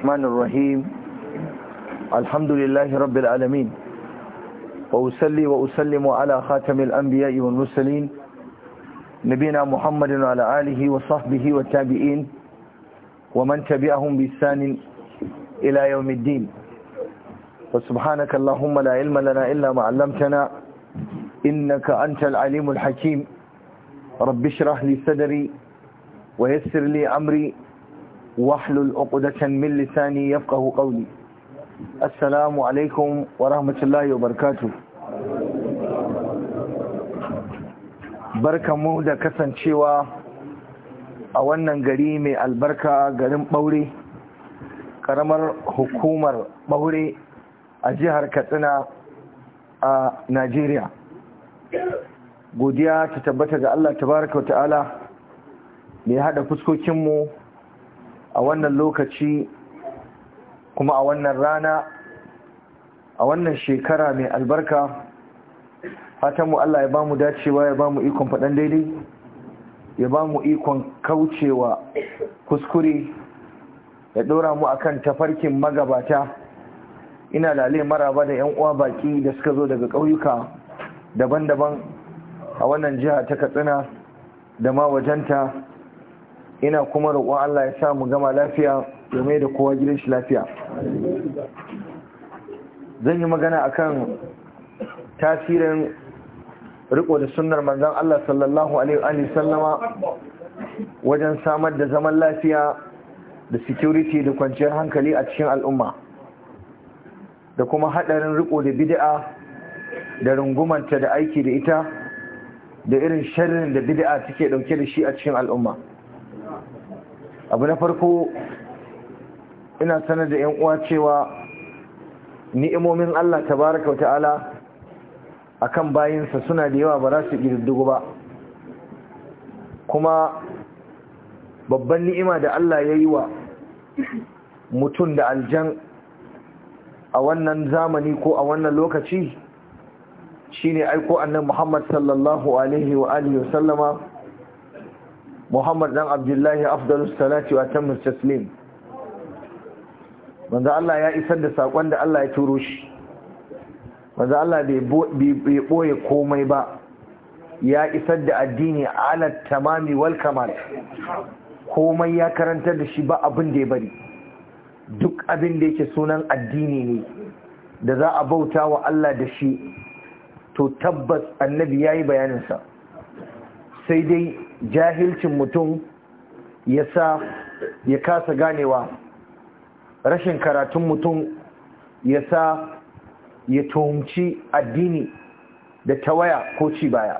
الرحمن الرحيم الحمد لله رب العالمين وأسلي وأسلم على خاتم الأنبياء والمرسلين نبينا محمد وعلى آله وصحبه والتابعين ومن تبعهم بإحسان إلى يوم الدين وسبحانك اللهم لا علم لنا إلا ما علمتنا إنك أنت العليم الحكيم رب اشرح لي صدري ويسر لي أمري واحلل عقدة من لساني يفقه قولي السلام عليكم ورحمة الله وبركاته mu da kasancewa a wannan gari mai albarka garin ɓaure ƙaramar hukumar ɓaure a jihar katsina a najeriya godiya ta tabbata ga allah tabaraka wa ta'ala mai haɗa fuskokinmu a wannan lokaci kuma a wannan rana a wannan shekara mai albarka fatanmu Allah ya ba mu dacewa ya ba mu ikon faɗan daidai ya ba mu ikon kaucewa kuskure ya ɗora mu akan tafarkin magabata ina lalai maraba da 'yan uwa baki da suka zo daga ƙauyuka daban-daban a wannan jiha ta katsina da ma wajenta ina kuma roƙon Allah ya sa mu gama lafiya game da kowa gidan shi lafiya zan yi magana akan tasirin riko da sunnar manzon Allah sallallahu alaihi sallama wajen samar da zaman lafiya da security da kwanciyar hankali a cikin al'umma da kuma hadarin riko da bid'a da rungumanta da aiki da ita da irin sharrin da bid'a take dauke da shi a cikin al'umma abu na farko ina sanar da yan uwa cewa ni'imomin Allah tabaraka ta'ala akan bayansa suna da yawa ba za su girdugu ba kuma babban ni'ima da Allah ya yi wa mutum da aljan a wannan zamani ko a wannan lokaci shine aiko annan Muhammad sallallahu alaihi wa alihi wa sallama Muhammad dan Abdullahi afdalus salati wa tammut taslim manzo Allah ya isar da sakon da Allah ya turo shi manzo Allah bai boye komai ba ya isar da addini ala tamami wal kamal komai ya karantar da shi ba abin da ya bari duk abin da yake sunan addini ne da za a bauta wa Allah da shi to tabbas annabi yayi bayaninsa sai dai jahilcin mutum ya sa ya kasa ganewa rashin karatun mutum ya sa ya tuhumci addini da ta waya ko ci baya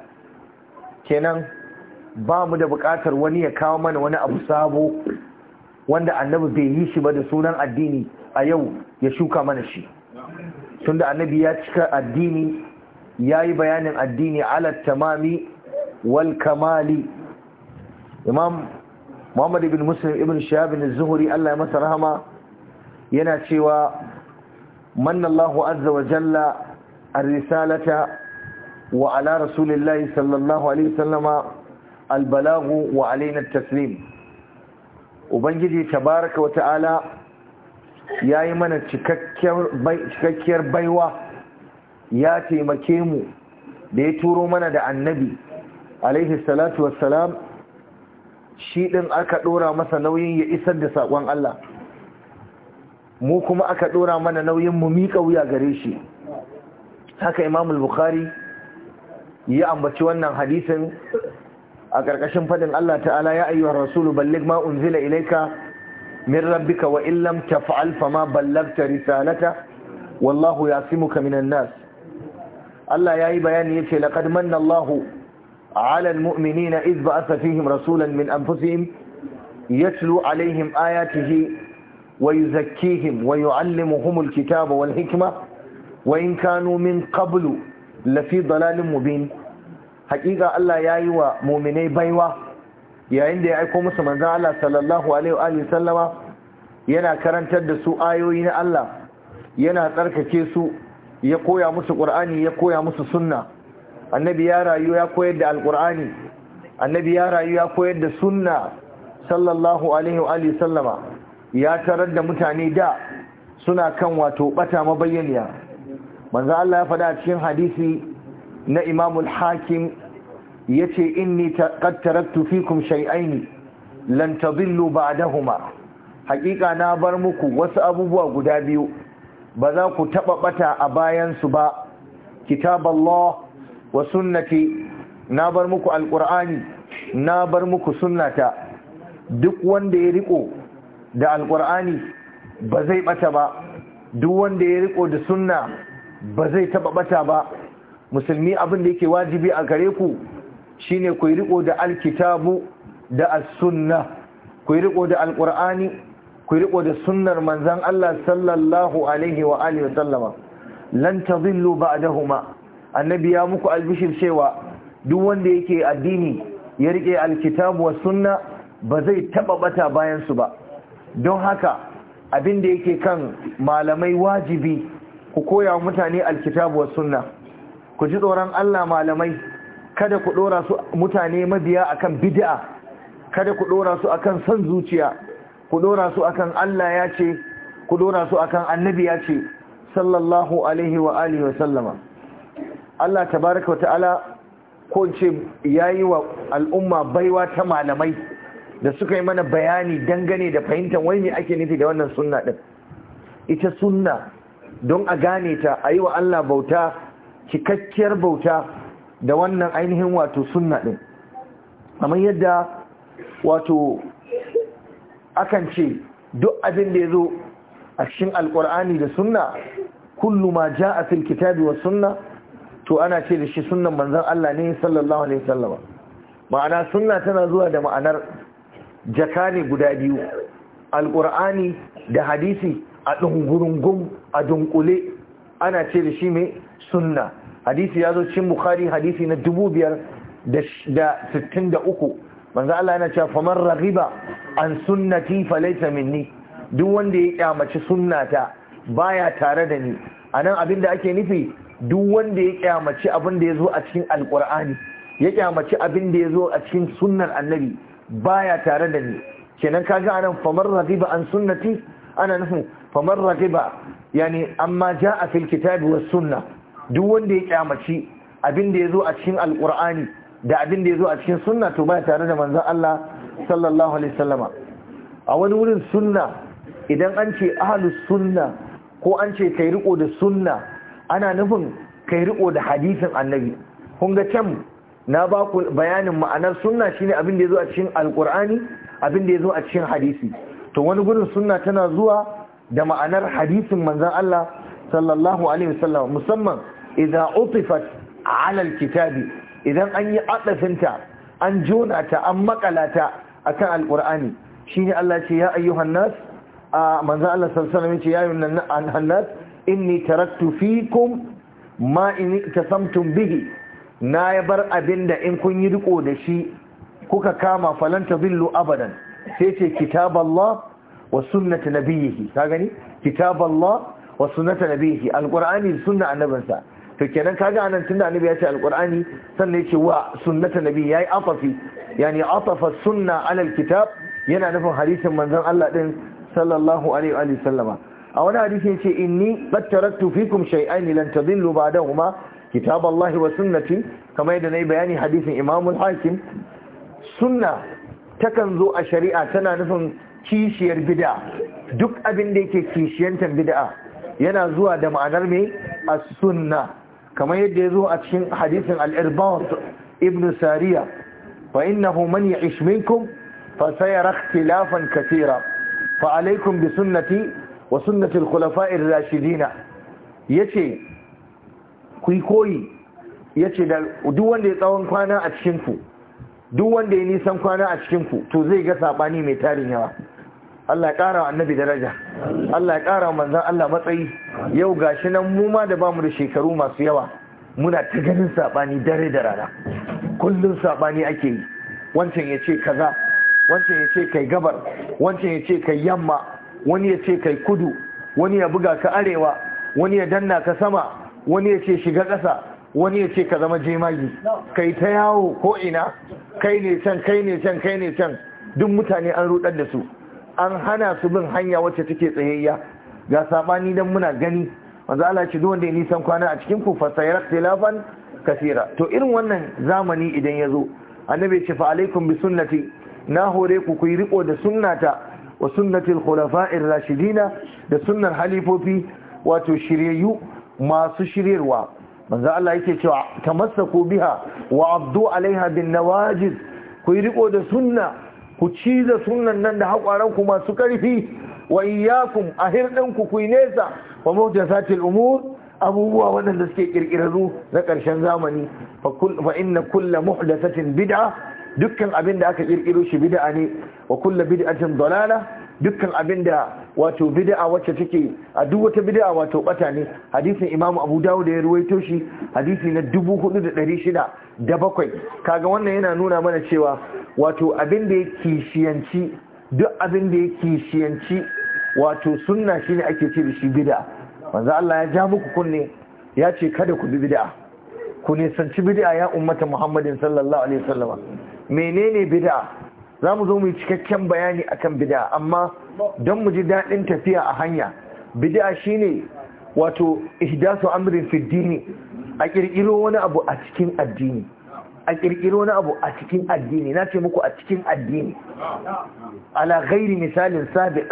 kenan ba mu da bukatar wani ya kawo mana wani abu sabo wanda annabi bai yi shi ba da sunan addini a yau ya shuka mana shi tunda annabi ya cika addini ya yi bayanin addini ala tamami wal kamali imam muhammad ibn muslim ibn shahab ibn zuhri Allah ya masa rahama yana cewa manna Allah azza wa jalla ar-risalata wa ala rasulillahi sallallahu alaihi sallama, al wa alaina taslim ubangiji tabaraka wa ta'ala yayi mana cikakkiyar baiwa ya taimake mu da ya turo mana da annabi alaihi salatu wassalam shi ɗin aka ɗora masa nauyin ya isar da sakon Allah mu kuma aka ɗora mana nauyin mu miƙa wuya gare shi haka imamul bukhari ya ambaci wannan hadisin a ƙarƙashin faɗin Allah ta'ala ya ayyuhar rasulu ballig ma unzila ilaika min rabbika wa illam taf'al fama ballagta risalata wallahu yasimuka minan nas Allah yayi bayani yace laqad manna Allahu على المؤمنين إذ بعث فيهم رسولا من أنفسهم يتلو عليهم آياته ويزكيهم ويعلمهم الكتاب والحكمة وإن كانوا من قبل لفي ضلال مبين حقيقة الله wa مؤمني بيوى yayin da ya aiko musu manzo Allah sallallahu alaihi wa sallama yana karantar da su ayoyi na Allah yana tsarkake su ya koya musu ƙur'ani ya koya musu sunna annabi ya rayu ya koyar da alkur'ani annabi ya rayu ya koyar da sunna sallallahu alaihi wa sallama ya tarar da mutane da suna kan wato bata mabayyaniya manzo Allah ya faɗa cikin hadisi na Imam al-Hakim yace inni qad taraktu fikum shay'aini lan tadillu ba'dahuma hakika na bar muku wasu abubuwa guda biyu ba za ku taba bata a bayan su ba kitab wa sunnati na bar muku alqur'ani na bar muku sunnata duk wanda ya riko da alqur'ani ba zai bata ba duk wanda ya riko da sunna ba zai taba bata ba musulmi abin da yake wajibi a gare ku shine ku riko da alkitabu da as-sunna ku riko da alqur'ani ku riko da sunnar manzon Allah sallallahu alaihi wa alihi wa sallama lan tadhillu ba'dahuma annabi ya muku albishir cewa duk wanda yake addini ya rike alkitabu wa sunna ba zai taba bata bayan su ba don haka abin da yake kan malamai wajibi ku koya mutane alkitabu wa sunna ku ji tsoron Allah malamai kada ku dora su mutane mabiya akan bid'a kada ku dora su akan son zuciya ku dora su akan Allah ya ce ku dora su akan annabi ya ce sallallahu alaihi wa alihi wa sallama Allah tabaraka wata'ala ko ce yayi wa al'umma baiwa ta malamai da suka yi mana bayani dangane da fahimtar wai me ake nufi da wannan sunna din ita sunna don a gane ta a yi wa Allah bauta cikakkiyar bauta da wannan ainihin wato sunna din kamar yadda wato akan ce duk abin da ya zo a cikin alkur'ani da sunna kullu ma ja'a fil kitabi was sunna to ana ce da shi sunan manzan Allah ne sallallahu alaihi wasallam ma'ana sunna tana zuwa da ma'anar jaka ne guda biyu alƙur'ani da hadisi a ɗungurungun a dunkule ana ce da shi mai sunna hadisi ya zo cikin bukari hadisi na dubu biyar da sittin da uku Manzan Allah yana cewa famar raghiba an sunnati falaysa minni duk wanda ya kyamaci ta baya tare da ni A nan abin da ake nufi duk wanda ya kyamaci abin da ya zo a cikin alkur'ani ya kyamaci abin da ya zo a cikin sunnar annabi baya tare da ni kenan ka ga anan famar ragiba an sunnati ana nufin famar ragiba yani amma ja a fil kitabi was sunna duk wanda ya kyamaci abin da ya zo a cikin alkur'ani da abin da ya zo a cikin sunna to baya tare da manzon Allah sallallahu alaihi wasallama a wani wurin sunna idan an ce ahlus sunna ko an ce kai riko da sunna ana nufin kai riko da hadisin annabi kun ga can na ba ku bayanin ma'anar sunna shine abin da yazo a cikin alqur'ani abin da yazo a cikin hadisi to wani gurin sunna tana zuwa da ma'anar hadisin manzon Allah sallallahu alaihi wasallam musamman idza utifat ala alkitabi idan an yi adafinta an jona ta an makalata akan alqur'ani shine Allah ce ya ayyuhan nas manzon Allah sallallahu alaihi wasallam ya ayyuhan nas inni taraktu fikum ma in tasamtum bihi na ya bar abinda in kun yi riko da shi kuka kama falan tadillu abadan sai ce kitaballah wa sunnati nabiyhi ka gani kitaballah wa sunnati nabiyhi alqur'ani sunna annabinsa to kenan kaga anan tunda annabi ya ce alqur'ani sannan ya ce wa sunnati nabi yayi atafi yani atafa sunna ala alkitab yana nufin hadisin manzon Allah din sallallahu alaihi wa sallama a wani hadisi ce inni battarattu fikum shay'ain lan tadillu ba'dahuma kitaballahi wa sunnati kamar yadda nayi bayani hadisin Imam al-Hakim sunna takan zo a shari'a tana nufin kishiyar bid'a duk abin da yake kishiyanta bid'a yana zuwa da ma'anar mai as-sunna kamar yadda ya zo a cikin hadisin al-Irbat ibn Sariya fa innahu man ya'ish minkum فسيرى Fa كثيرا فعليكم sunnati. wa sunnatul khulafa'ir rashidina yace ku koyi yace da duk wanda ya tsawon kwana a cikin ku duk wanda ya nisan kwana a cikin ku to zai ga sabani mai tarin yawa Allah ya ƙara wa annabi daraja Allah ya ƙara wa manzan Allah matsayi yau gashi nan mu ma da bamu da shekaru masu yawa muna ta ganin sabani dare da rana kullum sabani ake yi wancan ya kaza wancan ya kai gabar wancan ya kai yamma wani ya ce kai kudu wani ya buga ka arewa wani ya danna ka sama wani ya ce shiga ƙasa wani ya ce ka zama jemagi kai ta yawo ko ina kai ne can kai ne can kai ne can duk mutane an rudar da su an hana su bin hanya wacce take tsayayya ga sabani dan muna gani manzo Allah ce duk wanda ya nisan kwana a cikin ku fasayrat tilafan kasira to irin wannan zamani idan ya zo annabi ce fa alaikum bi sunnati na hore ku ku yi riko da sunnata wa sunnatil khulafa'ir rashidina da sunnar halifofi wato shiryayyu masu shiryarwa manzo Allah yake cewa tamassaku biha wa abdu alaiha bin nawajiz ku riko da sunna ku ciza sunnan nan da haƙwaran ku masu ƙarfi wa iyyakum ahirdan ku ku nesa wa muhdathatil umur abubuwa waɗanda suke ƙirƙirarru na ƙarshen zamani fa inna kulla muhdathatin bid'a dukkan abin da aka kirkiro shi bid'a ne wa kullu bid'atin dalala dukkan abin da wato bid'a wacce take a duk wata bid'a wato bata ne hadisin Imam Abu Dawud da ya ruwaito shi hadisi na da 4607 kaga wannan yana nuna mana cewa wato abin da ya kishiyanci duk abin da ya kishiyanci wato sunna shine ake ce da shi bid'a manzo Allah ya ja muku kunne ya ce kada ku bi bid'a ku nisanci bid'a ya ummata Muhammadin sallallahu alaihi wasallam menene bid'a za mu zo mu yi cikakken bayani akan bid'a amma don mu ji daɗin tafiya a hanya bid'a shine wato ihdasu amrin fi dini a ƙirƙiro wani abu a cikin addini a ƙirƙiro wani abu a cikin addini na ce muku a cikin addini ala ghairi misalin sabiq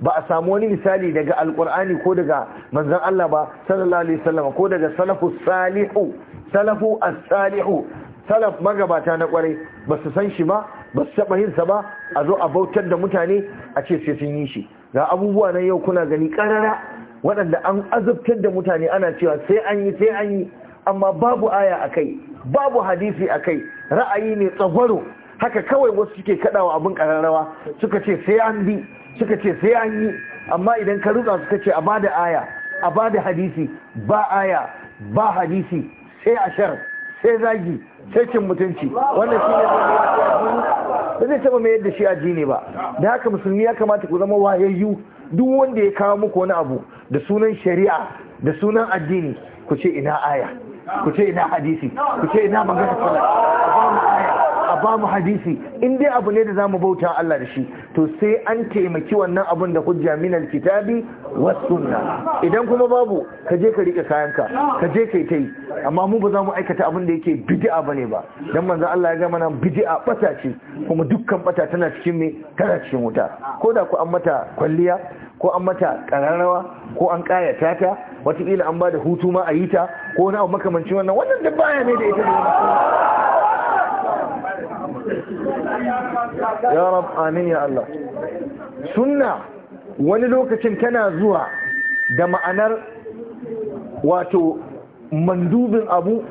ba a samu wani misali daga Alƙur'ani ko daga manzon Allah ba sallallahu alaihi wasallam ko daga salafu salihu salafu salihu salaf magabata na kwarai ba su san shi ba ba su taɓa yinsa ba a zo a bautar da mutane a ce sai sun yi shi ga abubuwa na yau kuna gani ƙarara waɗanda an azabtar da mutane ana cewa sai an yi sai an yi amma babu aya a kai babu hadisi a kai ra'ayi ne tsagwaro haka kawai wasu suke kaɗawa abin ƙararrawa suka ce sai an bi suka ce sai an yi amma idan ka rutsa suka ce a bada aya a bada hadisi ba aya ba hadisi sai a shar sai zagi sai cin mutunci wannan shi ne ba zai taba mai yadda shi addini ba da haka musulmi ya kamata ku zama wayayyu duk wanda ya kawo muku wani abu da sunan shari'a da sunan addini ku ce ina aya ku ce ina hadisi ku ce ina magana sallah ku ce ina aya a ba mu hadisi in dai abu ne da za mu bauta Allah da shi to sai an taimaki wannan abun da hujja min alkitabi was sunna idan kuma babu ka je ka rike kayanka ka je kai tai amma mu ba za mu aikata abin da yake bid'a bane ba dan manzo Allah ya ga mana bid'a bata ce kuma dukkan bata tana cikin me tana cikin wuta ko da ku an mata kwalliya ko an mata kararrawa ko an kayata ta watakila an ba da hutu ma a yi ta ko wani abu makamancin wannan wannan duk baya ne da ita ne ya rab amin ya Allah sunna wani lokacin tana zuwa da ma'anar wato mandubin abu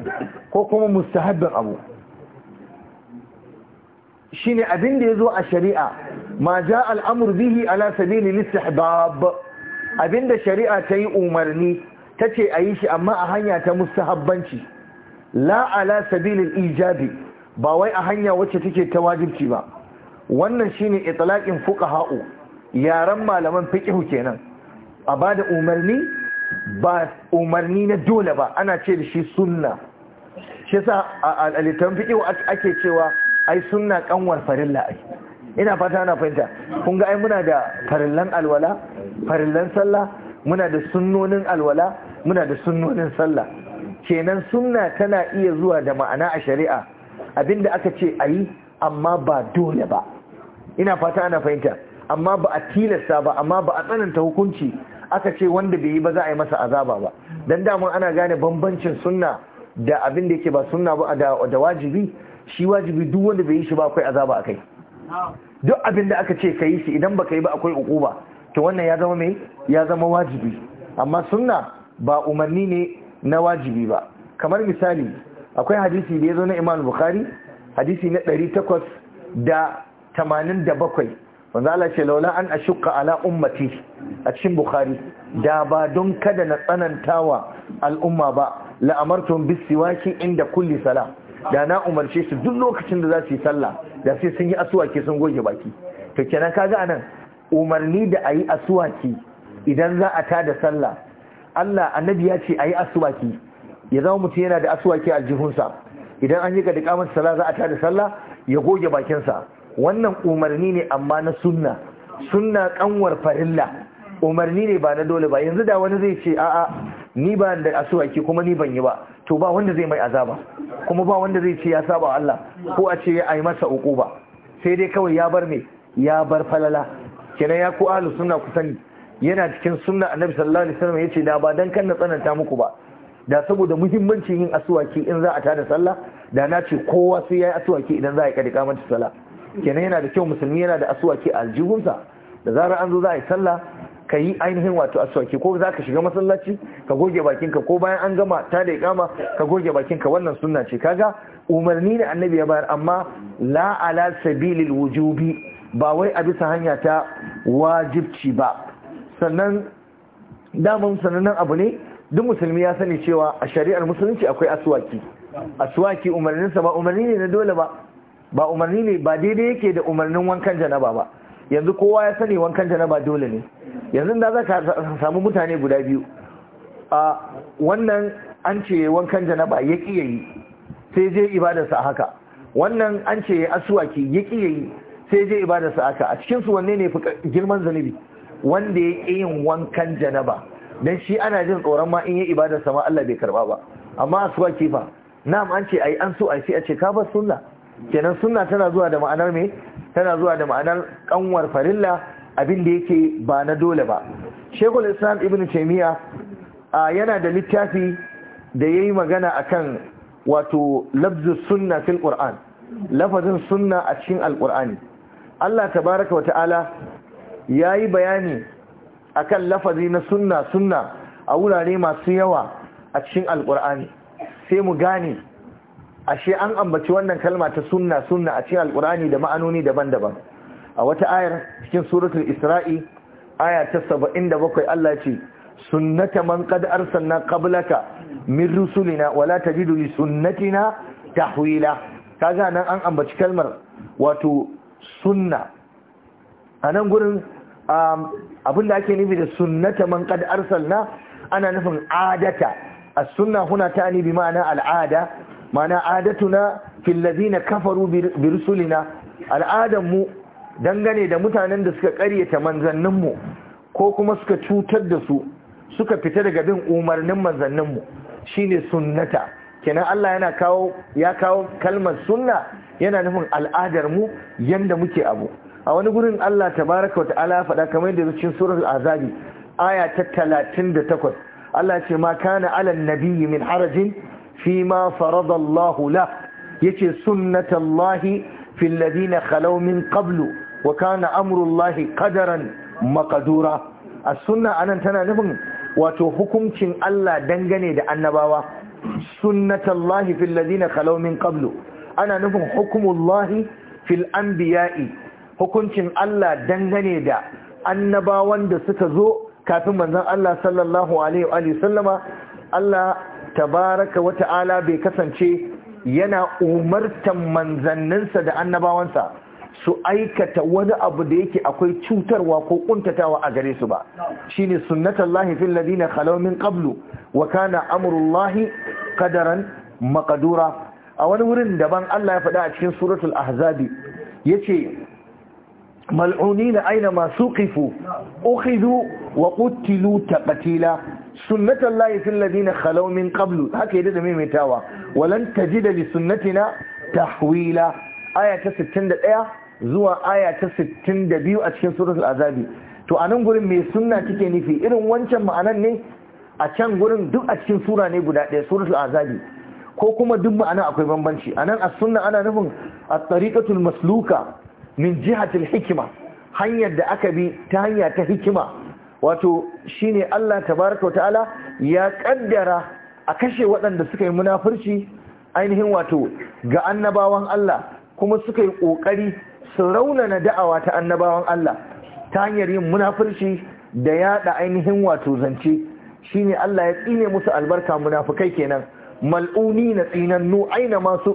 ko kuma mustahabbin abu shine abin da ya zo a shari'a ma ja al'amur bihi ala sabili listihbab abin da shari'a ta yi umarni ta ce a yi shi amma a hanya ta mustahabbanci la ala sabilin ijabi ba wai a hanya wacce take ta wajibci ba wannan shine itlaqin fuqaha'u yaran malaman fiqhu kenan a bada umarni ba umarni na dole ba ana ce da shi sunna shi sa a fiqhu ake cewa ai sunna kanwar farilla ai ina fata ana fahimta kun ga ai muna da farillan alwala farillan sallah muna da sunnonin alwala muna da sunnonin sallah kenan sunna tana iya zuwa da ma'ana a shari'a Abin da aka ce a yi amma ba dole ba ina fata ana fahimta amma ba a tilasta ba amma ba a tsananta hukunci aka ce wanda bai yi ba za a yi masa azaba ba dan damar ana gane bambancin sunna da abin da yake ba sunna ba da wajibi shi wajibi duk wanda bai yi shi ba akwai azaba a kai. duk abin da aka ce ka yi shi idan baka yi ba akwai ukuba to wannan ya zama mai ya zama wajibi amma sunna ba umarni ne na wajibi ba kamar misali akwai hadisi da ya zo na imam bukhari hadisi na ɗari takwas 887 wanda ala ce laula an ashqa ala ummati a cikin bukhari da ba don kada na tsanantawa al'umma ba la'amartum bisiwaki inda kulli sala da na umarce su duk lokacin da za su yi sallah da sai sun yi asuwaki sun goge baki to kenan kaga anan umarni da a yi asuwaki idan za a tada sallah Allah annabi ya ce a yi asuwaki ya zama mutum yana da asuwaki a aljihunsa idan an yi ga duka sallah za a tada sallah ya goge bakinsa wannan umarni ne amma na sunna sunna kanwar farilla umarni ne ba na dole ba yanzu da wani zai ce a'a ni ba da asuwaki kuma ni ban yi ba to ba wanda zai mai azaba kuma ba wanda zai ce ya saba Allah ko a ce ya ai masa ba. sai dai kawai ya bar me ya bar falala kenan ya ku ahlus sunna ku sani yana cikin sunna annabi sallallahu alaihi wasallam yace da ba dan kan na tsananta muku ba da saboda muhimmancin yin asuwaki in za a tada sallah da na ce kowa sai yayi asuwaki idan za a kada kamar sallah kenan yana da kyau musulmi yana da asuwaki a aljihunsa da zarar an zo za a yi sallah ka yi ainihin wato asuwaki ko za ka shiga masallaci ka goge bakinka ko bayan an gama ta da ikama ka goge bakinka wannan sunna ce kaga umarni ne annabi ya bayar amma la ala sabilil wujubi ba wai a bisa hanya ta wajibci ba sannan damun sanannen abu ne duk musulmi ya sani cewa a shari'ar musulunci akwai aswaki aswaki umarninsa ba umarni ne na dole ba ba umarni ne ba daidai yake da umarnin wankan janaba ba yanzu kowa ya sani wankan janaba dole ne yanzu da za ka samu mutane guda biyu a wannan an ce wankan janaba ya ƙi yayi sai je ibadarsa haka wannan an ce aswaki ya ƙi yayi sai je ibadarsa haka a cikin su wanne ne fi girman zanubi wanda ya ƙi yin wankan janaba dan shi ana jin tsoron ma in yi ibadar sama Allah bai karba ba amma suwa kifa na'am an ce ai an so ai sai a ce ka bar sunna kenan sunna tana zuwa da ma'anar me tana zuwa da ma'anar kanwar farilla abin da yake ba na dole ba shekul islam ibn taymiya yana da littafi da yayi magana a kan wato labzu sunna fil qur'an lafazin sunna a cikin alqur'ani Allah tabaraka wa ta'ala yayi bayani akan lafazi na sunna sunna a wurare masu yawa a cikin alkur'ani sai mu gane ashe an ambaci wannan kalma ta sunna sunna a cikin alkur'ani da ma'anoni daban-daban a wata ayar cikin suratul isra'i aya ta 77 Allah ya ce sunnata man qad arsalna qablaka min rusulina wala tajidu li sunnatina tahwila kaga nan an ambaci kalmar wato sunna anan gurin Um, abin da ake nufi da sunnata man kad arsalna ana nufin adata as-sunna huna ni bi ma'ana al'ada ma'ana adatuna fil ladina kafaru bi rusulina al'adan mu dangane da mutanen da suka ƙaryata manzannin mu ko kuma suka cutar da su suka fita daga bin umarnin manzannin mu shine sunnata kenan Allah yana kawo ya kawo kalmar sunna yana nufin al'adar mu yanda muke abu a wani gurin Allah tabaraka wata'ala faɗa kamar yadda cikin surar azabi aya ta takwas. Allah ce ma kana ala nabiyyi min harajin fi ma farada la yace sunnatallahi fil ladina khalaw min qablu wa kana amrullahi qadaran maqdura as-sunna anan tana nufin wato hukuncin Allah dangane da annabawa sunnatallahi fil ladina khalaw min qablu ana nufin hukumullahi fil anbiya'i hukuncin Allah dangane da annabawan da suka zo kafin manzon Allah sallallahu alaihi wa sallama Allah tabaraka wa ta'ala bai kasance yana umartan manzanninsa da annabawansa su aikata wani abu da yake akwai cutarwa ko kuntatawa a gare su ba shine sunnatullahi fil ladina khalaw min qablu wa kana amrullahi qadaran maqdura a wani wurin daban Allah ya faɗa a cikin suratul ahzabi yace Mal'uni mal'unina aina masu suqifu ukhidhu wa qutilu taqtila sunnatan lahi fil ladina khalaw min qablu haka yadda maimaitawa walan tajida li sunnatina tahwila aya ta 61 zuwa aya ta biyu a cikin suratul azabi to anan gurin mai sunna kike nufi irin wancan ma'anan ne a can gurin duk a cikin sura ne guda ɗaya suratul azabi ko kuma duk ma'ana akwai bambanci anan a sunna ana nufin a tariqatul masluka min jihatul hikima hanyar da aka bi ta hanya ta hikima wato shine Allah tabaraka ta'ala ya kaddara a kashe waɗanda suka yi munafurci ainihin wato ga annabawan Allah kuma suka yi ƙoƙari su raunana da'awa ta annabawan Allah ta hanyar yin munafurci da yaɗa ainihin wato zance shine Allah ya tsine musu albarka munafukai kenan mal'uni na tsinannu aina ma su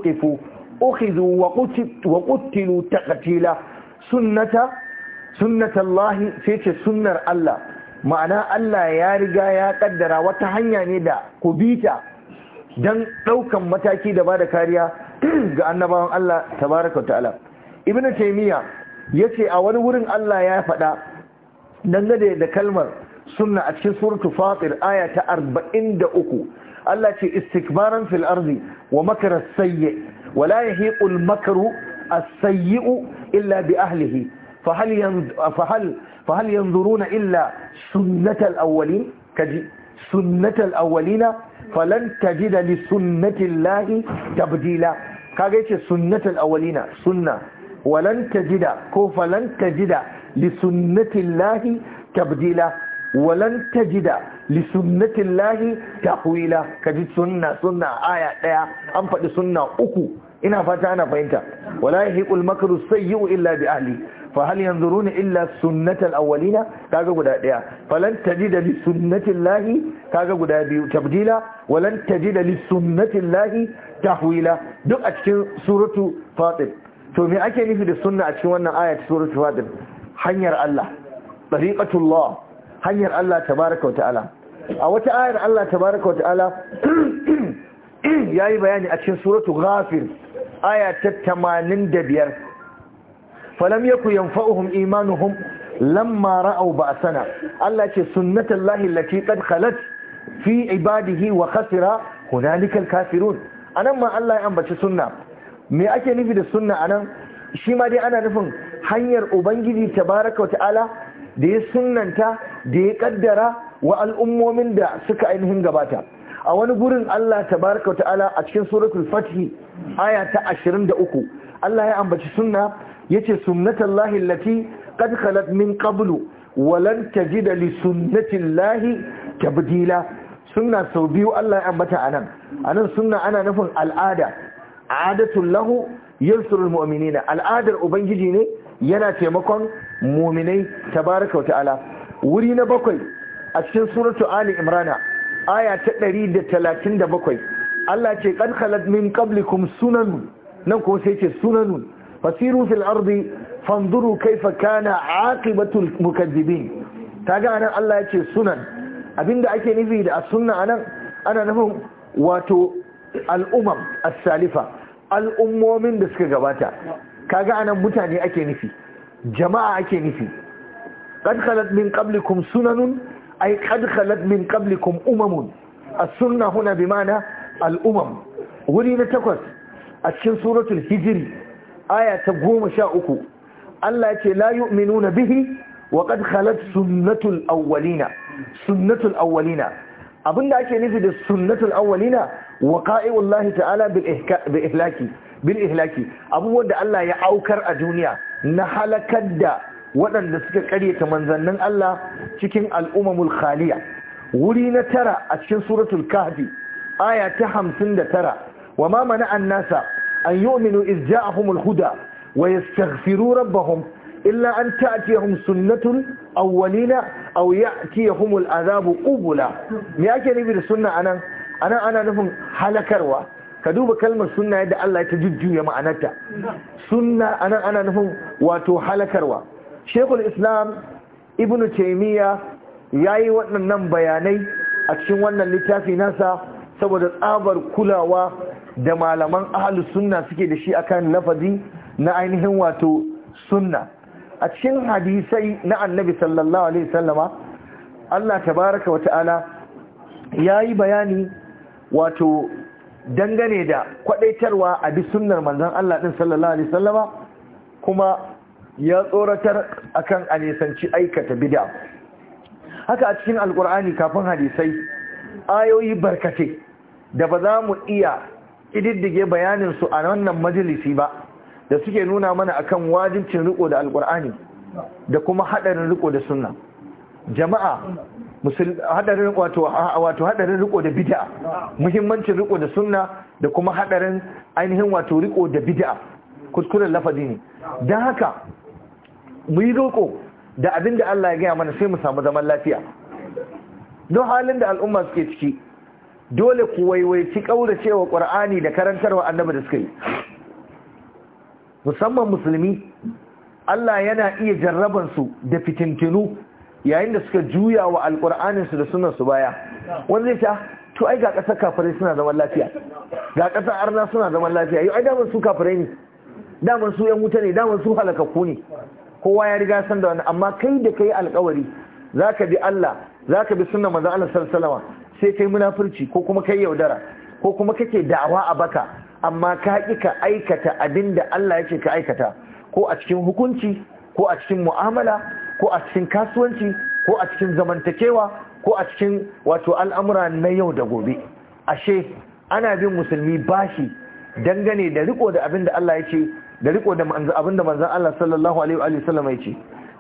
ukhidhu wa qutilu taqtila sunnata sunnata Allah sunnar Allah ma'ana Allah ya riga ya kaddara wata hanya ne da ku bita dan daukan mataki da bada kariya ga annabawan Allah tabaraka ta'ala ibnu taymiya yace a wani wurin Allah ya faɗa dangane da kalmar sunna a cikin suratu fatir aya ta 43 Allah ce istikbaran fil ardi wa makara sayyi wala yahiqu al-makru as-sayyi'u illa bi fa hal yanzu runa fa hal yanzuruna illa sunnata al-awwalin kaji sunnata al-awwalina falan tabdila kaga yace sunnata al-awwalina sunna walan ko falan li sunnati tabdila walan li sunnatillahi tahwila kaji sunna sunna aya daya an faɗi sunna uku ina fata ana fahimta wala yahiqul makru sayyi'u illa bi ahli fa hal yanzuruna illa sunnatal awwalina kaga guda daya falan tajida li sunnatillahi kaga guda biyu tabdila walan tajida li sunnatillahi tahwila duk a cikin suratu fatir to me ake nufi da sunna a cikin wannan aya ta suratu fatir hanyar Allah tariqatullah hanyar Allah tabaaraka wa ta'ala a wata ayar Allah tabaraka wa ta'ala yayi bayani a cikin suratu ghafir aya ta 85 falam yaku yanfa'uhum imanuhum lamma ra'aw ba'sana Allah ce sunnatullahi allati qad khalat fi ibadihi wa khasira hunalikal kafirun anan ma Allah ya ambaci sunna me ake nufi da sunna anan shi ma dai ana nufin hanyar ubangiji tabaraka wa ta'ala da ya sunnanta da ya kaddara wa al'ummomin da suka ainihin gabata a wani gurin Allah tabaraka ta'ala a cikin suratul fathi aya ta 23 Allah ya ambaci sunna yace sunnatullahi allati qad khalat min qablu wa lan tajida li sunnatillahi tabdila sunna sau biyu Allah ya ambata anan anan sunna ana nufin al'ada adatul lahu yansurul mu'minina al'adar ubangiji ne yana taimakon mu'minai tabaraka ta'ala wuri na bakwai a cikin suratu ali imrana aya ta 137 Allah ce kan khalat min qablikum sunanun nan ko sai ce sunanun fasiru fil ardi fanzuru kaifa kana aqibatul mukazzibin kaga anan Allah ya ce sunan abinda ake nufi da as-sunna anan ana nufin wato al'umam as-salifa al'ummomin da suka gabata kaga anan mutane ake nufi jama'a ake nufi qad khalat min qablikum sunanu. ai qad khalat min qablikum umamun as-sunna huna bi al-umam wuri na takwas a cikin suratul hijri aya ta goma sha uku Allah ya ce la yu'minuna bihi wa qad khalat sunnatul awwalina sunnatul awwalina abinda ake nufi da sunnatul awwalina wa ta'ala bil ihlaki bil ihlaki abubuwan da Allah ya aukar a duniya na halakar da waɗanda suka ƙaryata manzannin Allah cikin al'ummul khaliya wuri na tara a cikin suratul kahfi aya ta hamsin da tara wa ma an nasa an yu'minu a humul huda wa yastaghfiru rabbahum illa an ta'tiyahum sunnatul awwalina aw humul azabu qubula me ake nufi da sunna anan anan ana nufin halakarwa ka duba kalmar sunna yadda Allah ya ta jujjuya ma'anarta sunna anan ana nufin wato halakarwa shekul islam ibn taimiyya ya yi waɗannan bayanai a cikin wannan littafi nasa saboda tsabar kulawa da malaman ahalus sunna suke da shi akan lafazi na ainihin wato sunna a cikin hadisai na annabi sallallahu alaihi sallama Allah tabaraka wa ta'ala ya yi bayani wato dangane da kwadaitarwa a bi sunnar manzan Allah din sallallahu alaihi sallama kuma ya tsoratar akan a nisanci aikata bid'a haka a cikin alkur'ani kafin hadisai ayoyi barkace da ba za mu iya ƙididdige bayaninsu a wannan majalisi ba da suke nuna mana akan wajincin riko da alkur'ani da kuma haɗarin riko da suna jama'a haɗarin wato haɗarin riko da bid'a muhimmancin riko da suna, da kuma haɗarin ainihin wato riko da bid'a kuskuren lafazi ne don haka mu yi roƙo da abin da Allah ya gaya mana sai mu samu zaman lafiya don halin da al'umma suke ciki dole ku waiwaici ƙauracewa ƙur'ani da karantarwa annabi da suka yi musamman musulmi Allah yana iya jarrabansu da fitintinu yayin da suka juya wa alƙur'aninsu da sunansu baya wanda zai ta ah, to ai ga ƙasar kafirai suna zaman lafiya ga ƙasar arna suna zaman lafiya yau ai damar su kafirai ne damar su yan wuta ne damar su halakakku ne kowa ya riga san da wani, amma kai da kai alkawari zaka bi Allah zaka bi sunnar maza Allah sallallahu sai kai munafurci ko kuma kai yaudara ko kuma kake da'awa a baka amma ka ki ka aikata abin da Allah yake ka aikata ko a cikin hukunci ko a cikin mu'amala ko a cikin kasuwanci ko a cikin zamantakewa ko a cikin wato al'amura na yau da gobe ashe ana bin musulmi bashi dangane da riko da abin da Allah ya ce da riko da manzo abinda manzon Allah sallallahu alaihi wa sallam ya ce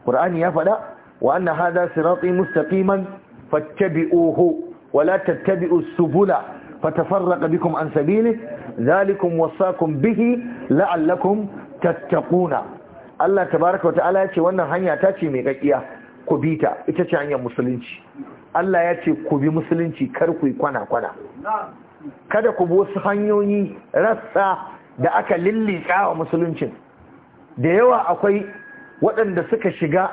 Qur'ani ya faɗa wa anna hadha sirati mustaqiman fattabi'uhu wa la tattabi'u subula fatafarraqa bikum an sabili dhalikum wasaqakum bihi la'allakum tattaquna Allah tabaaraka wa ta'ala ya ce wannan hanya ta ce mai kakkiya ku bi ta ita ce hanyar musulunci Allah ya ce ku bi musulunci kar ku yi kwana kwana kada ku bi wasu hanyoyi rassa da aka lillika wa musuluncin da yawa akwai waɗanda suka shiga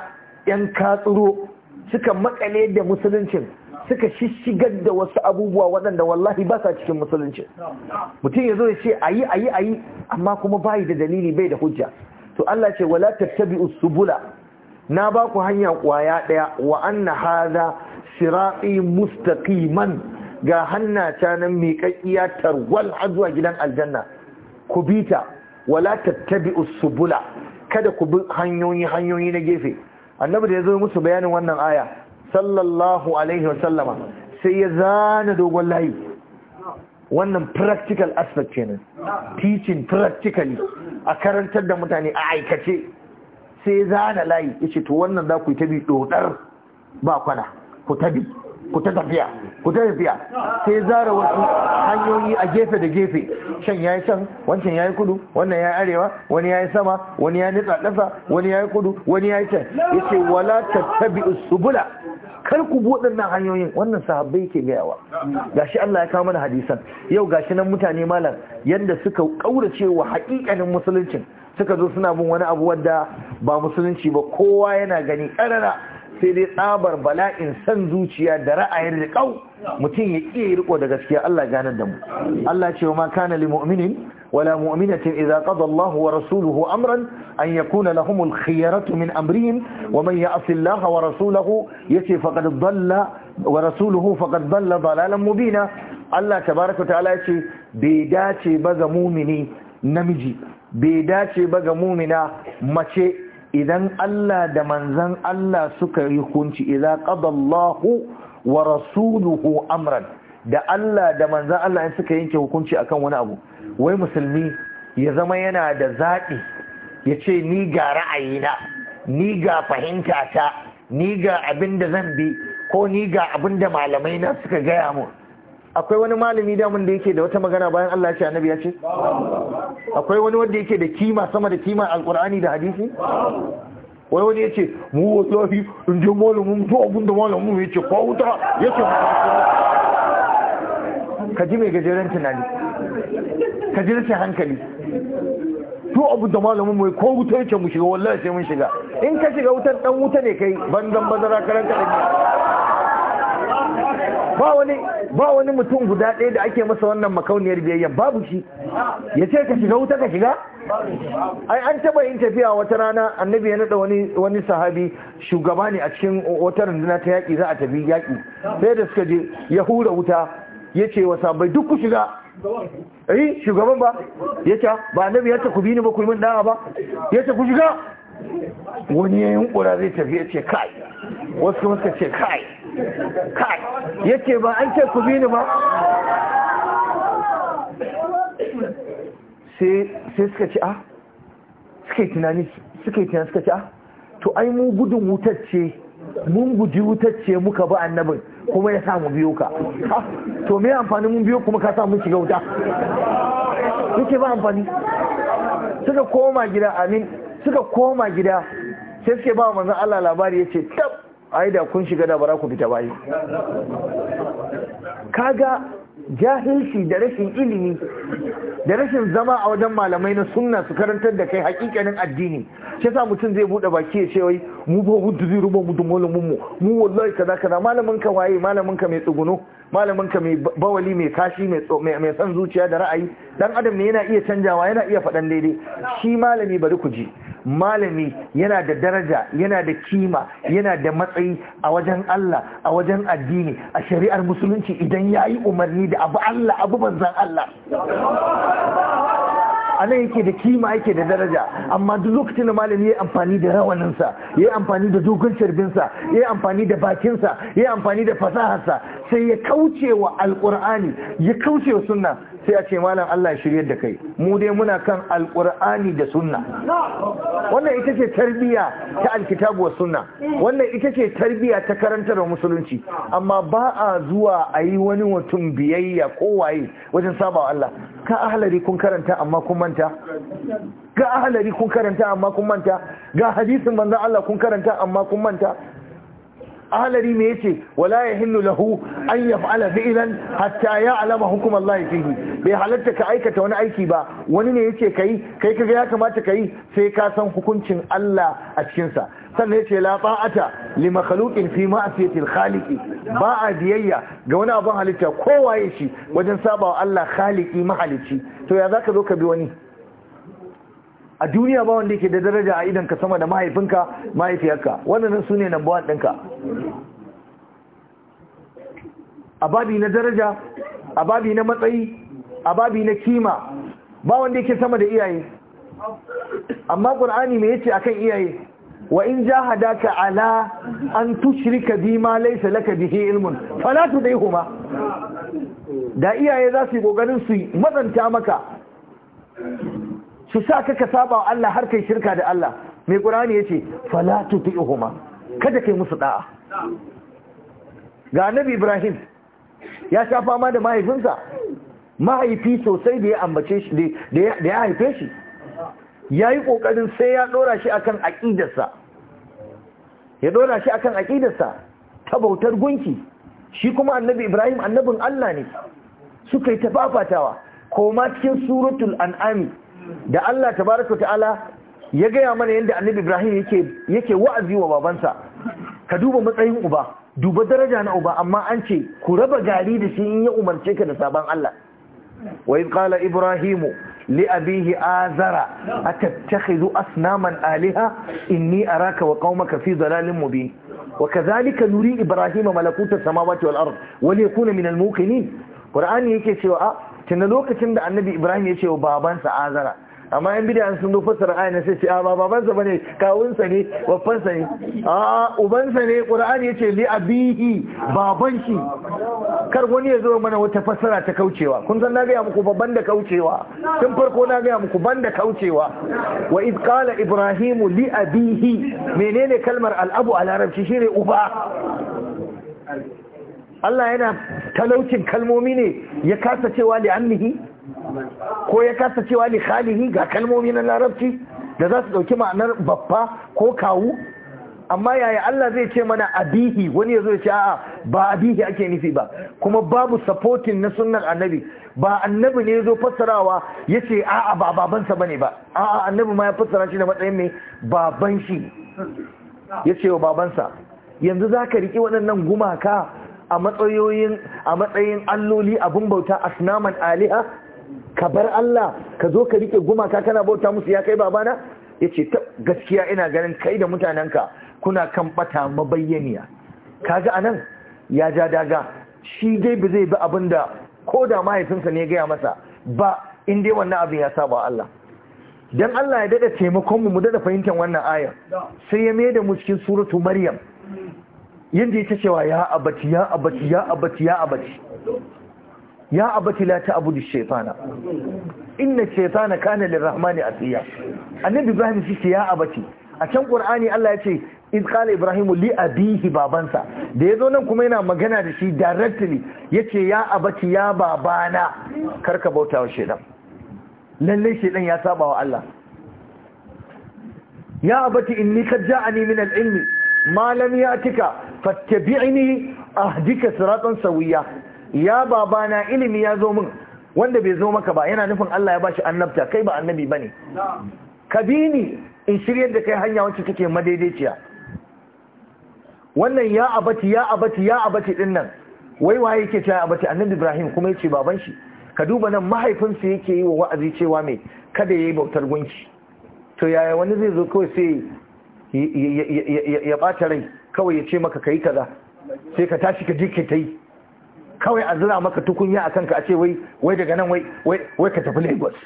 'yan katsuro suka makale da musuluncin suka shishigar da wasu abubuwa waɗanda wallahi ba sa cikin musuluncin. mutum ya zo ya ce ayi ayi ayi amma kuma bayi da dalili bai da hujja to Allah ce wala tattabi'u subula na ba ku hanya kwaya ɗaya wa anna hadha sirati mustaqiman ga hannata nan miƙaƙiya tarwal har zuwa gidan aljanna ku bi ta wala tattabi usubula kada ku bi hanyoyi hanyoyi na gefe annabi da ya zo musu bayanin wannan aya sallallahu alaihi wa sallama sai ya zana dogon layi wannan practical aspect kenan teaching practically a karantar da mutane a aikace sai zana layi yace to wannan za ku yi tabi dodar ba kwana ku tabi ku ta tafiya ku ta tafiya sai zara wasu hanyoyi a gefe da gefe shan yayi can wancan yayi kudu wannan yayi arewa wani yayi sama wani yayi nitsa ƙasa wani yayi kudu wani yayi can yace wala Tattabi subula kar ku bi na hanyoyin wannan sahabbai ke gayawa gashi Allah ya kawo mana hadisan yau gashi nan mutane malam yadda suka kaurace wa haƙiƙanin musuluncin suka zo suna bin wani abu wanda ba musulunci ba kowa yana gani ƙarara sai dai tsabar bala'in san zuciya da ra'ayin da kau mutum ya iya riƙo da gaskiya Allah ganar da mu Allah ce wa ma kana lil mu'minin wala mu'minatin idza qada Allah wa rasuluhu amran an yakuna lahumul khiyaratu min amrihim wa man ya'si Allah wa rasulahu yace faqad dalla wa rasuluhu faqad dalla dalalan mubina Allah tabaaraka ta'ala yace bai dace ba ga mu'mini namiji bai dace ba ga mu'mina mace idan Allah da manzan Allah suka yi hukunci idan qadallahu wa rasuluhu amran da Allah da manzan Allah suka yanke hukunci akan wani abu wai musulmi ya zama yana da zaɗi ya ce ni ga ra'ayina ni ga fahimta ta ni ga abin da zan bi ko ni ga abin da malamai na suka gaya mu. akwai wani malami damun da yake da wata magana bayan Allah ce annabi ya ce akwai wani wanda yake da kima sama da kima alqur'ani da hadisi wai wani yace mu wallahi in je malamin to abun da malamin yace ko wuta yace ka ji mai gajeren tunani ka ji rashin hankali to abu da malamin mu ko wuta yace mu shiga wallahi sai mun shiga in ka shiga wutar dan wuta ne kai banzan bazara karanta da ba wani ba wani mutum guda ɗaya da ake masa wannan makauniyar biyayya babu shi ya ce ka shiga wuta ka shiga ai an taba yin tafiya wata rana annabi ya nada wani wani sahabi shugaba ne a cikin wata runduna ta yaƙi za a tafi yaƙi sai da suka je ya hura wuta ya ce wa sabai duk ku shiga ai eh, shugaban ba ya ce ba annabi ya ce ku bi ni ba ku yi min da'a ba ya ce ku shiga wani ya yunkura zai tafi ya ce kai wasu kuma suka ce kai kai yace ba an ce ku bi ni ba sai suka ci a ah, suka yi tunani suka yi tunani suka ci a ah, to ai mu gudun wutar ce mun guji wutar ce muka ba annabin kuma ya samu biyo ka ah, to me amfani mun biyo kuma ka samu shiga wuta yake ba amfani suka koma gida amin suka koma gida sai suke ba manzon Allah labari yace tab ai da kun shiga da bara ku fita bayi kaga jahilci da rashin ilimi da rashin zama a wajen malamai na sunna su karantar da kai hakikanin addini shi sa mutum zai bude baki ya ce wai mu ba mu zai ruba mu dumolin mu mu wallahi kaza kaza malamin ka waye malamin ka mai tsuguno malamin ka mai bawali mai kashi mai san zuciya da ra'ayi dan adam ne yana iya canjawa yana iya faɗan daidai shi malami bari ku ji malami yana da daraja yana da kima yana da matsayi a wajen Allah a wajen addini a shari'ar musulunci idan ya yi umarni da abu Allah abu banzan Allah a nan yake da kima yake da daraja amma duk lokacin da malami ya amfani da rawaninsa ya yi amfani da dogon carbinsa ya yi amfani da bakinsa ya amfani da fasaharsa sai ya kauce wa alkur'ani ya kauce wa sunna sai a ce malam Allah shirye da kai mu dai muna kan alkur'ani da sunna wannan ita ce tarbiya ta alkitabu wa sunna wannan ita ce tarbiya ta karantar musulunci amma ba a zuwa a yi wani mutum biyayya ko waye wajen sabawa Allah ka ahlari kun karanta amma kun manta ga ahlari kun karanta amma kun manta ga hadisin manzon Allah kun karanta amma kun manta ahalari me yace wala yahillu lahu an yaf'ala fi'lan hatta ya'lama hukumar Allah fihi bai halatta ka aikata wani aiki ba wani ne yace kai kai kaga ya kamata kai sai ka san hukuncin Allah a cikinsa. sannan ya ce lafa'ata li makhluqin fi ma'siyati al ba a biyayya ga wani abin halitta ya shi wajen sabawa Allah khaliqi mahalici to ya zaka zo ka bi wani a duniya ba wanda yake da daraja a idan ka sama da mahaifinka mahaifiyarka wannan su ne number one ɗinka a babi na daraja a babi na matsayi a babi na kima ba wanda yake sama da iyaye amma ƙur'ani mai yace akan iyaye wa in jahadaka ala an tushrika bi ma laysa laka bihi ilmun fala tudaihuma da iyaye za su yi kokarin su matsanta maka su sa kaka saba wa Allah har kai shirka da Allah mai qur'ani yace fala tuti'uhuma kada kai musu da'a ga annabi Ibrahim ya sha fama da mahaifinsa mahaifi sosai da ya ambace shi da ya haife shi yayi kokarin sai ya dora shi akan aqidarsa ya dora shi akan aqidarsa ta bautar gunki shi kuma annabi Ibrahim annabin Allah ne suka yi ta fafatawa koma cikin suratul an'ami da Allah tabaraka ta'ala ya gaya mana yadda annabi Ibrahim yake yake wa'azi wa babansa ka duba matsayin uba duba daraja na uba amma an ce ku raba gari da shi in ya umarce ka da sabon Allah wa idh qala ibrahimu li abihi azara atattakhidhu asnaman alaha inni araka wa qaumaka fi dhalalin mubin malakuta نري wal ملكوت السماوات والأرض min من الموقنين qur'ani yake cewa a ah, tunda lokacin da annabi ibrahim ya ce wa babansa azara amma yan bidiyan sun zo fassara ayan sai ce a ah, ba babansa bane kawunsa ne waffansa ne a ah, ubansa ne qur'ani yace li abihi baban shi kar wani ya zo mana wata fassara ta kaucewa kun san na gaya muku babban da kaucewa tun farko na gaya muku ban da kaucewa wa id qala ibrahimu li abihi menene kalmar al'abu a larabci shine uba Allah yana talaucin kalmomi ne ya kasa cewa li annihi ko ya kasa cewa li khalihi ga kalmomi na larabci da za su dauki ma'anar babba ko kawu amma yaya Allah zai ce mana abihi wani ya zo ya ce a'a ba abihi ake nufi ba kuma babu supportin na sunnar annabi ba annabi ne ya zo fassarawa ya ce a'a ba babansa bane ba a'a annabi ma ya fassara shi da matsayin mai baban shi ya ce wa babansa yanzu za ka riƙi waɗannan gumaka a matsayoyin a matsayin alloli abin bauta asnaman aliha ka bar Allah ka zo ka rike gumaka kana bauta musu ya kai babana yace gaskiya ina ganin kai da mutanenka kuna kan bata mabayyaniya kaga anan ya ja daga shi dai ba zai bi abin da. ko da mahaifinsa ne gaya masa ba in dai wannan abin ya saba Allah dan Allah ya dada taimakon mu mu dada fahimtar wannan ayar sai ya mai da mu cikin suratu maryam yadda ya ta cewa ya abaci ya abaci ya abaci ya abaci ya abaci la ta abu da shaitana inna shaitana kana a tsiya annabi ibrahim shi ce ya abaci a can qur'ani Allah ya ce iz qala ibrahimu li abihi babansa da yazo nan kuma yana magana da shi directly yace ya abaci ya babana karka bautawa shaitan lalle shaitan ya saba wa Allah ya abati inni kad ja'ani min al-ilmi ma lam ya'tika fattabi'ni ahdika siratan sawiya ya babana ilimi ya zo min wanda bai zo maka ba yana nufin Allah ya bashi annabta kai ba annabi bane ka bi in shiryar da kai hanya wacce take madaidaiciya wannan ya abati ya abati ya abati din nan wai waye yake cewa abati annabi Ibrahim kuma yace baban shi ka duba nan mahaifinsa yake yi wa wa'azi cewa me kada yayi bautar gunki to yaya wani zai zo kawai sai ya bata rai kawai ya ce maka ka yi kaza sai ka tashi ka je ka ta yi kawai a zira maka tukunya a kanka a ce wai daga nan wai ka tafi lagos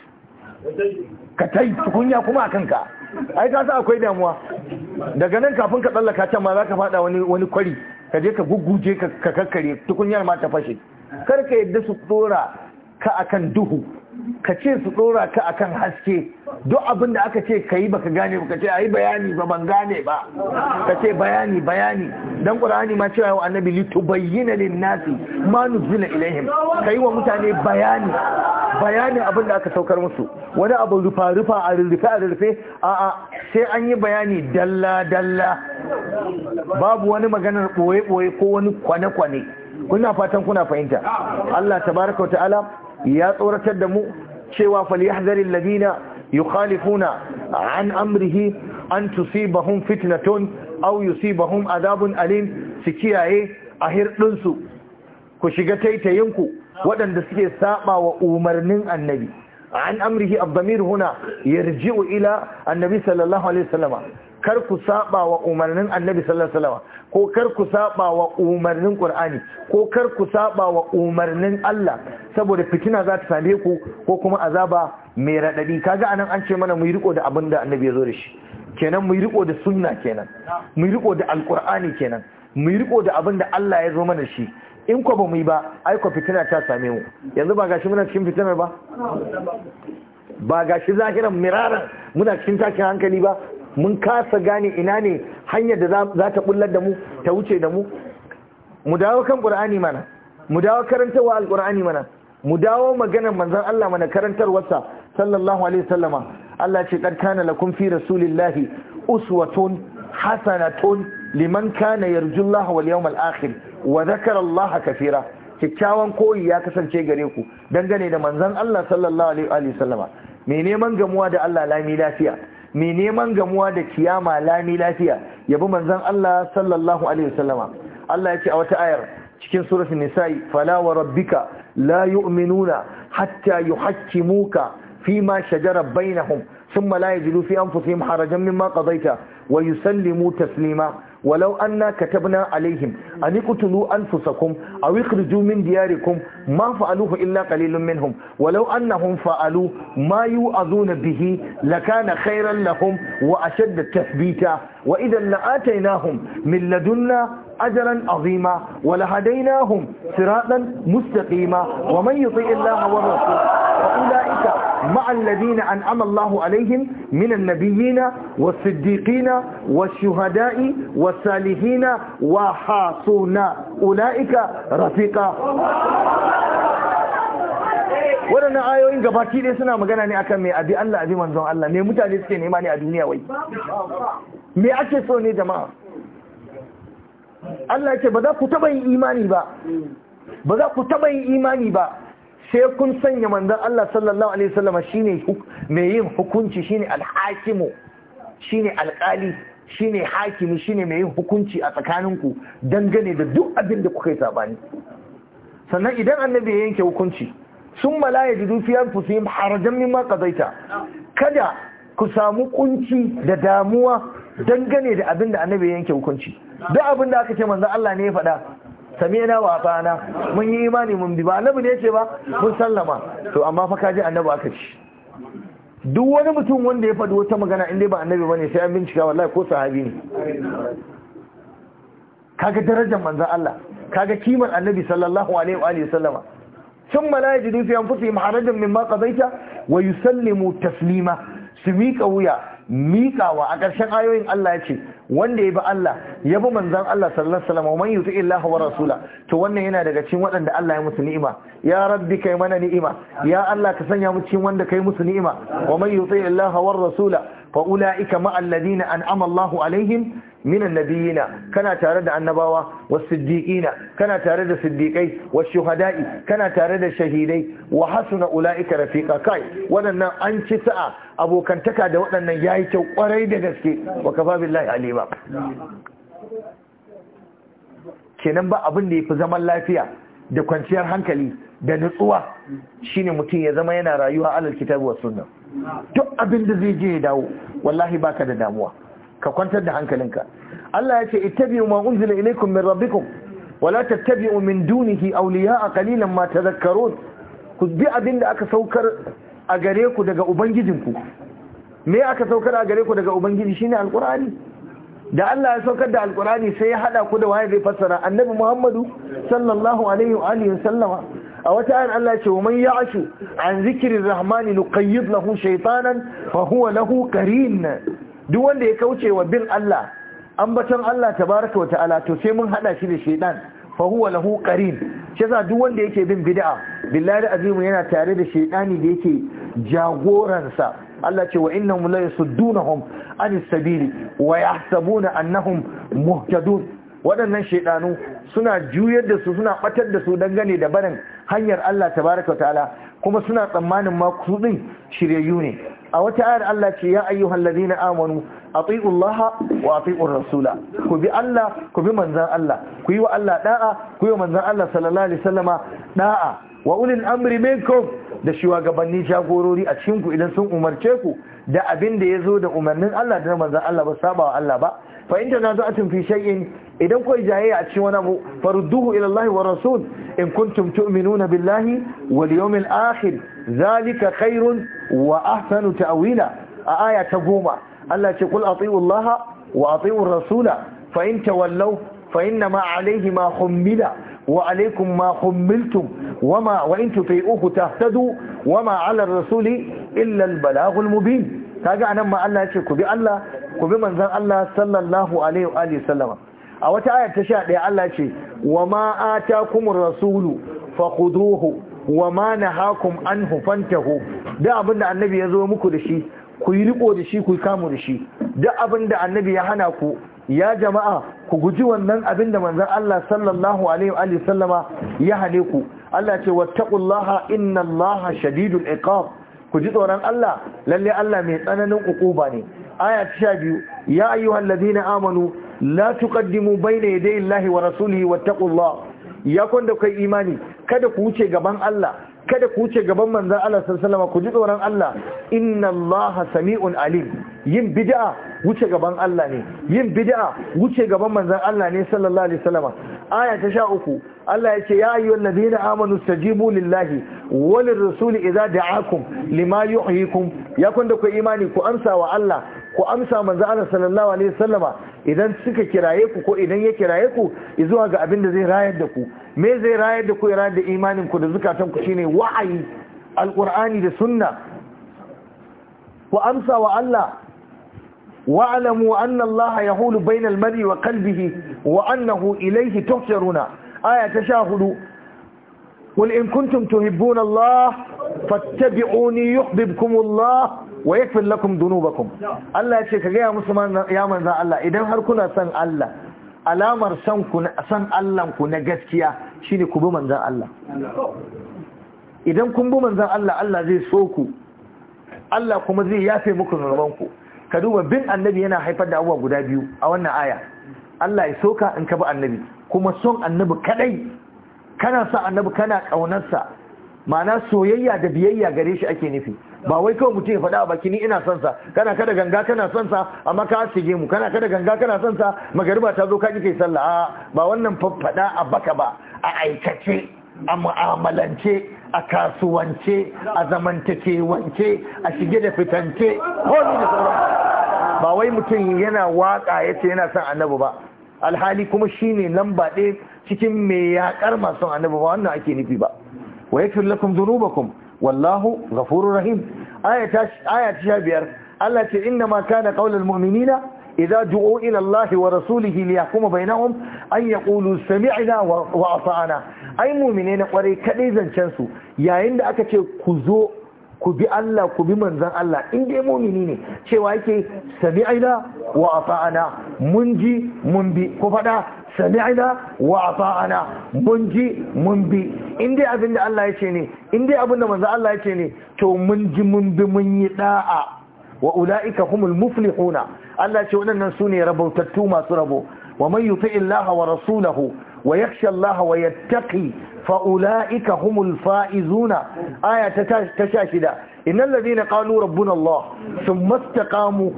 ka ta yi tukunya kuma a kanka ai ka sa akwai damuwa daga nan kafin ka tsallaka can ma za ka fada wani kwari ka je ka gugguje ka kakkare tukunyar ma ta fashe kar ka yadda su tsora ka akan duhu ka ce su ɗora ka akan haske duk abin da aka ce ka yi baka gane ba ka ce a yi bayani ba ban gane ba ka ce bayani bayani dan ƙur'ani ma cewa wa annabi li tubayyana lin nasi ma nuzila ilaihim ka yi wa mutane bayani bayani abin da aka saukar musu wani abu rufa rufa a rurrufe a rurrufe a a sai an yi bayani dalla dalla babu wani maganar ɓoye-ɓoye ko wani kwane-kwane kuna fatan kuna fahimta Allah tabaraka wa ta'ala ya tsoratar da mu cewa falyahdharil ladina yukhalifuna an amrihi an tusibahum fitnatun aw yusibahum adabun alim su kiyaye a hirɗinsu ku shiga taitayinku waɗanda suke saba wa umarnin annabi an amrihi abdamir huna yarji'u ila annabi sallallahu alaihi wasallama kar ku saba wa umarnin annabi sallallahu alaihi wasallama ko kar ku saba wa umarnin Qur'ani ko kar ku saba wa umarnin Allah saboda fitina za ta same ku ko kuma azaba mai radadi kaga anan an ce mana mu riko da abin da Annabi ya zo da shi kenan mu riko da sunna kenan mu riko da alqur'ani kenan mu riko da abin da Allah ya zo mana shi in ko ba mu yi ba ai ko fitina ta same mu yanzu ba gashi muna cikin fitinar ba ba gashi zahiran miraran muna cikin tashin hankali ba mun kasa gane ina ne hanyar da za ta bullar da mu ta wuce da mu mu dawo kan qur'ani mana mu dawo karantarwa alqur'ani mana mu dawo maganar manzon Allah mana karantarwarsa sallallahu alaihi wasallama Allah ce kad kana lakum fi rasulillahi uswatun hasanatun liman kana yarjullaha wal yawmal akhir wa dhakara Allah kathira kikkiawan koyi ya kasance gare ku dangane da manzon Allah sallallahu alaihi wasallama me neman gamuwa da Allah lami lafiya mai neman gamuwa da kiyama lami lafiya yabi manzon Allah sallallahu alaihi wasallama Allah ya ce a wata ayar cikin suratul nisa'i fala wa rabbika la yu'minuna hatta yuhaqqimuka fima shajara bainahum thumma la yajidu fi anfusihim harajan mimma qadaita wa yusallimu taslima walau anna katabna alaihim an iqtulu A aw jumin min diyarikum ma fa'aluhu illa min minhum walau annahum fa'alu ma yu'azuna bihi lakana khayran lahum wa ashadda tasbita wa idan la'ataynahum min ladunna أجرا عظيما ولهديناهم صراطا مستقيما ومن يطيع الله والرسول فأولئك مع الذين أنعم الله عليهم من النبيين والصديقين والشهداء والصالحين وحاصون أولئك رفيقا waɗannan ayoyin gabaki ɗaya suna magana ne akan mai abi Allah abi manzon Allah me mutane suke nema ne a duniya wai me ake so ne jama'a Allah ce ba za ku taba yin imani ba ba za ku taba yin imani ba sai kun sanya manzon Allah sallallahu alaihi wasallam shine mai yin hukunci shine alhakimu shine alkali shine hakimi shine mai yin hukunci a tsakaninku dangane da duk abin da kuka yi sabani sannan idan annabi ya yanke hukunci sun malaya jidu fi anfusihim harajan mimma qadaita kada ku samu kunci da damuwa dangane da abin da annabi yanke hukunci duk abin da aka ce manzo Allah ne ya faɗa sami'na wa ata'na mun yi imani mun bi ba annabi ne ce ba mun sallama to amma fa kaji annabi aka ci duk wani mutum wanda ya faɗi wata magana in dai ba annabi bane sai an bincika wallahi ko sahabi ne kaga darajar manzo Allah kaga kimar annabi sallallahu alaihi wa alihi sallama sun malaiji dufi an fusi maharajin min ma qadaita wa yusallimu taslima su miƙa wuya mikawa a ƙarshen ayoyin Allah ya ce wanda ya bi Allah ya bi manzan Allah sallallahu alaihi wasallam man yuti wa rasula to wannan yana daga cikin waɗanda Allah ya musu ni'ima ya rabbi kai mana ni'ima ya Allah ka sanya mu cikin wanda kai musu ni'ima wa man yuti illahi wa rasula fa ulaika ma alladhina an'ama Allahu alaihim minan nabiyina kana tare da annabawa was-siddiqina kana tare da siddiqai wash-shuhada'i kana tare da shahidai wa Hassuna ulaika rafiqa kai wadannan an ci sa'a abokantaka da wadannan yayi kyau kwarai da gaske wa kafa billahi alima kenan ba abin da yafi zaman lafiya da kwanciyar hankali da nutsuwa shine mutum ya zama yana rayuwa alal kitabi was sunna duk abinda zai je ya dawo wallahi baka da damuwa ka kwantar da hankalinka Allah ya ce ittabi'u ma unzila ilaykum min rabbikum wala tattabi'u min dunihi awliya'a qalilan ma tadhakkarun ku bi abin da aka saukar a gare ku daga ubangijinku me aka saukar a gare ku daga ubangiji shine alqur'ani da Allah ya saukar da alqur'ani sai ya hada ku da waye zai fassara annabi Muhammadu sallallahu alaihi wa alihi sallama a wata ayar Allah ce man ya'ashu an zikri rahmani nuqayyid lahu shaytanan fa huwa lahu qarin duk wanda ya kauce wa bin Allah ambaton Allah tabaraka wa ta'ala to sai mun hada shi da shedan fa huwa lahu qarin shi yasa duk wanda yake bin bid'a billahi azimu yana tare da shedani da yake jagoransa Allah ce wa innahum la yasuddunahum anis sabili wa yahsabuna annahum muhtadun waɗannan shedanu suna juyar da su suna batar da su dangane da barin hanyar Allah tabaraka wa ta'ala kuma suna tsammanin ma shiryayyu ne a wata ayar Allah ce ya ayyuhal ladina amanu atiiu wa atiiu rasula ku bi Allah ku bi manzan Allah ku yi wa Allah da'a ku yi wa manzan Allah sallallahu alaihi wasallama da'a wa ulil amri minkum da shugabanni jagorori a cikin ku idan sun umarce ku da abin da yazo da umarnin Allah da manzan Allah ba saba wa Allah ba fa in a fi shay'in idan kawai jayayya a cikin wani abu farduhu ila Allah wa rasul in kuntum tu'minuna billahi wal yawmil akhir zalika khairun wa ahsanu ta'wila a aya ta goma Allah ce kul ati'u Allah wa ati'u rasula fa in tawallaw fa inna ma alayhi ma khummila wa alaykum ma khummiltum wama wa in tuti'uhu tahtadu wama 'ala ar-rasuli illa al-balaghul mubin kaga anan ma Allah ya ce ku bi Allah ku bi manzon Allah sallallahu alaihi wa alihi sallama a wata ayar ta sha ɗaya Allah ce wa ma atakumur rasulu fakhuduhu wa ma nahakum anhu fantahu da abinda annabi ya zo muku da shi ku yi riko da shi ku kamu da shi da abinda annabi ya hana ku ya jama'a ku guji wannan abinda manzon Allah sallallahu alaihi wa sallama ya hane ku Allah ce inna innallaha shadidul iqab ku ji tsoron Allah lalle Allah mai tsananin ukuba ne aya ta sha biyu ya ayyuhallazina amanu la tuqaddimu bayna yaday Allahi wa rasulihi wattaqullah ya kwanda kai imani kada ku wuce gaban Allah kada ku wuce gaban manzon Allah sallallahu ku ji tsoron Allah inna Allah sami'un alim yin bid'a wuce gaban Allah ne yin bid'a wuce gaban manzon Allah ne sallallahu alaihi wasallam aya ta sha uku Allah ya ce ya ayyuhal ladina amanu stajibu lillahi walir rasuli idza da'akum lima yuhyikum ya kun da ku imani ku amsa wa Allah ku amsa manzo Allah sallallahu alaihi wasallama idan suka kiraye ku ko idan ya kiraye ku zuwa ga abin da zai rayar da ku me zai rayar da ku ya rayar da imanin ku da zukatan ku shine wa'ayi alqur'ani da sunna ku amsa wa Allah wa'lamu anna Allah yahulu bainal mar'i wa qalbihi wa annahu ilayhi tuhsharuna aya ta sha hudu. قل in kuntum tuhibbuna Allah fattabi'uni yuhibbukum Allah wa yakfir lakum dunubakum Allah ya ce ka gaya musu ya manzan Allah idan har kuna son Allah alamar son ku san Allah ku na gaskiya shine ku bi manzan Allah idan kun bi manzan Allah Allah zai so ku Allah kuma zai yafe muku zunuban ku ka duba bin annabi yana haifar da abubuwa guda biyu a wannan aya Allah ya soka in ka bi annabi kuma son annabi kadai kana sa annabi kana kaunarsa ma'ana soyayya da biyayya gare shi ake nufi ba wai kawai mutum ya faɗa a baki ni ina son sa kana kada ganga kana son sa amma ka shige mu kana kada ganga kana son sa magariba ta zo ka ji kai sallah ba wannan faɗa a baka ba a aikace a mu'amalance a kasuwance a zamantakewance a shige da fitance ko ba wai mutum yana waka yace yana son annabi ba alhali kuma shine lamba ɗaya cikin mai yaƙar masu annabi ba wannan ake nufi ba wa yakfir lakum dhunubakum wallahu ghafurur rahim aya ta sha biyar Allah ce inna ma kana qaulul mu'minina idza du'u ila Allah wa rasulihi liyahkuma bainahum an yaqulu sami'na wa ata'na ai mu'mine na kwarai kaɗai zancen su yayin da aka ce ku zo ku bi Allah ku bi manzon Allah in dai mu'mini ne cewa yake sami'na wa ata'na mun ji mun bi ku faɗa. sami'na wa ata'ana mun ji mun bi in dai abin da Allah ya ce ne in dai abin da manzo Allah ya ce ne to mun ji mun bi mun yi da'a wa ulaika humul muflihuna Allah ce waɗannan sune ne rabautattu masu rabo wa man yuti illaha wa rasulahu wa yakhsha Allah wa yattaqi fa ulaika humul faizuna aya ta 16 innal ladina qalu rabbuna Allah thumma istaqamu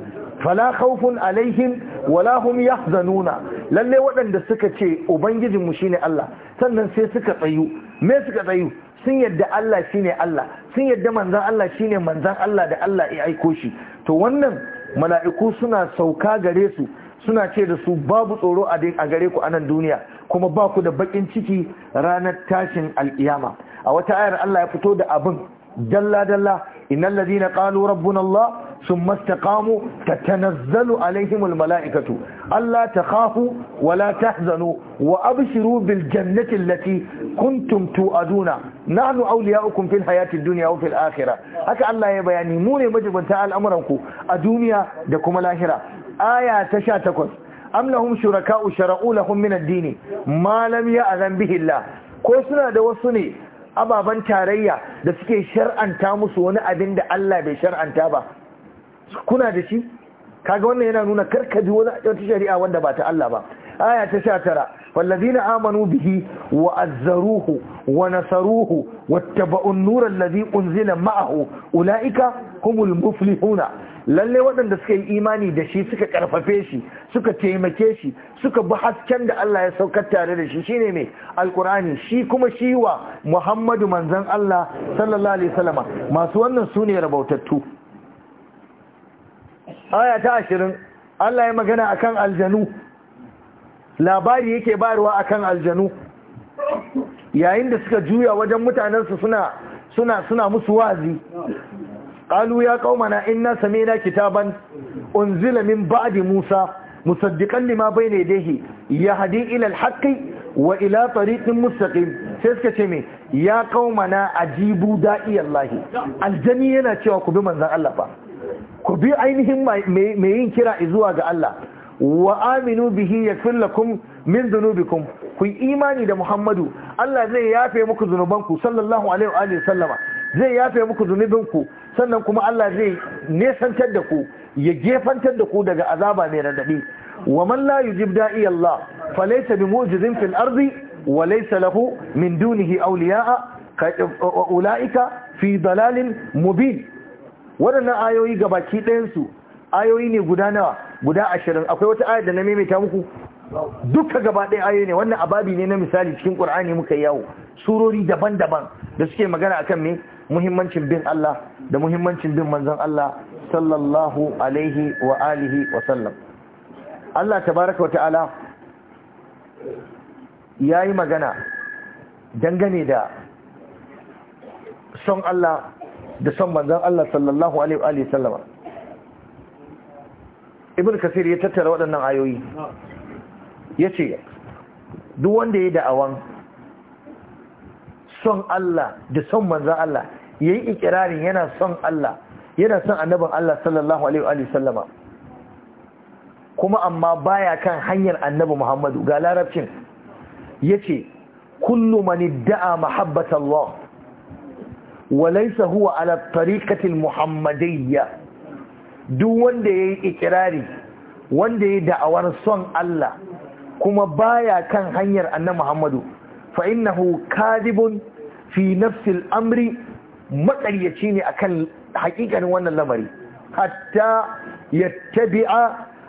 fala khawfun alaihim wala hum yahzanuna lalle waɗanda suka ce Ubangijin mu shine Allah sannan sai suka tsayu me suka tsayu sun yadda Allah shine Allah sun yadda manzan Allah shine manzan Allah da Allah ya aiko shi to wannan mala'iku suna sauka gare su suna ce da su babu tsoro a gare ku a nan duniya kuma ba ku da bakin ciki ranar tashin alkiyama a wata ayar Allah ya fito da abin dalla dalla innal ladina qalu rabbuna Allah ثم استقاموا تتنزل عليهم الملائكة ألا تخافوا ولا تحزنوا وأبشروا بالجنة التي كنتم توعدون نحن أولياؤكم في الحياة الدنيا وفي الآخرة هكا الله يبياني موني مجب تعال أمركم الدنيا دكم الآخرة آية تشاتكم أم لهم شركاء شرعوا لهم من الدين ما لم يأذن به الله كوسنا دوسني ababen tarayya da suke shar'anta musu wani abin da Allah bai shar'anta ba kuna da shi kaga wannan yana nuna karkaji wani shari'a wanda ba ta Allah ba aya ta sha tara wallazina amanu bihi wa azzaruhu wa nasaruhu wattaba'u an-nura allazi unzila ma'ahu ulaika humul muflihuna lalle waɗanda suka yi imani da shi suka karfafe shi suka taimake shi suka bi hasken da Allah ya saukar tare da shi shine mai alkurani shi kuma shi wa Muhammadu manzon Allah sallallahu alaihi wasallama masu wannan sune rabautattu aya ta ashirin Allah ya magana akan aljanu labari yake bayarwa akan aljanu yayin da suka juya wajen mutanensu suna suna suna musu wazi qalu ya qaumana inna sami'na kitaban unzila min ba'di musa musaddiqan lima ne yadayhi yahdi ila al haƙƙi wa ila tariqin mustaqim sai suka ce me ya qaumana ajibu da'iyar lahi? aljani yana cewa ku bi manzon Allah fa ku bi ainihin mai yin kira zuwa ga Allah wa aminu bihi yakfir lakum min dhunubikum ku imani da Muhammadu Allah zai yafe muku zunubanku sallallahu alaihi wa alihi sallama zai yafe muku zunubin ku. sannan kuma Allah zai nesantar da ku ya gefantar da ku daga azaba mai radadi wa man la yujib da'i Allah bi bimu'jizin fil ardi wa laysa lahu min dunihi awliya'a ulaika fi dalalin mubin waɗannan ayoyi baki ɗayansu ayoyi ne guda nawa guda ashirin akwai wata ayar da na maimaita muku duka gaba ɗaya ayoyi ne wannan ababi ne na misali cikin ƙur'ani muka yawo surori daban-daban da suke magana akan me muhimmancin bin Allah da muhimmancin bin manzon Allah sallallahu alaihi wa alihi wa sallam Allah tabaraka wa ta'ala yayi magana dangane da son Allah da son manzan Allah sallallahu alaihi wa sallama ibn kasir ya tattara waɗannan ayoyi ya ce duk wanda ya da'awan son Allah da son manzan Allah ya yi ikirarin yana son Allah yana son annabin Allah sallallahu alaihi wa sallama kuma amma baya kan hanyar annabi Muhammadu ga larabcin ya ce kullu mani da'a Allah. walaisa huwa ala tariqatil muhammadiyya duk wanda yayi ikirari wanda yayi da'awar son Allah kuma baya kan hanyar annabi Muhammadu fa innahu kadibun fi nafsil amri matsaryaci ne akan hakikanin wannan lamari hatta yattabi'a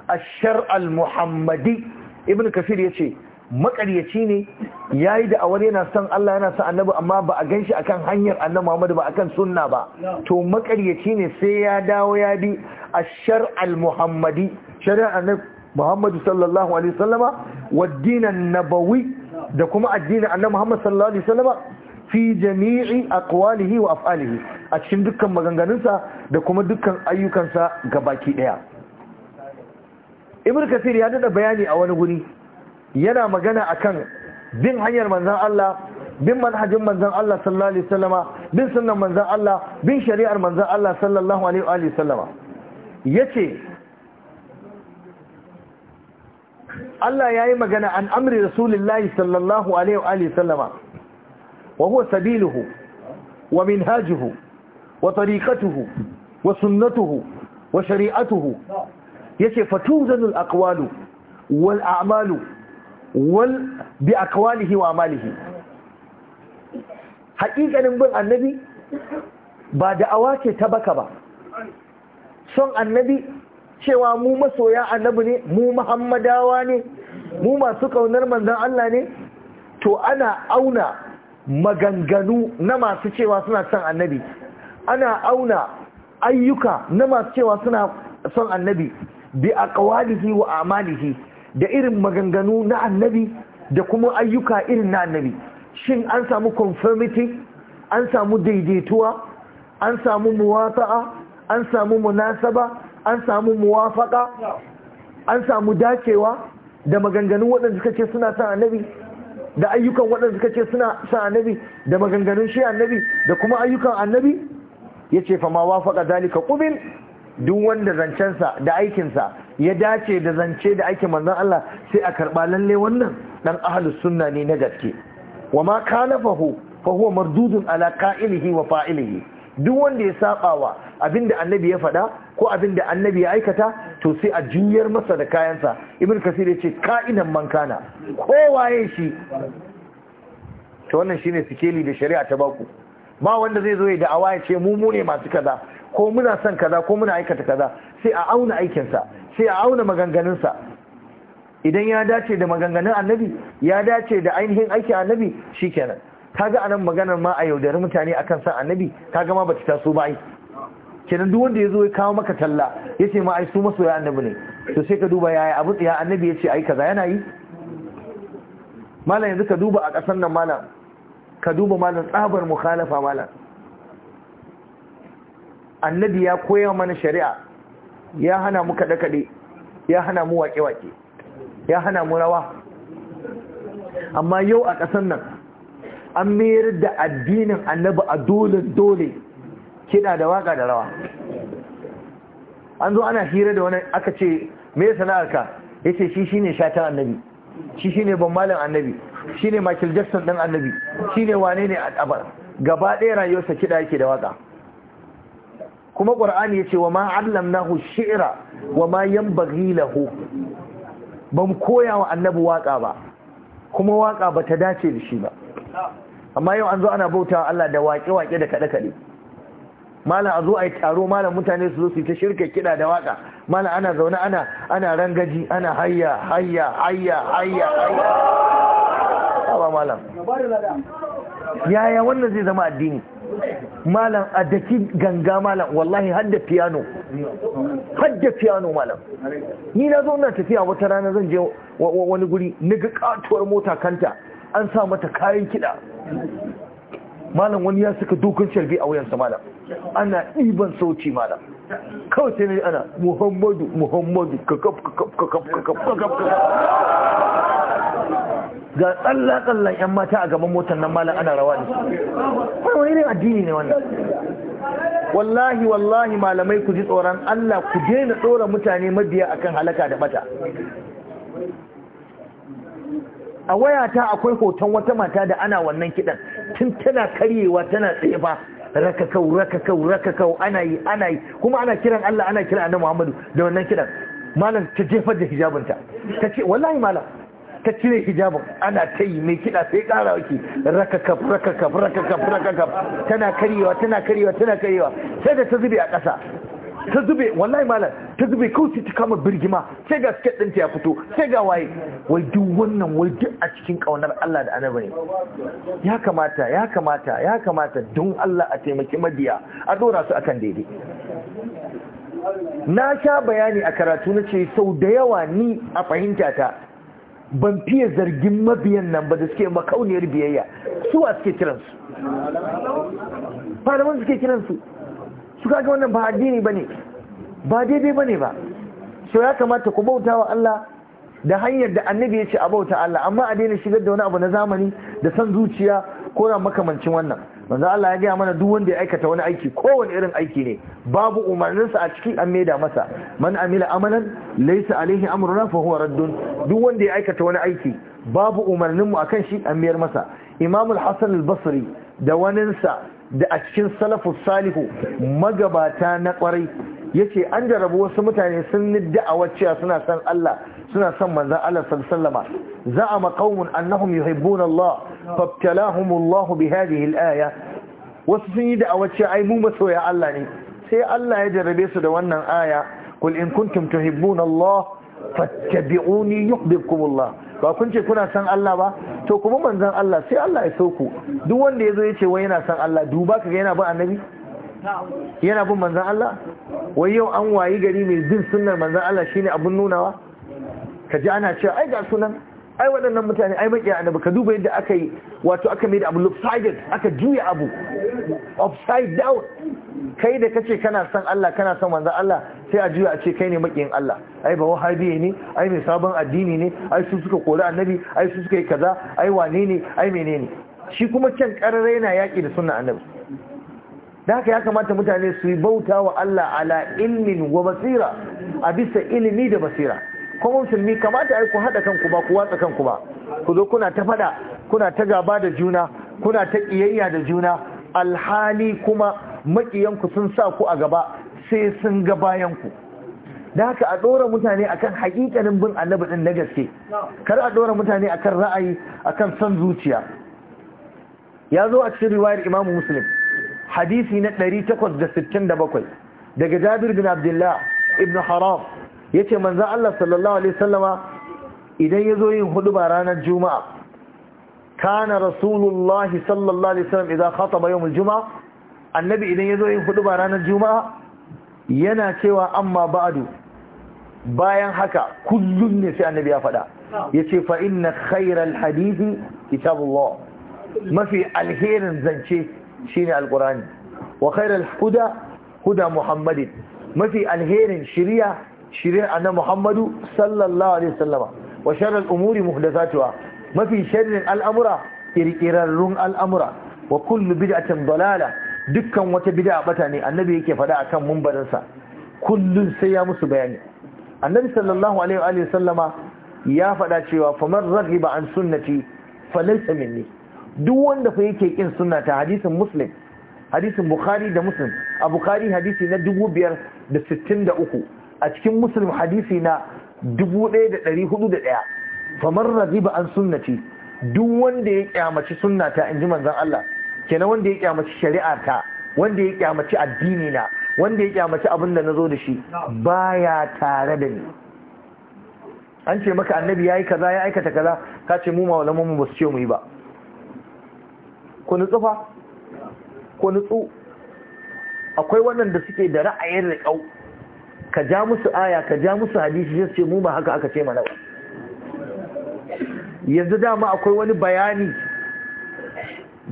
ash-shar'al muhammadi ibn kasir yace makaryaci ne ya yi da awar yana son Allah yana son annabi amma ba a gan shi akan hanyar annabi Muhammadu ba akan sunna ba to makaryaci ne sai ya dawo ya bi a shar'al muhammadi shari'ar annabi Muhammadu sallallahu alaihi sallama wa dinan nabawi da kuma addinin annabi Muhammadu sallallahu alaihi sallama fi jami'i aqwalihi wa af'alihi a cikin dukkan maganganunsa da kuma dukkan ayyukansa ga baki daya Ibn Kathir ya dada bayani a wani guri yana magana akan bin hanyar manzan Allah bin manhajin manzan Allah sallallahu alaihi wasallama bin sunnan manzan Allah bin shari'ar manzan Allah sallallahu alaihi wasallama yace Allah yayi magana an amri rasulillahi sallallahu alaihi wasallama wa huwa sabiluhu wa minhajuhu wa tariqatuhu wa sunnatuhu wa shari'atuhu yace fatuzanul aqwalu wal a'malu wal bi akwalihi wa amalihi haƙiƙanin bin annabi ba da ce ta baka ba son annabi cewa mu masoya annabi ne mu muhammadawa ne mu masu ƙaunar manzan Allah ne to ana auna maganganu na masu cewa suna son annabi ana auna ayyuka na masu cewa suna son annabi bi akwalihi wa amalihi da irin maganganu na annabi da kuma ayyuka irin na annabi shin an samu conformity an samu daidaituwa an samu muwafa'a an samu munasaba an samu muwafaka an samu dacewa da maganganun waɗanda suka ce suna sa annabi da ayyukan waɗanda suka ce suna sa annabi da maganganun shi annabi da kuma ayyukan annabi ya ce fama wafaka zalika ƙubin duk wanda zancensa da aikinsa ya dace da zance da ake manzon Allah sai a karɓa lalle wannan Ɗan ahlus sunna ne na gaske wa ma kalafahu fa huwa mardudun ala qa'ilihi wa fa'ilihi duk wanda ya sabawa abinda annabi ya faɗa ko abinda annabi ya aikata to sai a juyar masa da kayansa ibn kasir ce, ka'inan man kana kowaye shi to wannan shine sikeli da shari'a ta baku ba wanda zai zo ya awa ya ce mu mu ne masu kaza ko muna son kaza ko muna aikata kaza sai a auna aikinsa sai a auna maganganunsa idan ya dace da maganganun annabi ya dace da ainihin aiki annabi shikenan kaga anan maganar ma a yaudari mutane akan san annabi kaga ma bata taso ba ai kenan duk wanda yazo ya kawo maka talla yace ma ai su masoya annabi ne to sai ka duba yaya abu tsaya annabi yace ai kaza yana yi malam yanzu ka duba a kasan nan malam ka duba malam tsabar mukhalafa malam annabi ya koya mana shari'a ya hana mu kaɗe-kaɗe ya hana mu waƙe-waƙe ya hana mu rawa amma yau a ƙasar nan an mayar da addinin annabi a dole-dole kiɗa da waƙa da rawa an zo ana hira da wani aka ce me sana'arka ya ce shi shine shatan annabi shi shine ban malin annabi shine Michael Jackson ɗin annabi shine wane ne ɗabar gaba ɗaya rayuwarsa kiɗa yake da waka kuma ƙwar'ani ya ce wa ma nahu shi'ira wa ma yanbaghi lahu ba mu koya wa annabi waka ba kuma waka ba ta dace da shi ba amma yau an zo ana bauta Allah da waƙe-waƙe da kaɗe-kaɗe malam a zo a yi taro malam mutane su zo su ta shirkar kiɗa da waƙa malam ana zaune ana ana rangaji ana hayya hayya hayya hayya hayya ba malam yaya wannan zai zama addini malam a daki ganga malam wallahi hadda piano hadda piano malam ni na zo na tafiya wata rana zan je wani guri na ga katuwar mota kanta an sa mata kayan kiɗa malam wani ya suka dokun sharbi a wuyansa malam ana ɗiban sauci malam kawai sai ne ana muhammadu muhammadu kakaf kakaf kakaf kakaf kakaf ga tsalla 'yan mata a gaban motar nan malam ana rawa da su wani irin addini ne wannan wallahi wallahi malamai ku ji tsoron Allah ku daina tsoron mutane mabiya akan halaka da bata a wayata akwai hoton wata mata da ana wannan kidan tun tana karyewa tana tsaye fa rakakau rakakau rakakau ana yi ana yi kuma ana kiran Allah ana kiran Annabi Muhammadu da wannan kidan malam ta jefar da hijabinta ta ce wallahi malam ta cire hijabin ana ta yi mai kiɗa sai ƙara wake rakakaf rakakaf rakakaf rakakaf tana karyewa tana karyewa tana karyewa sai da ta zube a ƙasa ta zube wallahi malam ta zube kawai ta kama birgima sai ga sket ɗinta ya fito sai ga waye wai duk wannan wai duk a cikin ƙaunar Allah da annabi ne ya kamata ya kamata ya kamata don Allah a taimaki madiya a dora su akan daidai na sha bayani a karatu na ce sau da yawa ni a fahimta ta ban fiye zargin mabiyan nan ba da suke makauniyar biyayya suwa suke kiransu malaman suke kiransu su kaga wannan ba addini ba ne ba daidai ba ne ba so ya kamata ku bauta wa Allah da hanyar da annabi ya ce a bauta Allah amma a daina shigar da wani abu na zamani da san zuciya ko na makamancin wannan manzo Allah ya gaya mana duk wanda ya aikata wani aiki kowane irin aiki ne babu umarninsa a ciki an maida masa man amila amalan laysa alaihi amruna fa huwa raddun duk wanda ya aikata wani aiki babu umarnin mu akan shi an mayar masa Imam al-Hasan al-Basri da waninsa da a cikin salafus salihu magabata na kwarai yace an jarabu wasu mutane sun da'awar cewa suna son Allah suna son manzon Allah sallallahu za'a za'ama qaumun annahum yuhibbuna Allah fabtalahum Allah bi hadhihi al-aya wasu sun yi da'awar cewa ai mu masoya Allah ne sai Allah ya jarabe su da wannan aya qul in kuntum tuhibbuna Allah fattabi'uni yuhibbukum Allah ba kun ce kuna san Allah ba to kuma manzon Allah sai Allah ya sauku duk wanda yazo yace wai yana san Allah duba kaga yana ba annabi yana bin manzan Allah wai yau an wayi gari mai bin sunnar manzan Allah shi shine abun nunawa ka ji ana cewa ai ga sunan ai waɗannan mutane ai maƙiya nabi. ka duba yadda aka yi wato aka mai da abu lopsided aka juya abu upside down kai da kace kana son Allah kana son manzan Allah sai a juya a ce kai ne maƙiyin Allah ai ba ne ai mai sabon addini ne ai su suka kori annabi ai su suka yi kaza ai wane ne ai menene shi kuma can ƙarare yana yaƙi da sunna annabi da haka ya kamata mutane su yi bauta wa Allah ala ilmin wa basira a bisa ilimi da basira kuma musulmi kamata ai ku haɗa kanku ba ku watsa kanku ba ku zo kuna ta faɗa kuna ta gaba da juna kuna ta ƙiyayya da juna alhali kuma maƙiyanku sun sa ku a gaba sai sun ga bayanku da haka a ɗora mutane akan haƙiƙanin bin annabi ɗin na gaske kar a ɗora mutane akan ra'ayi akan son zuciya ya zo a cikin riwayar imamu muslim hadisi na 867 daga Jabir bin Abdullah ibn Haram yace manzo Allah sallallahu alaihi wasallama idan yazo yin huduba ranar juma'a kana rasulullah sallallahu alaihi wasallam idan khataba yawm aljuma'a annabi idan yazo yin huduba ranar juma'a yana cewa amma ba'du bayan haka kullum ne sai annabi ya faɗa yace fa inna khayral hadisi kitabullah mafi alherin zance shine alqur'ani wa khairul huda huda muhammadin mafi alherin shiriya shiriya annabi muhammadu sallallahu alaihi wasallama wa sharral umuri muhdathatuha mafi sharrin al'amura kirkirarrun al'amura wa kullu bid'atin dalala dukkan wata bid'a bata ne annabi yake faɗa akan mumbarinsa kullun sai ya musu bayani annabi sallallahu alaihi wa ya faɗa cewa faman raghiba an sunnati falaysa minni duk wanda fa yake kin sunna ta hadisin muslim hadisin bukhari da muslim a bukhari hadisi na 563 a cikin muslim hadisi na 1401 famar raziba an sunnati duk wanda ya kyamaci sunnata ta inji manzon Allah kenan wanda ya kyamaci shari'a ta wanda ya kyamaci addini na wanda ya kyamaci abin da nazo da shi baya tare da ni an ce maka annabi yayi kaza ya aikata kaza kace ce mu malaman mu ba su ce mu yi ba ko nutsufa ko nutsu akwai waɗanda suke da ra'ayin riƙau ka ja musu aya ka ja musu hadisi sai ce mu ba haka aka ce mana ba yanzu dama akwai wani bayani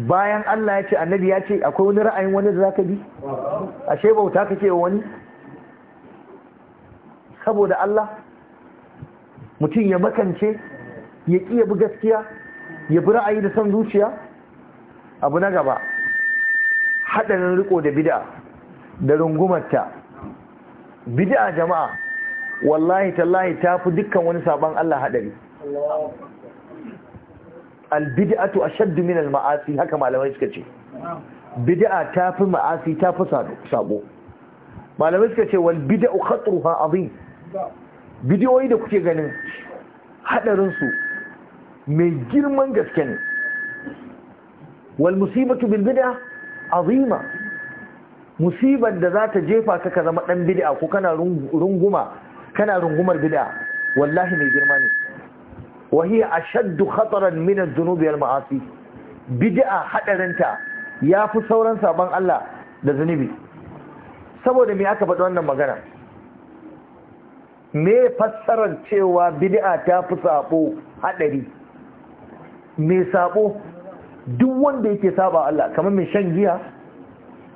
bayan Allah ya ce annabi ya ce akwai wani ra'ayin wani da zaka bi ashe bauta kake wa wani saboda Allah mutum ya makance ya ƙi ya bi gaskiya ya bi ra'ayi da son zuciya abu na gaba haɗarin riko da bid'a da rungumarta bid'a jama'a wallahi tallahi ta fi dukkan wani sabon Allah haɗari albid'atu shaddu min ma'asi haka malamai suka ce bid'a ta fi ma'asi ta fi sabo malamai suka ce wal bid'u ha azim bidiyoyi da kuke ganin haɗarinsu su mai girman gaske ne wal musibatu bil bid'a azima musibar da za ta jefa ka ka zama dan bid'a ko kana runguma kana rungumar bid'a wallahi mai girma ne wa hiya ashaddu khataran min adh ma'asi bid'a hadarinta yafi sauran saban Allah da zunubi saboda me aka faɗi wannan magana me fassarar cewa bid'a ta fi sabo hadari me sabo duk wanda yake saba Allah kamar mai shan giya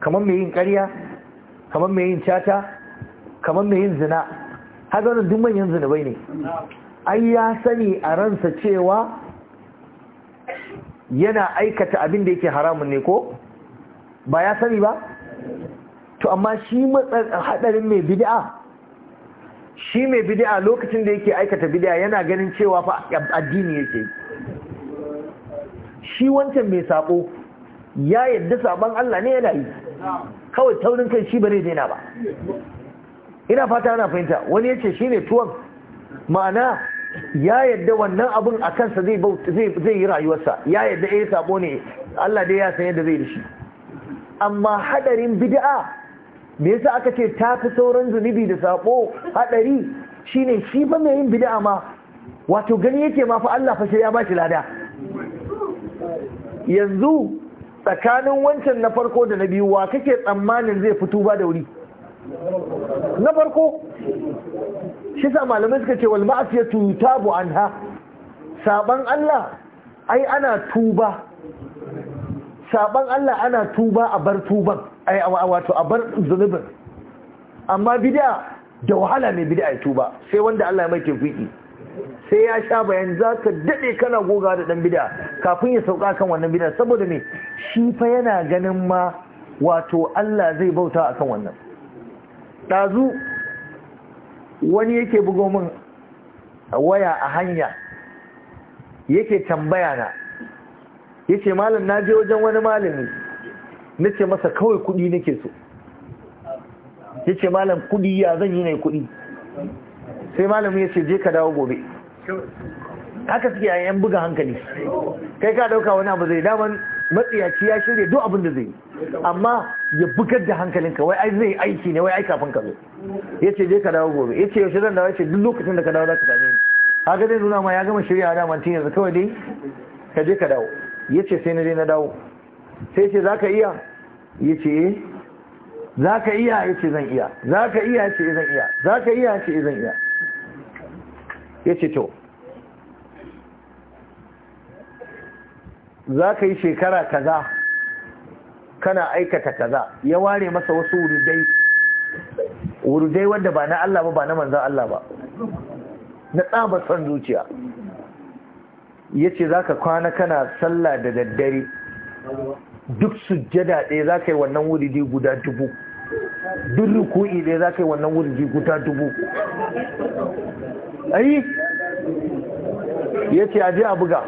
kamar mai yin ƙarya kamar mai yin cata kamar mai yin zina haka wani duk manyan zinubai ne ai ya sani a ransa cewa yana aikata abin da yake haramun ne ko ba ya sani ba to amma shi hadarin mai bid'a shi mai bid'a lokacin da yake aikata bid'a yana ganin cewa fa addini yake shi wancan mai sako ya yadda sabon Allah ne yana yi kawai taurin kai shi bare daina ba ina fata ana fahimta wani yace shine tuwon ma'ana ya yadda wannan abun a kansa zai yi rayuwarsa ya yadda eh sabo ne Allah dai ya san yadda zai shi. amma hadarin bid'a me yasa aka ce ta fi sauran zunubi da sabo hadari shine shi ba mai yin bid'a ma wato gani yake ma fa Allah fa sai ya shi lada yanzu tsakanin wancan na farko da na biyu wa kake tsammanin zai fito ba da wuri na farko shi sa malamai suka ce wal ma'asiyatu tabu anha saban Allah ai ana tuba saban Allah ana tuba a bar tuban ai wato a bar zunubin amma bid'a da wahala ne bid'a ya tuba sai wanda Allah ya mai tafiki sai ya sha bayan za ka daɗe kana goga da ɗan bida kafin ya sauka kan wannan bida saboda me shi fa yana ganin ma wato Allah zai bauta a kan wannan ɗazu wani yake bugo min waya a hanya yake tambaya na yake malam na je wajen wani malami nace masa kawai kuɗi nake so yace malam kuɗi ya zan yi ne kuɗi sai malamin ya ce je ka dawo gobe haka suke yan buga hankali kai ka dauka wani abu zai daman matsiyaci ya shirya duk abin da zai amma ya bugar da hankalinka wai ai zai aiki ne wai ai kafin ka zo ya ce je ka dawo gobe ya ce yaushe zan dawo ya ce duk lokacin da ka dawo za ka same ni haka zai nuna ma ya gama shirya da mantin yanzu kawai dai ka je ka dawo ya ce sai na je na dawo sai ce za ka iya ya ce eh. za ka iya ya ce zan iya za ka iya ya ce eh, zan iya za ka iya ya ce eh, zan iya ya ce to za ka yi shekara kaza kana aikata kaza ya ware masa wasu wurudai wurudai wanda ba na Allah ba ba na manzan Allah ba na tsabar son zuciya ya ce za ka kwana kana sallah da daddare duk sujjada ɗaya za ka yi wannan wurudai guda dubu duk ruku'i ɗaya za ka yi wannan wurudai guda dubu ai ya ce aje a buga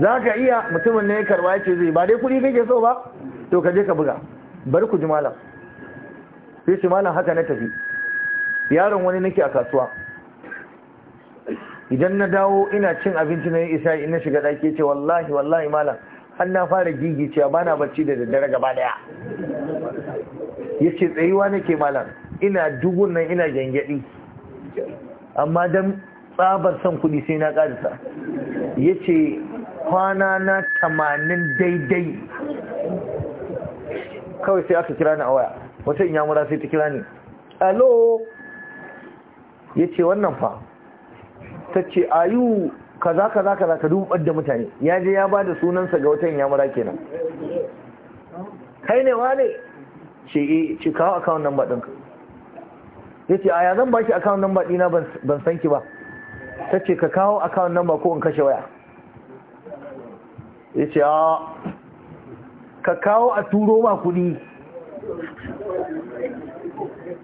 za ka iya mutumin ne ya karba ya ce zai ba dai kuɗi kake so ba to ka je ka buga bari ku ji malam sai ce malam haka na tafi yaron wani nake a kasuwa idan na dawo ina cin abinci na yi isa ina shiga ɗaki ce wallahi wallahi malam har na fara gigi cewa ba na bacci da daddare gaba daya ya ce tsayuwa nake malam ina dugun nan ina gyangyaɗi amma don tsabar son kudi sai na ƙarisa ya ce kwana na tamanin daidai kawai sai aka kira ni a waya wata yamura sai ta kira ni alo ya ce wannan fa ta ce ayu kaza kaza kaza ka dubar da mutane ya je ya ba da sunansa ga wata inyamura kenan kai ne wane ce e ce kawo akawun nan ba ɗinka ya ce a ya zan baki akawun number dina ban san ki ba ta ce ka kawo account number ko in kashe waya ya ce a ka kawo a turo ma kuɗi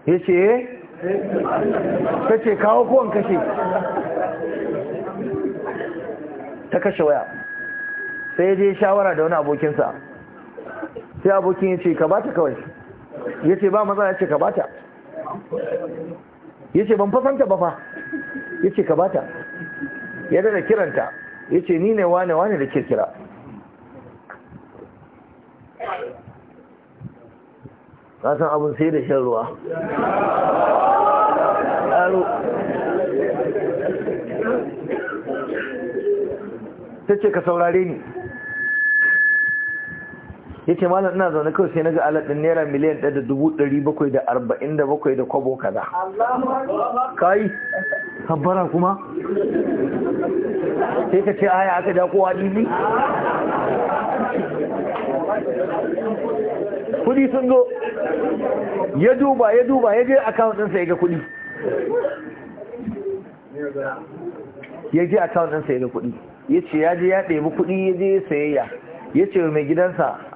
ya ce eh? ta ce kawo ko in kashe ta kashe waya sai je shawara da wani abokinsa sai abokin ya ce ka bata kawai ya ce ba maza ya ce ka bata ya ce ban fasanta ba fa ya ce ka bata ya da kiranta ya ce ni ne wane wane da ke kira na san abin sai da shan ruwa ta ce ka saurare ni ya ce malam ina zaune kawai sai na ga alat ɗin naira miliyan ɗaya da dubu ɗari bakwai da arba'in da bakwai da kwabo kaza kai tabbara kuma sai ka ce aya aka ja kowa ɗibi kudi sun zo ya duba ya duba ya je akawun ɗinsa ya ga kudi ya je akawun ɗinsa ya ga kudi ya ce ya je ya ɗebi kudi ya je sayayya ya ce mai gidansa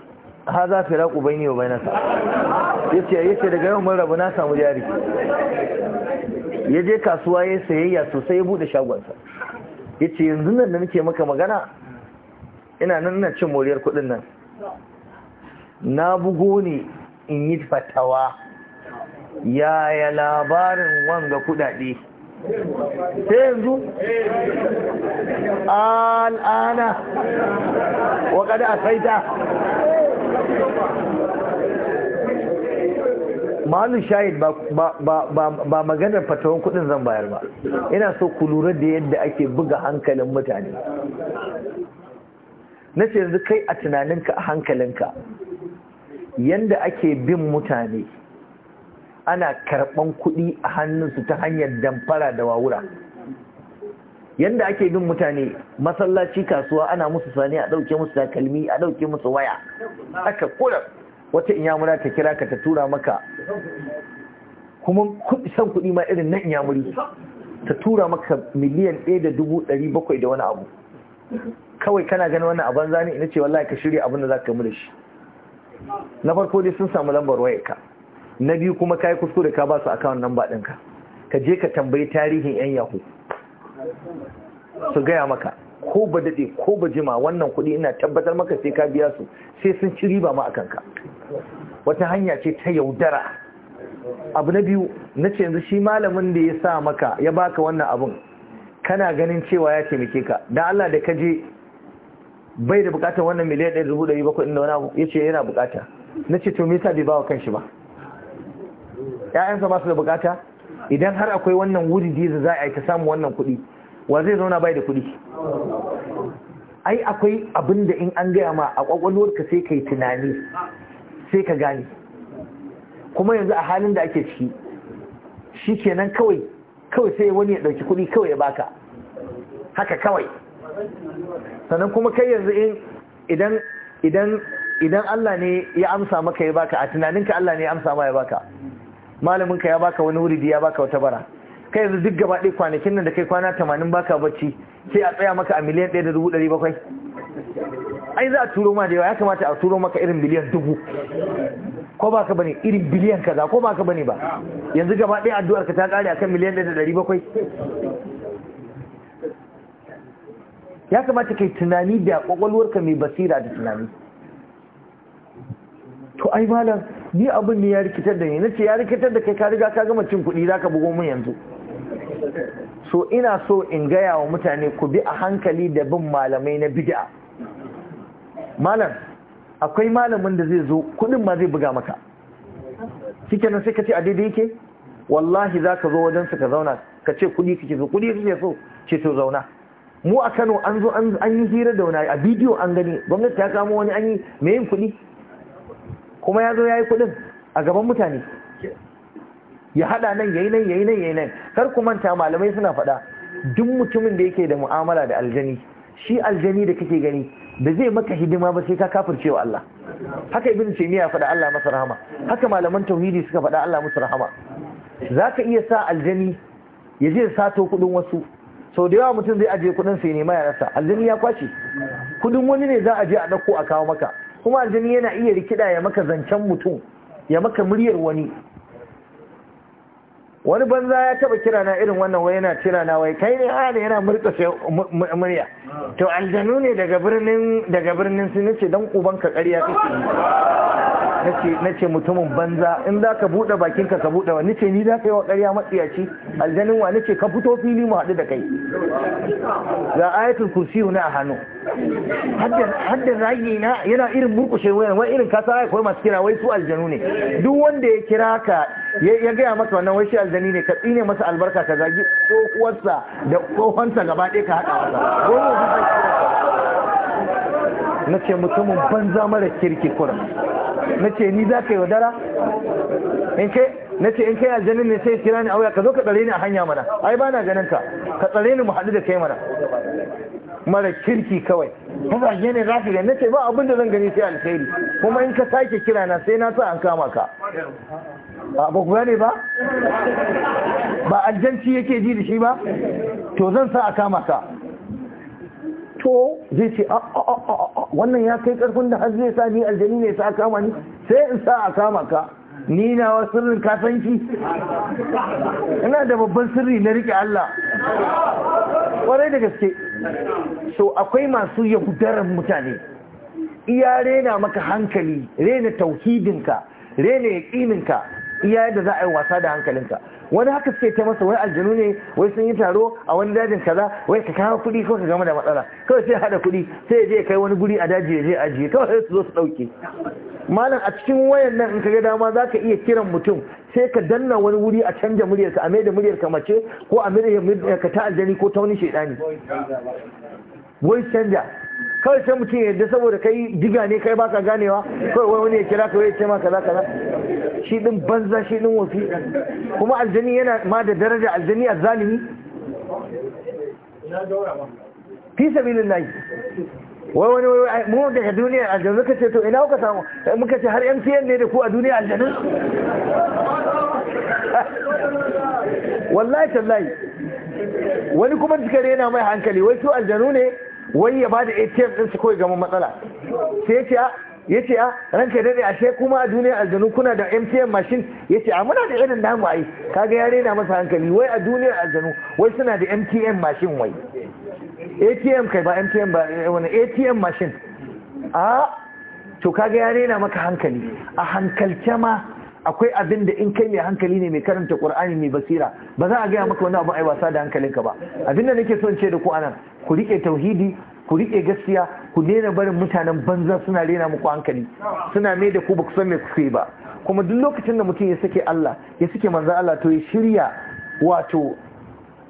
ha za fi raƙu bai ne wa nasa? ya ce daga yau mun rabu na samu jari ya je kasuwa ya sayayya sosai ya buɗe shagonsa ya ce yanzu nan da nake maka magana ina nan na cin moriyar kudin nan na bugo ne in yi fatawa yaya labarin wanga kudade? sai yanzu al'ana wa kada a saita malu shahid ba maganar fatawan kudin zan bayar ba ina so ku lura da yadda ake buga hankalin mutane na ce yanzu kai a tunaninka a hankalinka yadda ake bin mutane ana karɓan kuɗi a hannunsu ta hanyar damfara da wawura yadda ake bin mutane masallaci kasuwa ana musu sani a ɗauke musu takalmi a ɗauke musu waya aka kura wata inyamura ta kira ka ta tura maka kuma san kuɗi ma irin na inyamuri ta tura maka miliyan ɗaya da dubu ɗari bakwai da wani abu kawai kana ganin wannan abin zane ina ce wallahi ka shirya abin da za ka yi mu da shi na farko dai sun samu lambar wayarka na biyu kuma kai kuskure ka ba su nan number ɗinka ka je ka tambayi tarihin yan yahu su gaya maka ko ba daɗe ko ba jima wannan kuɗi ina tabbatar maka sai ka biya su sai sun ci riba ma a kanka wata hanya ce ta yaudara abu na biyu na ce yanzu shi malamin da ya sa maka ya baka wannan abun kana ganin cewa ya taimake ka da Allah da ka je bai da bukatar wannan miliyan ɗaya inda wani abu ya ce yana bukata na ce to me yasa bai bawa kan shi ba ƴaƴansa ba su da bukata idan har akwai wannan wuri da za a yi ta samu wannan kuɗi wa zai zauna bai da kuɗi ai akwai abin da in an gaya ma a ƙwaƙwalwar ka sai kai tunani sai ka gane kuma yanzu a halin da ake ciki shi kenan kawai kawai sai wani ya ɗauki kuɗi kawai ya baka haka kawai sannan kuma kai yanzu in idan idan idan Allah ne ya amsa maka ya baka a tunaninka Allah ne ya amsa ma ya baka malamin ka ya baka wani wuri ya baka wata bara kai yanzu duk gaba ɗaya kwanakin nan da kai kwana tamanin baka bacci sai a tsaya maka a miliyan ɗaya da dubu ɗari bakwai ai za a turo ma da yawa ya kamata a turo maka irin miliyan dubu ko ba ka bane irin biliyan kaza ko ba ka bane ba yanzu gaba ɗaya addu'ar ka ta ƙare akan miliyan ɗaya da ɗari bakwai ya kamata kai tunani da kwakwalwarka mai basira da tunani to ai malam ni abin ne ya rikitar da ni na ce ya rikitar da kai ka riga ka gama cin kuɗi za ka bugo mun yanzu so ina so in gaya wa mutane ku bi a hankali da bin malamai na bid'a malam akwai malamin da zai zo kuɗin ma zai buga maka na sai ka ce a daidai yake wallahi za ka zo wajen su ka zauna ka ce kuɗi kake zo kuɗi kake so ce to zauna mu a Kano an zo an yi hira da wani a bidiyo an gani gwamnati ta kamo wani an yi mai yin kuɗi kuma ya zo ya yi kuɗin a gaban mutane ya haɗa nan ya yi nan ya yi nan ya yi nan kar ku manta malamai suna faɗa duk mutumin da yake da mu'amala da aljani shi aljani da kake gani da zai maka hidima ba sai ka kafirce wa Allah haka ibn taymiya fada Allah masa rahama haka malaman tauhidi suka faɗa Allah masa rahama zaka iya sa aljani ya je sato kuɗin wasu sau da yawa mutum zai ajiye kuɗin sai nema ya rasa aljani ya kwashe. kuɗin wani ne za a je a ɗauko a kawo maka kuma aljini yana iya rikida ya maka zancen mutum ya maka muryar wani wani banza ya taba kirana irin wannan wai yana kira wai kai ne ne yana murka murya to aljanu ne daga birnin daga birnin sun ce dan uban ka ƙarya kake na ce mutumin banza in za ka buɗe bakinka ka buɗe wa ce ni za ka yi wa ƙarya matsiyaci aljanin wa ce ka fito fili mu haɗu da kai ga ayatul kursiyu na a hannu haddin zagi na yana irin murkushe wayan wani irin kasa ya koyi masu kira wai su aljanu ne duk wanda ya kira ka ya gaya masa wannan wai shi aljani ne ka tsine masa albarka ka zagi tsohuwarsa da tsohonsa gaba ɗaya ka haɗa masa na ce mutumin banza mara kirki kura na ce ni za ka yi wadara na ce in kai aljanin ne sai kira ni a ka zo ka tsare ni a hanya mana ai ba na ganin ka ka tsare ni mu haɗu da kai mana mara kirki kawai ba zage ne za ka gani na ce ba abin da zan gani sai alkhairi kuma in ka sake kira na sai na sa an kama ka ba ku gane ba ba aljanci yake ji da shi ba to zan sa a kama ka fito zai ce a ah, ah, ah, wannan ya kai karfin da har zai sa ni aljani ne sa kama ni sai in sa a kama ka ni na wa sirrin kasanci ina da babban sirri na rike Allah kwarai da gaske so akwai masu yahudaran mutane iya rena maka hankali rena tauhidinka rena yaƙininka iya yadda za a yi wasa da hankalinka wani haka suke ta masa wai aljanu ne wai sun yi taro a wani dajin kaza wai ka kawo kuɗi ko ka gama da matsala kawai sai hada kuɗi sai ya je kai wani guri a daji ya je ajiye kawai sai su zo su ɗauke malam a cikin wayan nan in ka ga dama za ka iya kiran mutum sai ka danna wani wuri a canja muryarka a maida muryarka mace ko a maida ka ta aljani ko ta wani shaidani voice changer kawai sai mutum ya yadda saboda kai diga ne kai baka ganewa kawai wai wani ya kira ka ya ce ma kaza kaza shi din banza shi din wafi kuma aljani yana ma da daraja aljani a zalimi fi sabilin lahi wai wani wai mu daga duniyar aljanu muka ce to ina kuka samu muka ce har MTN ne da ku a duniyar aljanu wallahi tallahi wani kuma suka yana mai hankali wai su aljanu ne wai ya bada ATM din su kawai gama matsala sai ya ce a ah, ya ce a ah, ranka daɗe ashe kuma a duniya aljanu kuna da MTM mashin ya ce a ah, muna da irin namu ai kaga ya rena masa hankali wai a duniyar aljanu wai suna da MTM mashin wai ATM kai ba MTM ba eh, wani ATM mashin a to kaga ya rena maka hankali a hankalce ma akwai abin da in kai mai hankali ne mai karanta qur'ani mai basira ba za a gaya maka wani abu ai wasa da hankalinka ba abin da nake son ce da ku anan ku rike tauhidi ku rike gaskiya ku daina barin mutanen banza suna rena muku hankali suna mai da ku ba ku san me kuke ba kuma duk lokacin da mutum ya sake Allah ya sake manzo Allah to ya shirya wato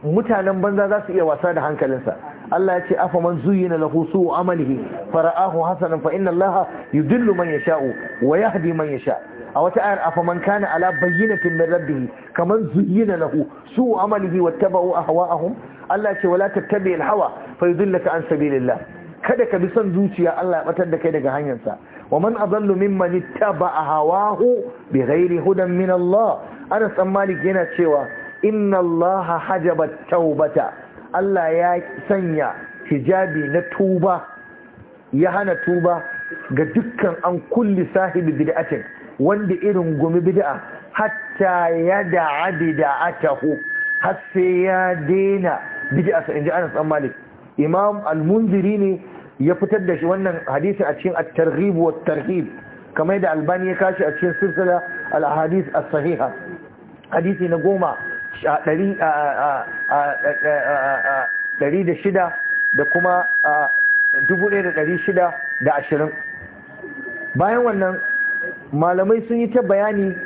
mutanen banza za su iya wasa da hankalinsa Allah ya ce afa man zuyyina lahu su'u amalihi fara'ahu hasanan fa inna Allah yudillu man yasha'u wa yahdi man yasha a wata ayar afa man kana ala bayyinatin min kamar kaman zuyyina lahu su'u amalihi wattaba'u ahwa'ahum Allah ya ce wala tattabi'il hawa fayudillaka an sabilillah kada ka bi son zuciya Allah ya batar da kai daga hanyarsa wa man adallu mimman ittaba'a hawahu bighairi hudan min Allah Anas Malik yana cewa inna Allah hajaba taubata Allah ya sanya hijabi na tuba ya hana tuba ga dukkan an kulli sahibi bid'atin wanda irin gumi bid'a hatta ya da'a bid'atahu har sai ya daina bid'arsa inji Anas bin Malik Imam Al-Munziri ne ya fitar da shi wannan hadisi a cikin At-Targhib wa At-Tarhib kamar da Albani ya kashi a cikin silsila Al-Ahadith As-Sahiha hadisi na goma 600 da kuma 1620 bayan wannan malamai sun yi ta bayani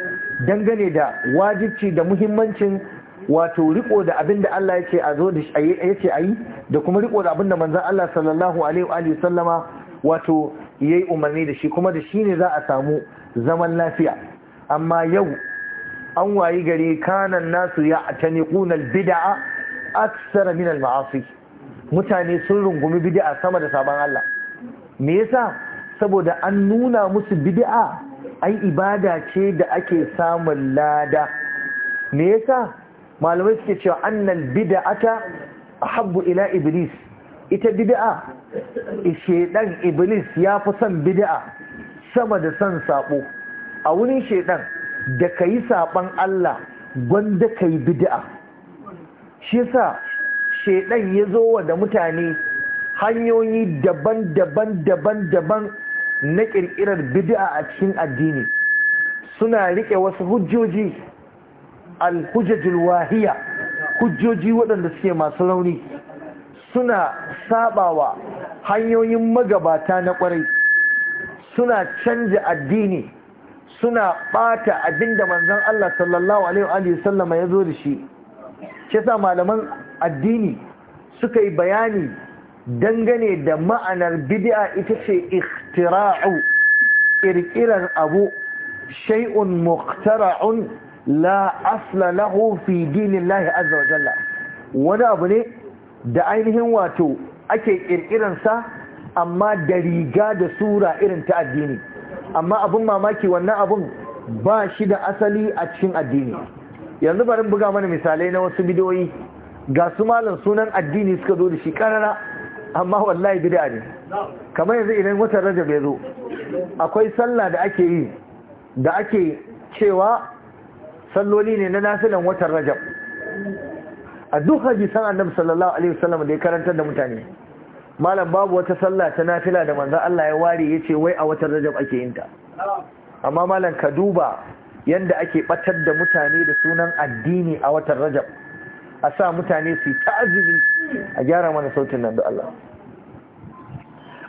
dangane da wajibci da muhimmancin wato riko da abin da Allah yake a zo da a yi da kuma riko da abin da manzan Allah sallallahu alaihi wa sallama wato yayi umarni da shi kuma da shi ne za a samu zaman lafiya amma yau an wayi gari kanan nasu ya ataniquna albid'a aksara min alma'asi mutane sun rungumi bida'a sama da sabon Allah me yasa saboda an nuna musu bid'a ai ibada ce da ake samun lada me yasa malamai suke cewa annal bida'ata habbu ila iblis ita bid'a shedan iblis ya fi son bida'a sama da son sabo a wurin shedan da ka yi saɓan Allah gwanda ka yi bid'a shi sa shaidan ya zo wa da mutane hanyoyi daban-daban daban-daban na ƙirƙirar bid'a a cikin addini suna riƙe wasu hujjoji alhujjajul hujjoji waɗanda suke masu rauni suna saɓawa hanyoyin magabata na ƙwarai suna canja addini suna bata abinda manzon Allah sallallahu alaihi wa sallama ya zo da shi ce sa malaman addini suka yi bayani dangane da ma'anar bid'a ita ce ikhtira'u kirkirar abu shay'un muqtara'un la asla lahu fi dinillahi azza wa jalla wani abu ne da ainihin wato ake kirkiransa amma da riga da sura irin ta addini amma abin mamaki wannan abin ba shi da asali a cikin addini yanzu bari buga mana misalai na wasu bidiyoyi ga su malam sunan addini suka zo da shi karara amma wallahi bid'a ne kamar yanzu idan watan rajab ya zo akwai sallah da ake yi da ake cewa salloli ne na nasilan watan rajab a duk hajji san annabi sallallahu alaihi wasallam da ya karantar da mutane malam babu wata sallah ta nafila da manzo Allah ya ware yace wai a watan Rajab ake yin ta amma malam ka duba yanda ake batar da mutane da sunan addini a watan Rajab a sa mutane su ta'azumi a gyara mana sautin nan da Allah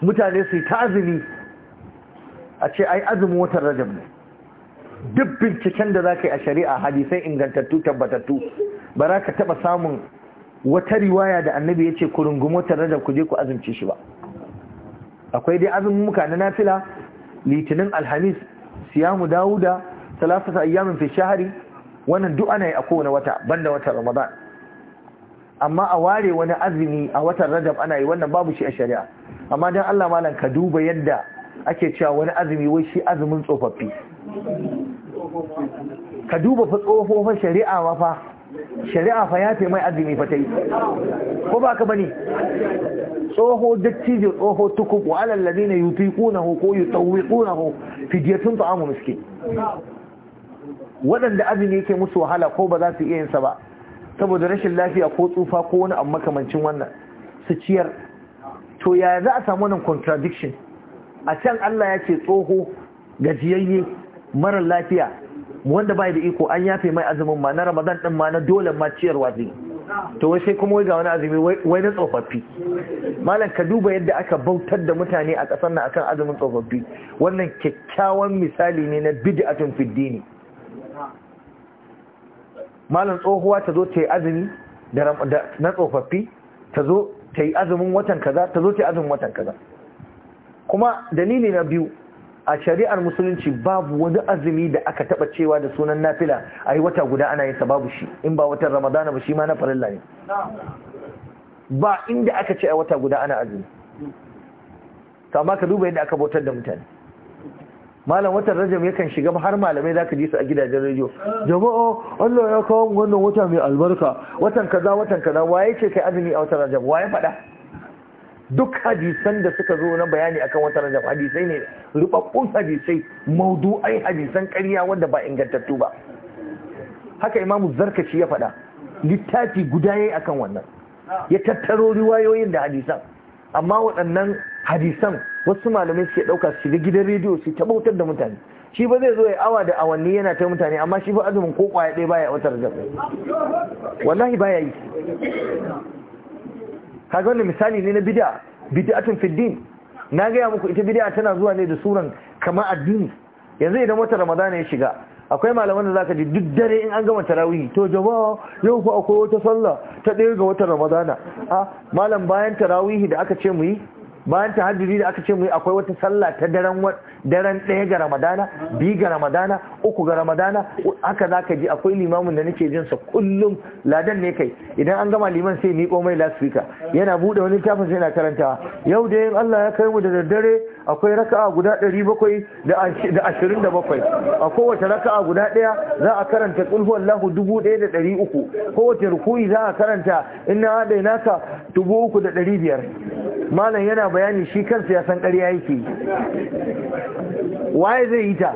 mutane su ta'azumi a ce ai azumin watan Rajab ne duk binciken da za ka yi a shari'a hadisai ingantattu tabbatattu ba za ka taɓa samun wata riwaya da annabi ya ce ku rungumo tare da ku je ku azumce shi ba akwai dai azumin muka na nafila litinin alhamis siyamu dawuda salasata ayyamin fi shahari wannan duk ana yi a kowane wata banda watan ramadan amma a ware wani azumi a watan rajab ana yi wannan babu shi a shari'a amma dan Allah malam ka duba yadda ake cewa wani azumi wai shi azumin tsofaffi ka duba fa tsofaffin shari'a ma fa shari'a fa ya mai azumi fa ta yi ko ba ka bane tsoho dattijo tsoho tukub wa alal ladina yutiqunahu ko yutawwiqunahu fidyatun ta'amu miskin waɗanda azumi yake musu wahala ko ba za su iya yinsa ba saboda rashin lafiya ko tsufa ko wani amma makamancin wannan su ciyar to ya za a samu wannan contradiction a can Allah ya ce tsoho gajiyayye mara lafiya wanda bai da iko an yafe mai azumin ma na ramadan din ma na dole ma ciyarwa din to wai sai kuma wai ga wani azumi wai na tsofaffi malam ka duba yadda aka bautar da mutane a ƙasar nan akan azumin tsofaffi wannan kyakkyawan misali ne na bid'atun fiddini malam tsohuwa ta zo ta yi azumi na tsofaffi ta zo ta yi azumin watan kaza ta zo ta yi azumin watan kaza kuma dalili na biyu a shari'ar musulunci babu wani azumi da aka taba cewa da sunan nafila a yi wata guda ana yin sa babu shi in ba watan ramadana ba shi ma na farilla ne ba inda aka ce a wata guda ana azumi Kama ka duba yadda aka bautar da mutane malam watan rajab yakan shiga har malamai za ka ji su a gidajen rediyo jama'a Allah ya kawo wannan wata mai albarka watan kaza watan kaza waye ce kai azumi a watan rajab waye faɗa duk hadisan da suka zo na bayani akan wata rajab hadisai ne rubabbun hadisai maudu'ai hadisan ƙarya wanda ba ingantattu ba haka imamu zarkaci ya faɗa littafi guda yayi akan wannan ya tattaro riwayoyin da hadisan amma waɗannan hadisan wasu malamai suke ɗauka su ga gidan rediyo su ta da mutane shi ba zai zo ya awa da awanni yana ta mutane amma shi ba azumin ko kwaya ɗaya baya wata rajab wallahi baya yi kaga wannan misali ne na bid'a bid'atun fid din na gaya muku ita bid'a tana zuwa ne da suran kama addini yanzu idan wata ramadana ya shiga akwai malaman da zaka ji duk dare in an gama tarawih to jama'a yau fa akwai wata sallah ta ɗaya ga wata ramadana a ah, malam bayan tarawihi da aka ce mu yi bayan ta tahajjudi da aka ce mu akwai wata sallah ta daren daren ɗaya ga ramadana biyu ga ramadana uku ga ramadana haka za ka ji akwai limamin da nake jinsa kullum ladan ne kai idan an gama liman sai ni mai lasfika yana buɗe wani tafin sai na karantawa yau da yin allah ya kai mu da daddare akwai raka'a guda ɗari bakwai da ashirin da bakwai a kowace raka'a guda ɗaya za a karanta ƙulhu Lahu dubu ɗaya da ɗari uku kowace rukuyi za a karanta in na naka dubu uku da ɗari biyar malam yana bayani shi kansa ya san ƙarya yake waye zai yi ta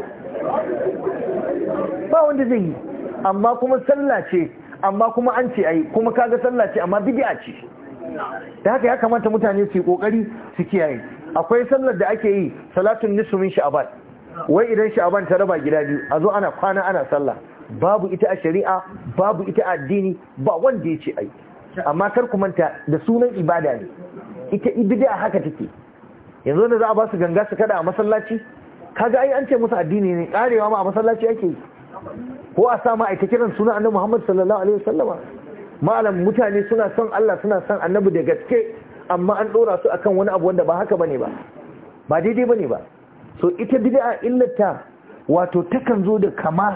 ba wanda zai yi amma kuma sallah ce amma kuma an ce ai kuma kaga sallah ce amma bid'a ce da haka ya kamata mutane su yi kokari su kiyaye akwai sallar da ake yi salatun nisfu min sha'ban wai idan sha'ban ta raba gida biyu a zo ana kwana ana sallah babu ita a shari'a babu ita a addini ba wanda ya ce ai amma kar ku manta da sunan ibada ne ita bid'a haka take yanzu da za a ba su ganga su kada a masallaci kaga ai an ce musu addini ne karewa ma a masallaci ake ko a sa ma aika kiran suna annabi Muhammad sallallahu alaihi wasallama malam mutane suna son Allah suna son annabi da gaske amma an dora su akan wani abu wanda ba haka bane ba ba daidai bane ba so ita bid'a illata wato takan zo da kama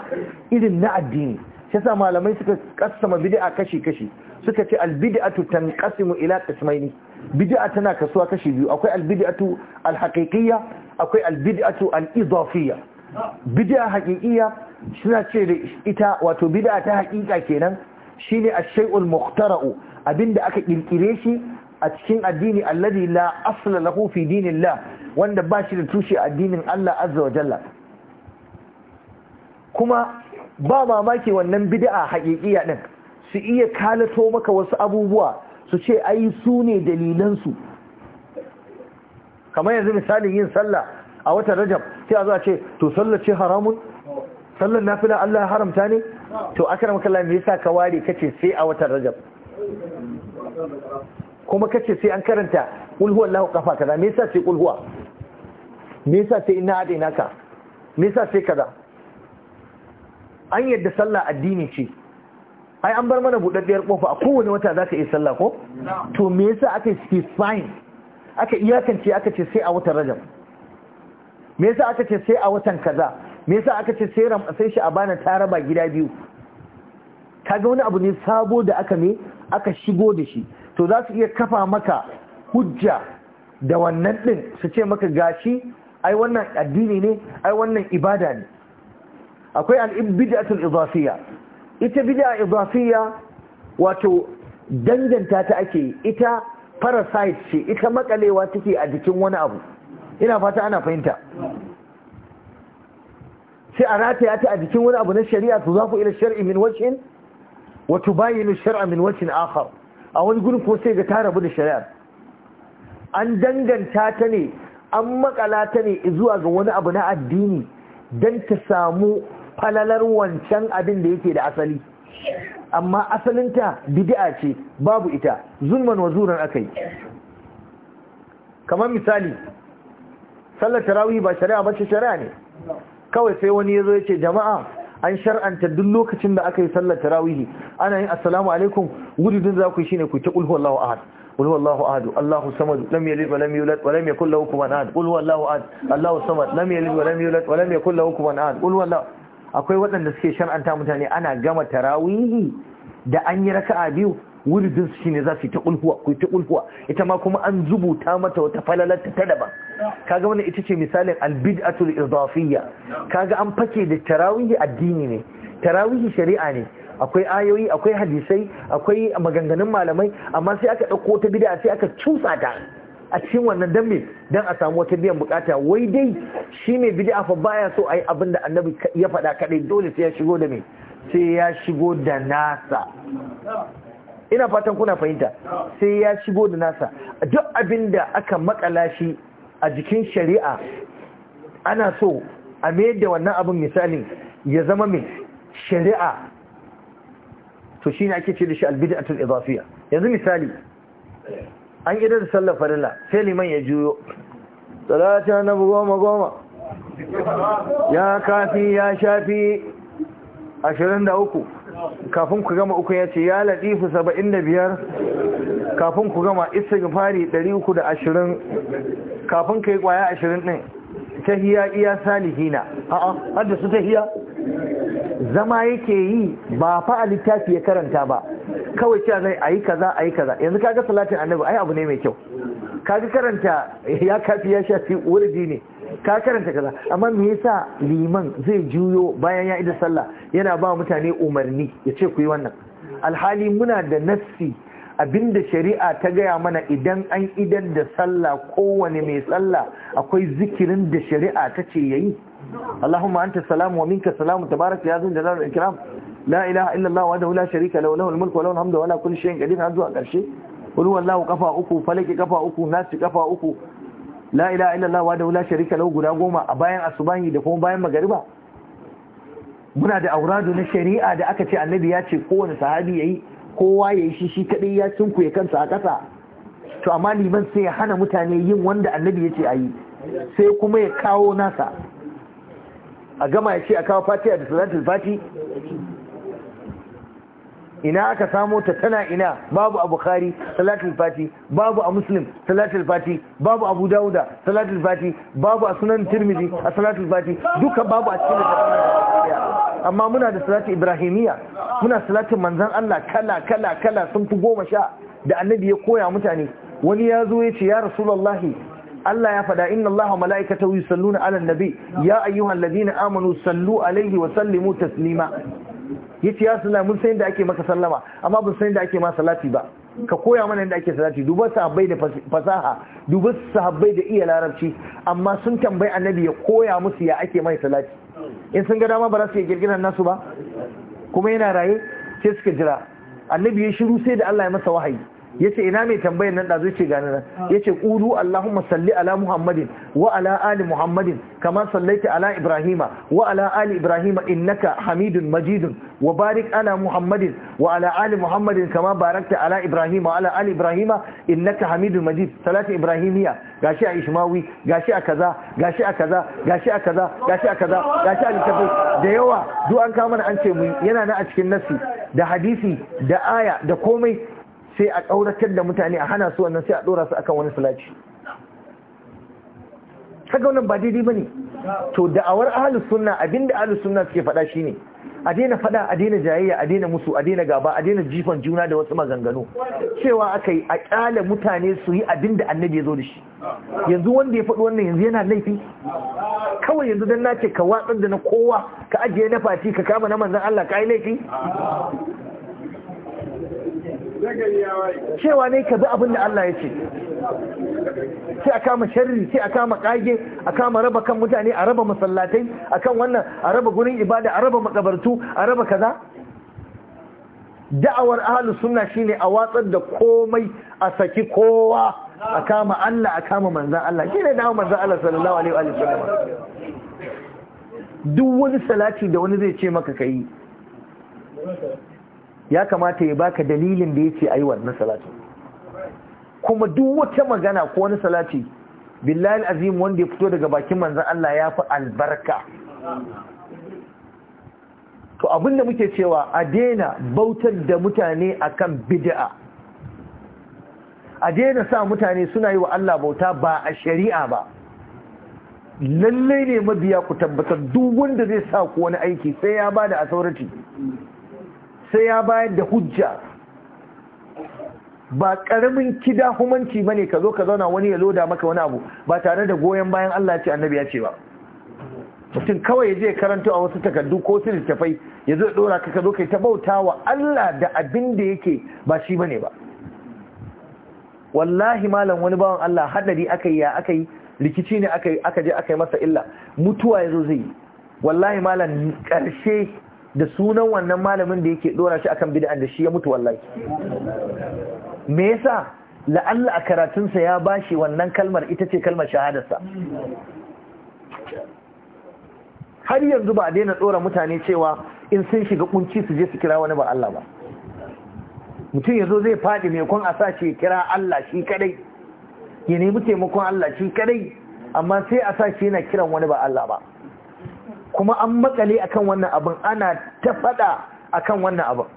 irin na addini sai sa malamai suka kassama bid'a kashi kashi suka ce al bid'atu tanqasimu ila qismaini bid'a tana kasuwa kashi biyu akwai albid'atu alhaqiqiyya akwai albid'atu alidafiyya bid'a haqiqiyya suna ce da ita wato bid'a ta haqiqa kenan shine ash-shay'ul abinda aka kirkire shi a cikin addini alladhi la asla lahu fi dinillah wanda ba shi da tushe addinin Allah azza wa jalla kuma ba mamaki wannan bid'a haqiqiyya din su iya kalato maka wasu abubuwa su ce ai su ne dalilansu kamar yanzu misalin yin sallah a watan rajab sai a zuwa ce to sallah ce haramun sallar nafila Allah ya haramta ne to akram kallah me yasa ka ware kace sai a watan rajab kuma kace sai an karanta qul huwallahu kafa kaza me yasa sai qul huwa me yasa sai inna adainaka me yasa sai kaza an yadda sallah addini ce ai an bar mana budaddiyar kofa a kowane wata za ka iya sallah ko to me yasa aka specifying aka iyakance aka ce sai a watan rajab me yasa aka ce sai a watan kaza me yasa aka ce sai ram sai shi abana ta raba gida biyu kaga wani abu ne sabo da aka ne aka shigo da shi to za su iya kafa maka hujja da wannan din su ce maka gashi ai wannan addini ne ai wannan ibada ne akwai al-bid'atul idafiyya ita bid'a idafiyya wato danganta ta ake ita parasite ce ita makalewa take a jikin wani abu ina fata ana fahimta sai a rataya ta a jikin wani abu na shari'a to zafu ila shar'i min wajhin wa tubayinu shar'a min wajhin akhar a wani gurin ko sai ga ta rabu da shari'a an danganta ta ne an makala ta ne zuwa ga wani abu na addini don ta samu falalar wancan abin da yake da asali amma asalinta bid'a ce babu ita zulman wa zuran akai kamar misali sallar tarawih ba shari'a ba ce shari'a ne kawai sai wani yazo yace jama'a an shar'anta duk lokacin da aka yi sallar tarawih ana yin assalamu alaikum wududin za ku shine ku ta qul huwallahu ahad قل هو Ahad, Allahu Samad, الصمد لم يلد ولم يولد ولم يكن له كفوا احد قل هو الله احد الله الصمد لم يلد ولم يولد ولم يكن له كفوا احد akwai waɗanda suke shar'anta mutane ana gama tarawihi da an yi raka'a biyu wurin su shine za su yi ta kulhuwa ku ta kulhuwa ita ma kuma an zubuta mata wata falalarta ta daban kaga wannan ita ce misalin albid'atul idafiyya kaga an fake da tarawihi addini ne tarawihi shari'a ne akwai ayoyi akwai hadisai akwai maganganun malamai amma sai aka ɗauko ta bid'a sai aka cusa ta a cikin wannan dan me dan a samu wata biyan bukata wai dai shi ne bid'a fa baya so a abin da annabi ya faɗa kadai dole sai ya shigo da me sai ya shigo da nasa ina fatan kuna fahimta sai ya shigo da nasa duk abin da aka makala shi a jikin shari'a ana so a mayar da wannan abin misalin ya zama mai shari'a to shine ake ce da shi albid'atul idafiya yanzu misali an gidan da sallar farilla sai liman ya juyo salati na goma goma ya kafi ya shafi ashirin da uku kafin ku gama uku ya ce ya latifu saba'in da biyar kafin ku gama istighfari ɗari uku da ashirin kafin ka yi kwaya ashirin ɗin tahiya iya salihina a'a hadda su tahiya zama yake yi ba fa a littafi ya karanta ba kawai cewa zai ayi kaza ayi kaza yanzu kaga salatin annabi ai abu ne mai kyau kaga karanta ya kafi ya shafi wurdi ne ka karanta kaza amma me yasa liman zai juyo bayan ya ida sallah yana ba mutane umarni ya ce ku yi wannan alhali muna da nafsi. abinda shari'a ta gaya mana idan an idar da sallah kowane mai sallah akwai zikirin da shari'a ta ce yayi Allahumma anta salamu wa minka salamu tabaraka ya zun jalal ikram la ilaha illa Allah wahdahu la sharika lahu lahul mulku wa lahul hamdu wa la kulli shay'in qadir har zuwa karshe qul huwallahu kafa uku falaki kafa uku nasi kafa uku la ilaha illa Allah wahdahu la sharika lahu guda goma a bayan asubahi da kuma bayan magariba muna da auradu na shari'a da aka ce annabi ya ce kowane sahabi yayi kowa ya yi shi shi kaɗai ya ya kansa a ƙasa to amma liman sai ya hana mutane yin wanda annabi ya ce a yi sai kuma ya kawo nasa a gama ya ce a kawo Fati da salatul fati ina aka samo ta tana ina babu a bukhari salatul fati babu a muslim salatul fati babu abu dauda salatul fati babu a sunan tirmidhi a salatul fati duka babu a cikin littafin amma muna da salatu ibrahimiya muna salatin Manzan Allah kala kala kala sun fi goma sha da annabi ya koya mutane wani ya zo ya ce ya rasulullahi Allah ya faɗa inna Allah wa mala'ikatahu yusalluna 'alan nabi ya ayyuhalladhina amanu sallu alaihi wa sallimu taslima yace ya suna mun san yadda ake maka sallama amma ban san yadda ake ma salati ba ka koya mana yadda ake salati duba sahabbai da fasaha duba sahabbai da iya larabci amma sun tambayi annabi ya koya musu ya ake mai salati in sun ga dama ba za su iya girgiran nasu ba kuma yana raye sai suka jira annabi ya shiru sai da Allah ya masa wahayi yace ina mai tambayar nan da zuci gani nan ah. yace qulu allahumma salli ala muhammadin wa ala ali muhammadin kama sallaita ala ibrahima wa ala ali ibrahima innaka hamidun majidun wa barik ala muhammadin wa ala ali muhammadin kama barakta ala ibrahima wa ala ali ibrahima innaka hamidun majid salatu ibrahimiya gashi a ishmawi gashi a kaza gashi a kaza gashi a kaza gashi a kaza gashi a littafin da yawa duk an kama an ce mu yana na a cikin nasi da hadisi da aya da komai sai a ƙauratar da mutane a hana su wannan sai a ɗora su akan wani salati haka wannan ba daidai ba ne? to da da'awar ahlus sunna abinda ahalus suna suke faɗa shine a daina faɗa a daina jayayya a daina musu a daina gaba a daina jifan juna da wasu maganganu cewa aka yi a ƙyale mutane su yi abin da annabi ya zo da shi yanzu wanda ya faɗi wannan yanzu yana laifi kawai yanzu don nace ka watsar da na kowa ka ajiye na fati ka kama na manzan Allah ka yi laifi cewa ne ka bi abin da Allah ya ce sai a kama sharri sai a kama kage a kama raba kan mutane a raba masallatai a kan wannan a raba gurin ibada a raba makabartu a raba kaza da'awar ahlus sunna shine a watsar da komai a saki kowa a kama Allah a kama manzan Allah shine da manzan Allah sallallahu alaihi wa sallam duk wani salati da wani zai ce maka kai ya kamata ya baka dalilin da yake ayi wannan salati kuma duk wata magana ko wani salati billahi alazim wanda ya fito daga bakin manzon Allah ya fi albarka to abinda muke cewa a daina bautar da mutane akan bid'a a daina sa mutane suna yi wa Allah bauta ba a shari'a ba lallai ne mabiya ku tabbatar duk wanda zai sa ku wani aiki sai ya bada authority sai ya bayar da hujja ba karamin kida humanci bane ka zo ka zauna wani ya loda maka wani abu ba tare da goyon bayan Allah ce annabi ya ce ba mutum kawai je karanto a wasu takardu ko su littafai ya zo dora ka zo kai ta bautawa Allah da abin da yake ba shi bane ba wallahi malam wani bawan Allah hadari aka yi ya aka yi rikici ne aka je aka yi masa illa mutuwa ya zo zai yi wallahi malam karshe da sunan wannan malamin da yake dora shi akan bida da shi ya mutu wallahi me yasa la'alla a karatunsa ya bashi wannan kalmar ita ce kalmar shahadarsa har yanzu ba a daina dora mutane cewa in sun shiga kunci su je su kira wani ba Allah ba mutum ya zai faɗi mai kun a sa shi kira Allah shi kadai ya nemi taimakon Allah shi kadai amma sai a sa yana kiran wani ba Allah ba kuma an matsale akan wannan abin ana ta fada akan wannan abin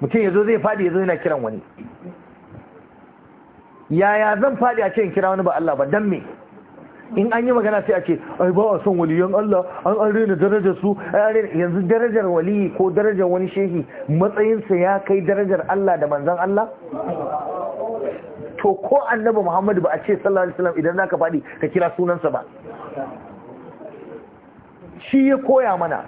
mutum yazo zai fadi yazo yana kiran wani yaya zan fadi a ce in kira wani ba Allah ba dan me in an yi magana sai a ce ai ba a son waliyan Allah an an rena darajar su yanzu darajar wali ko darajar wani shehi matsayinsa ya kai darajar Allah da manzon Allah to ko annabi Muhammadu ba a ce sallallahu alaihi wasallam idan zaka fadi ka kira sunansa ba shi ya koya mana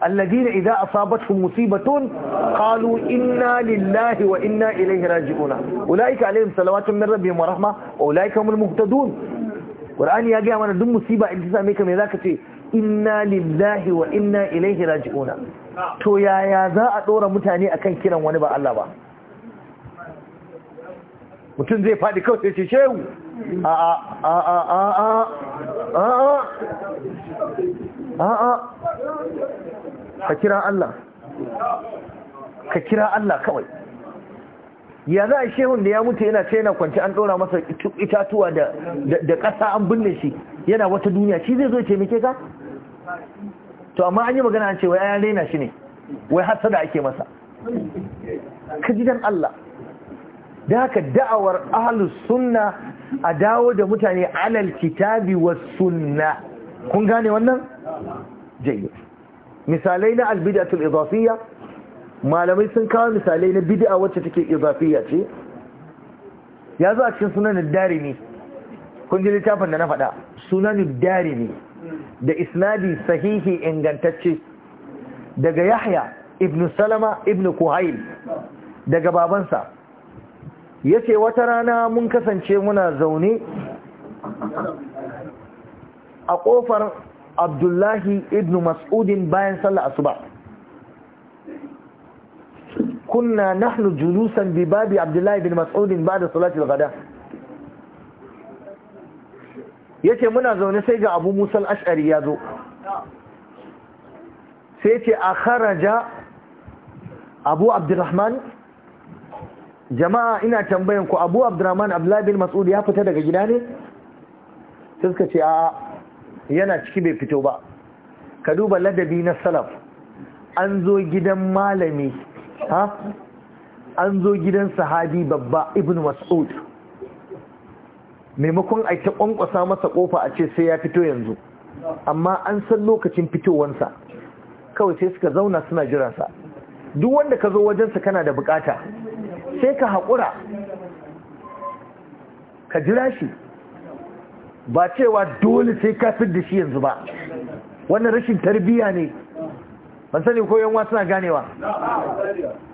alladina idza asabatuhum musibatun qalu inna lillahi wa inna ilaihi raji'un ulaika alaihim salawatun min rabbihim wa rahma wa ulaika humul muhtadun qur'ani ya ga mana duk musiba in ta same ka me zaka ce inna lillahi wa inna ilaihi raji'un to yaya za a dora mutane akan kiran wani ba Allah ba mutum zai fadi kawai sai ce shehu ka kira Allah ka kira Allah kawai ya za a shehun da ya mutu yana ce yana kwanci an ɗora masa itatuwa da ƙasa an binne shi yana wata duniya shi zai zo ce mike ka? to amma an yi magana an ce wai ya raina shi ne wai hatsa da ake masa ka ji dan Allah da haka da'awar ahalus sunna a dawo da mutane alal kitabi wa sunna kun gane wannan jayyid misalai na albidatul idafiyya malamai sun kawo misalai na bid'a wacce take idafiyya ce ya zo a cikin sunan darimi kun ji littafin da na faɗa sunan darimi da isnadi sahihi ingantacce daga yahya Ibnu salama Ibnu kuhail daga babansa ya ce wata rana mun kasance muna zaune a ƙofar abdullahi ibn mas'udin bayan sallah asuba kunna nahnu julusan bi babi abdullahi ibn mas'udin ba da salatul gada ya ce muna zaune sai ga abu musal ash'ari ya zo sai ce a kharaja abu abdurrahman jama'a ina tambayan ku abu abdurrahman abdullahi bin mas'ud ya fita daga gida ne sai suka ce a yana ciki bai fito ba ka duba ladabi na salaf an zo gidan malami ha an zo gidan sahabi babba ibn mas'ud maimakon a ta kwankwasa masa kofa a ce sai ya fito yanzu amma an san lokacin fitowansa kawai sai suka zauna suna jiransa duk wanda ka zo wajensa kana da bukata sai ka haƙura ka jira shi ba cewa dole sai ka fi da shi yanzu ba wannan rashin tarbiyya ne ban sani ko yan suna ganewa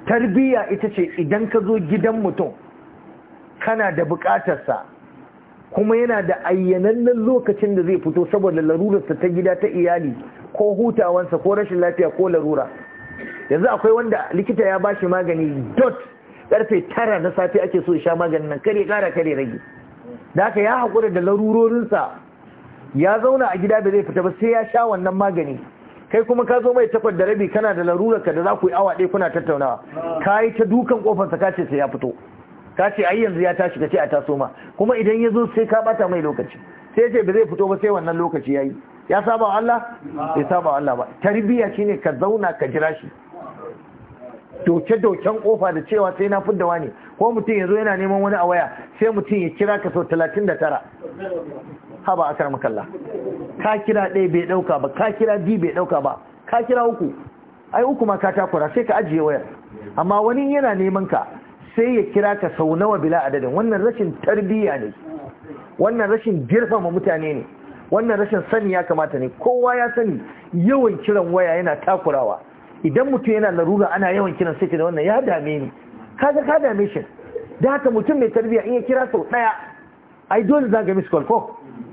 tarbiyya ita ce idan ka zo gidan mutum kana da bukatarsa kuma yana da ayyanannen lokacin da zai fito saboda larurarsa ta gida ta iyali ko hutawansa ko rashin lafiya ko larura yanzu akwai wanda likita ya ba shi magani dot karfe tara na safe ake so sha maganin nan kare kara kare rage da aka ya haƙura da larurorinsa ya zauna a gida da zai fita ba sai ya sha wannan magani kai kuma ka zo mai takwas da rabi kana da larurar ka da za ku yi awa ɗaya kuna tattaunawa ka yi ta dukan kofarsa ka ce sai ya fito ka ce ai yanzu ya tashi ka ce a taso ma kuma idan ya zo sai ka bata mai lokaci sai ya ce ba zai fito ba sai wannan lokaci ya yi ya saba wa Allah bai saba wa Allah ba tarbiyya shine ka zauna ka jira shi doke-doken kofa da cewa sai na fidda wani ko mutum ya zo yana neman wani a waya sai mutum ya kira ka sau talatin da tara a kar makalla ka kira ɗaya bai ɗauka ba ka kira biyu bai ɗauka ba ka kira uku ai uku ma ka takura sai ka ajiye wayar amma wani yana neman ka sai ya kira ka sau nawa bila adadin wannan rashin tarbiyya ne wannan rashin girfama mutane ne wannan rashin sani ya kamata ne kowa ya sani yawan kiran waya yana takurawa idan mutum yana larura ana yawan kiran sai da wannan ya dame ni kaga ka dame shi da haka mutum mai tarbiyya in ya kira sau daya ai dole za ga miss call ko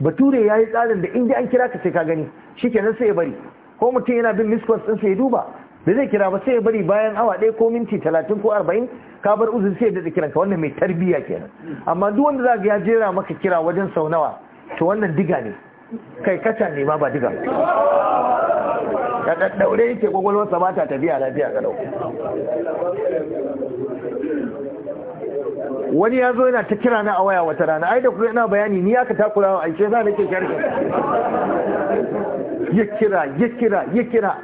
bature ya yi tsarin da inda an kira ka sai ka gani shikenan sai ya bari ko mutum yana bin miss call din sai ya duba da zai kira ba sai ya bari bayan awa ɗaya ko minti talatin ko arba'in ka bar uzun sai ya daɗa ka wannan mai tarbiyya kenan amma duk wanda za ga ya jera maka kira wajen sau nawa to wannan diga ne kai kaca ne ma ba diga da daure yake kwakwalwarsa ba ta tafiya lafiya ga dauku wani ya zo yana ta kira na a waya wata rana ai da kuma yana bayani ni aka takura a aishe za nake sharhi ya kira ya kira ya kira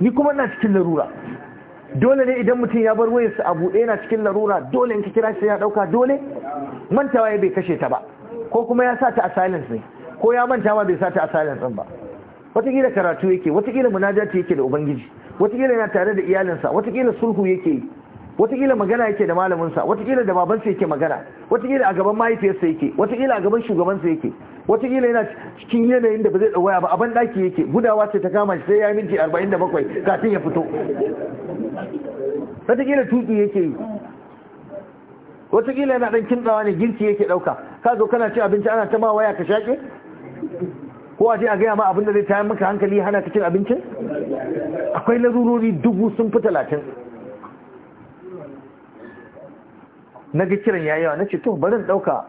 ni kuma na cikin larura dole ne idan mutum ya bar wayarsa a buɗe yana cikin larura dole in ka kira sai ya ɗauka dole mantawa ya bai kashe ta ba ko kuma ya sa ta a silence ne ko ya manta ma bai sata a silence din ba Wataƙila karatu yake watakila munajati yake da ubangiji watakila yana tare da iyalinsa Wataƙila sulhu yake yi watakila magana yake da malaminsa Wataƙila da babansa yake magana Wataƙila a gaban mahaifiyarsa yake Wataƙila a gaban shugabansa yake watakila yana cikin yanayin da ba zai waya ba aban daki yake gudawa ce ta kama shi sai ya minti 47 kafin ya fito Wataƙila tuki yake yi watakila yana dan kintsawa ne girki yake dauka ka zo kana ci abinci ana ta ma waya ka shake ko a ce a gaya ma abinda zai tayar maka hankali hana ka cin abincin akwai larurori dubu sun fi talatin na ga kiran ya yawa na ce to barin ɗauka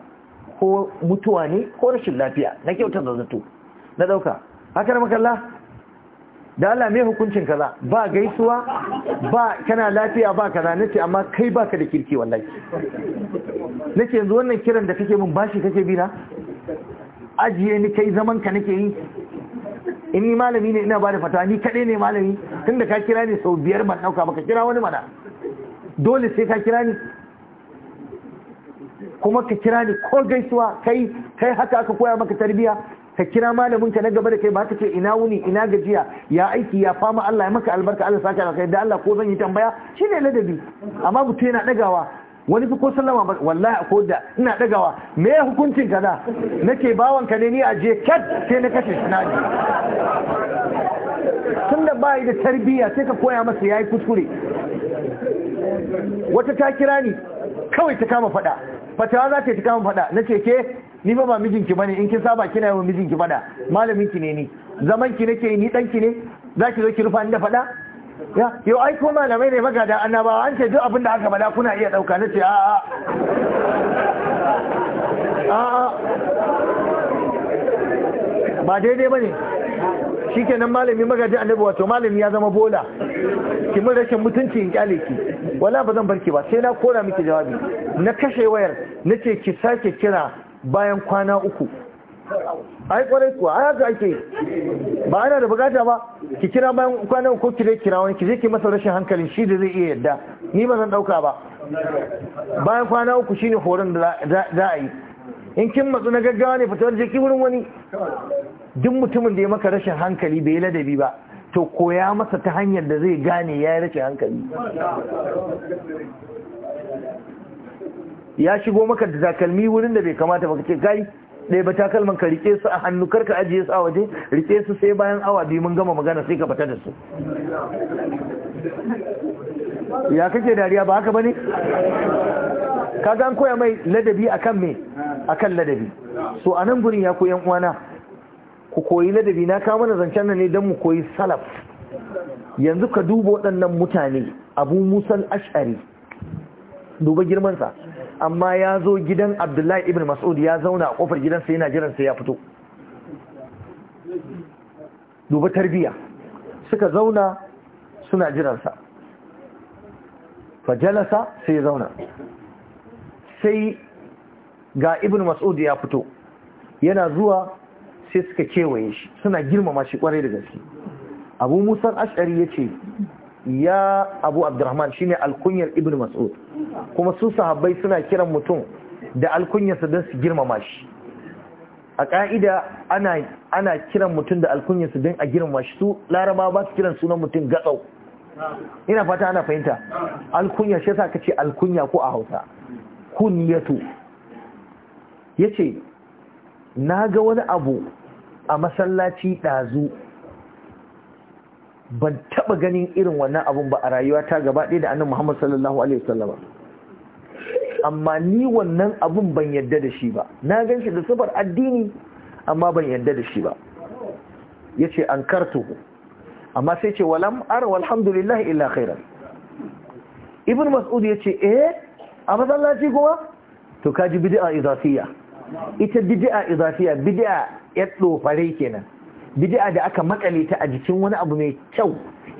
ko mutuwa ne ko rashin lafiya na kyautar da zato na ɗauka haka na makalla da Allah mai hukuncin kaza ba gaisuwa ba kana lafiya ba kaza na ce amma kai baka da kirki wallahi na ce yanzu wannan kiran da kake min bashi kake bi na ajiye ni kai zaman ka nake yi ni malami ne ina bada fatawa ni kaɗai ne malami tunda ka kira ni sau biyar ban ɗauka baka kira wani mana dole sai ka kira ni kuma ka kira ni ko gaisuwa kai kai haka aka koya maka tarbiya ka kira malamin ka na gaba da kai ba ta ce ina wuni ina gajiya ya aiki ya fama Allah ya maka albarka Allah saka kai da Allah ko zan yi tambaya shine ladabi amma mutum yana dagawa wani fi ko sallama ba wallahi ko da ina dagawa me ya hukuncin kaza nake bawan ka ne ni je kat sai na kashe sinadi tunda bai da tarbiyya sai ka koya masa yayi kuskure wata ta kira ni kawai ta kama fada fatawa za ta kama fada nace ke ni ba ba mijinki bane in kin saba kina wa mijinki fada malamin ki ne ni zaman ki nake ni dan ki ne zaki zo ki rufa ni da fada ya yau ai ko malamai ne magada annabawa an ce duk abin da aka bada kuna iya dauka ce a a a ba daidai ke nan malami magadi annabi wato malami ya zama bola ki mun rashin mutunci in kyale ki wala ba zan barki ba sai na kora miki jawabi na kashe wayar na ce ki sake kira bayan kwana uku ai kwarai kuwa ai haka ake ba ana da bukata ba ki kira bayan kwanan ko kire kira wani ki je ki masa rashin hankalin shi da zai iya yadda ni ba zan dauka ba bayan kwana uku shine horon da za a yi in kin matsu na gaggawa ne fitowar je ki wurin wani duk mutumin da ya maka rashin hankali bai ladabi ba to koya masa ta hanyar da zai gane ya yi rashin hankali ya shigo maka da takalmi wurin da bai kamata ba ka ce gai ɗaya ba takalman ka rike su a hannu karka ajiye su a waje rike su sai bayan awa biyu mun gama magana sai ka fita da su ya kake dariya ba haka bane Ka gan koya mai ladabi akan me akan ladabi so anan gurin ya koyan uwana ku koyi ladabi na kama mana zancen nan ne don mu koyi salaf yanzu ka duba waɗannan mutane abu musal ash'ari duba girmansa amma ya zo gidan abdullahi ibn mas'ud ya zauna a kofar gidansa yana jiran sai ya fito duba tarbiya suka zauna suna jiransa fajalasa sai ya zauna sai ga ibn mas'ud ya fito yana zuwa sai suka kewaye shi suna girmama shi kwarai da gaske abu musan ash'ari ya ce ya abu abdurrahman shine alkunyar ibn mas'ud kuma su sahabbai suna kiran mutum da alkunyarsa don su girmama shi a ƙa'ida ana kiran mutum da alkunyarsa don a girmama shi su laraba ba su kiran sunan mutum gatsau ina fata ana fahimta alkunya shi yasa kace alkunya ko a Hausa kunyatu yace ga wani abu a masallaci ɗazu. ban taba ganin irin wannan abun ba a rayuwa ta gaba ɗaya da annabi Muhammad sallallahu alaihi wasallam amma ni wannan abun ban yadda da shi ba na gan shi da sifar addini amma ban yadda da shi ba yace kartu amma sai ce walam ar walhamdulillah illa khairan ibn mas'ud yace eh a masallaci kuma to kaji bid'a idafiya ita bid'a idafiya bid'a yaddo fare kenan bid'a da aka makale ta a jikin wani abu mai kyau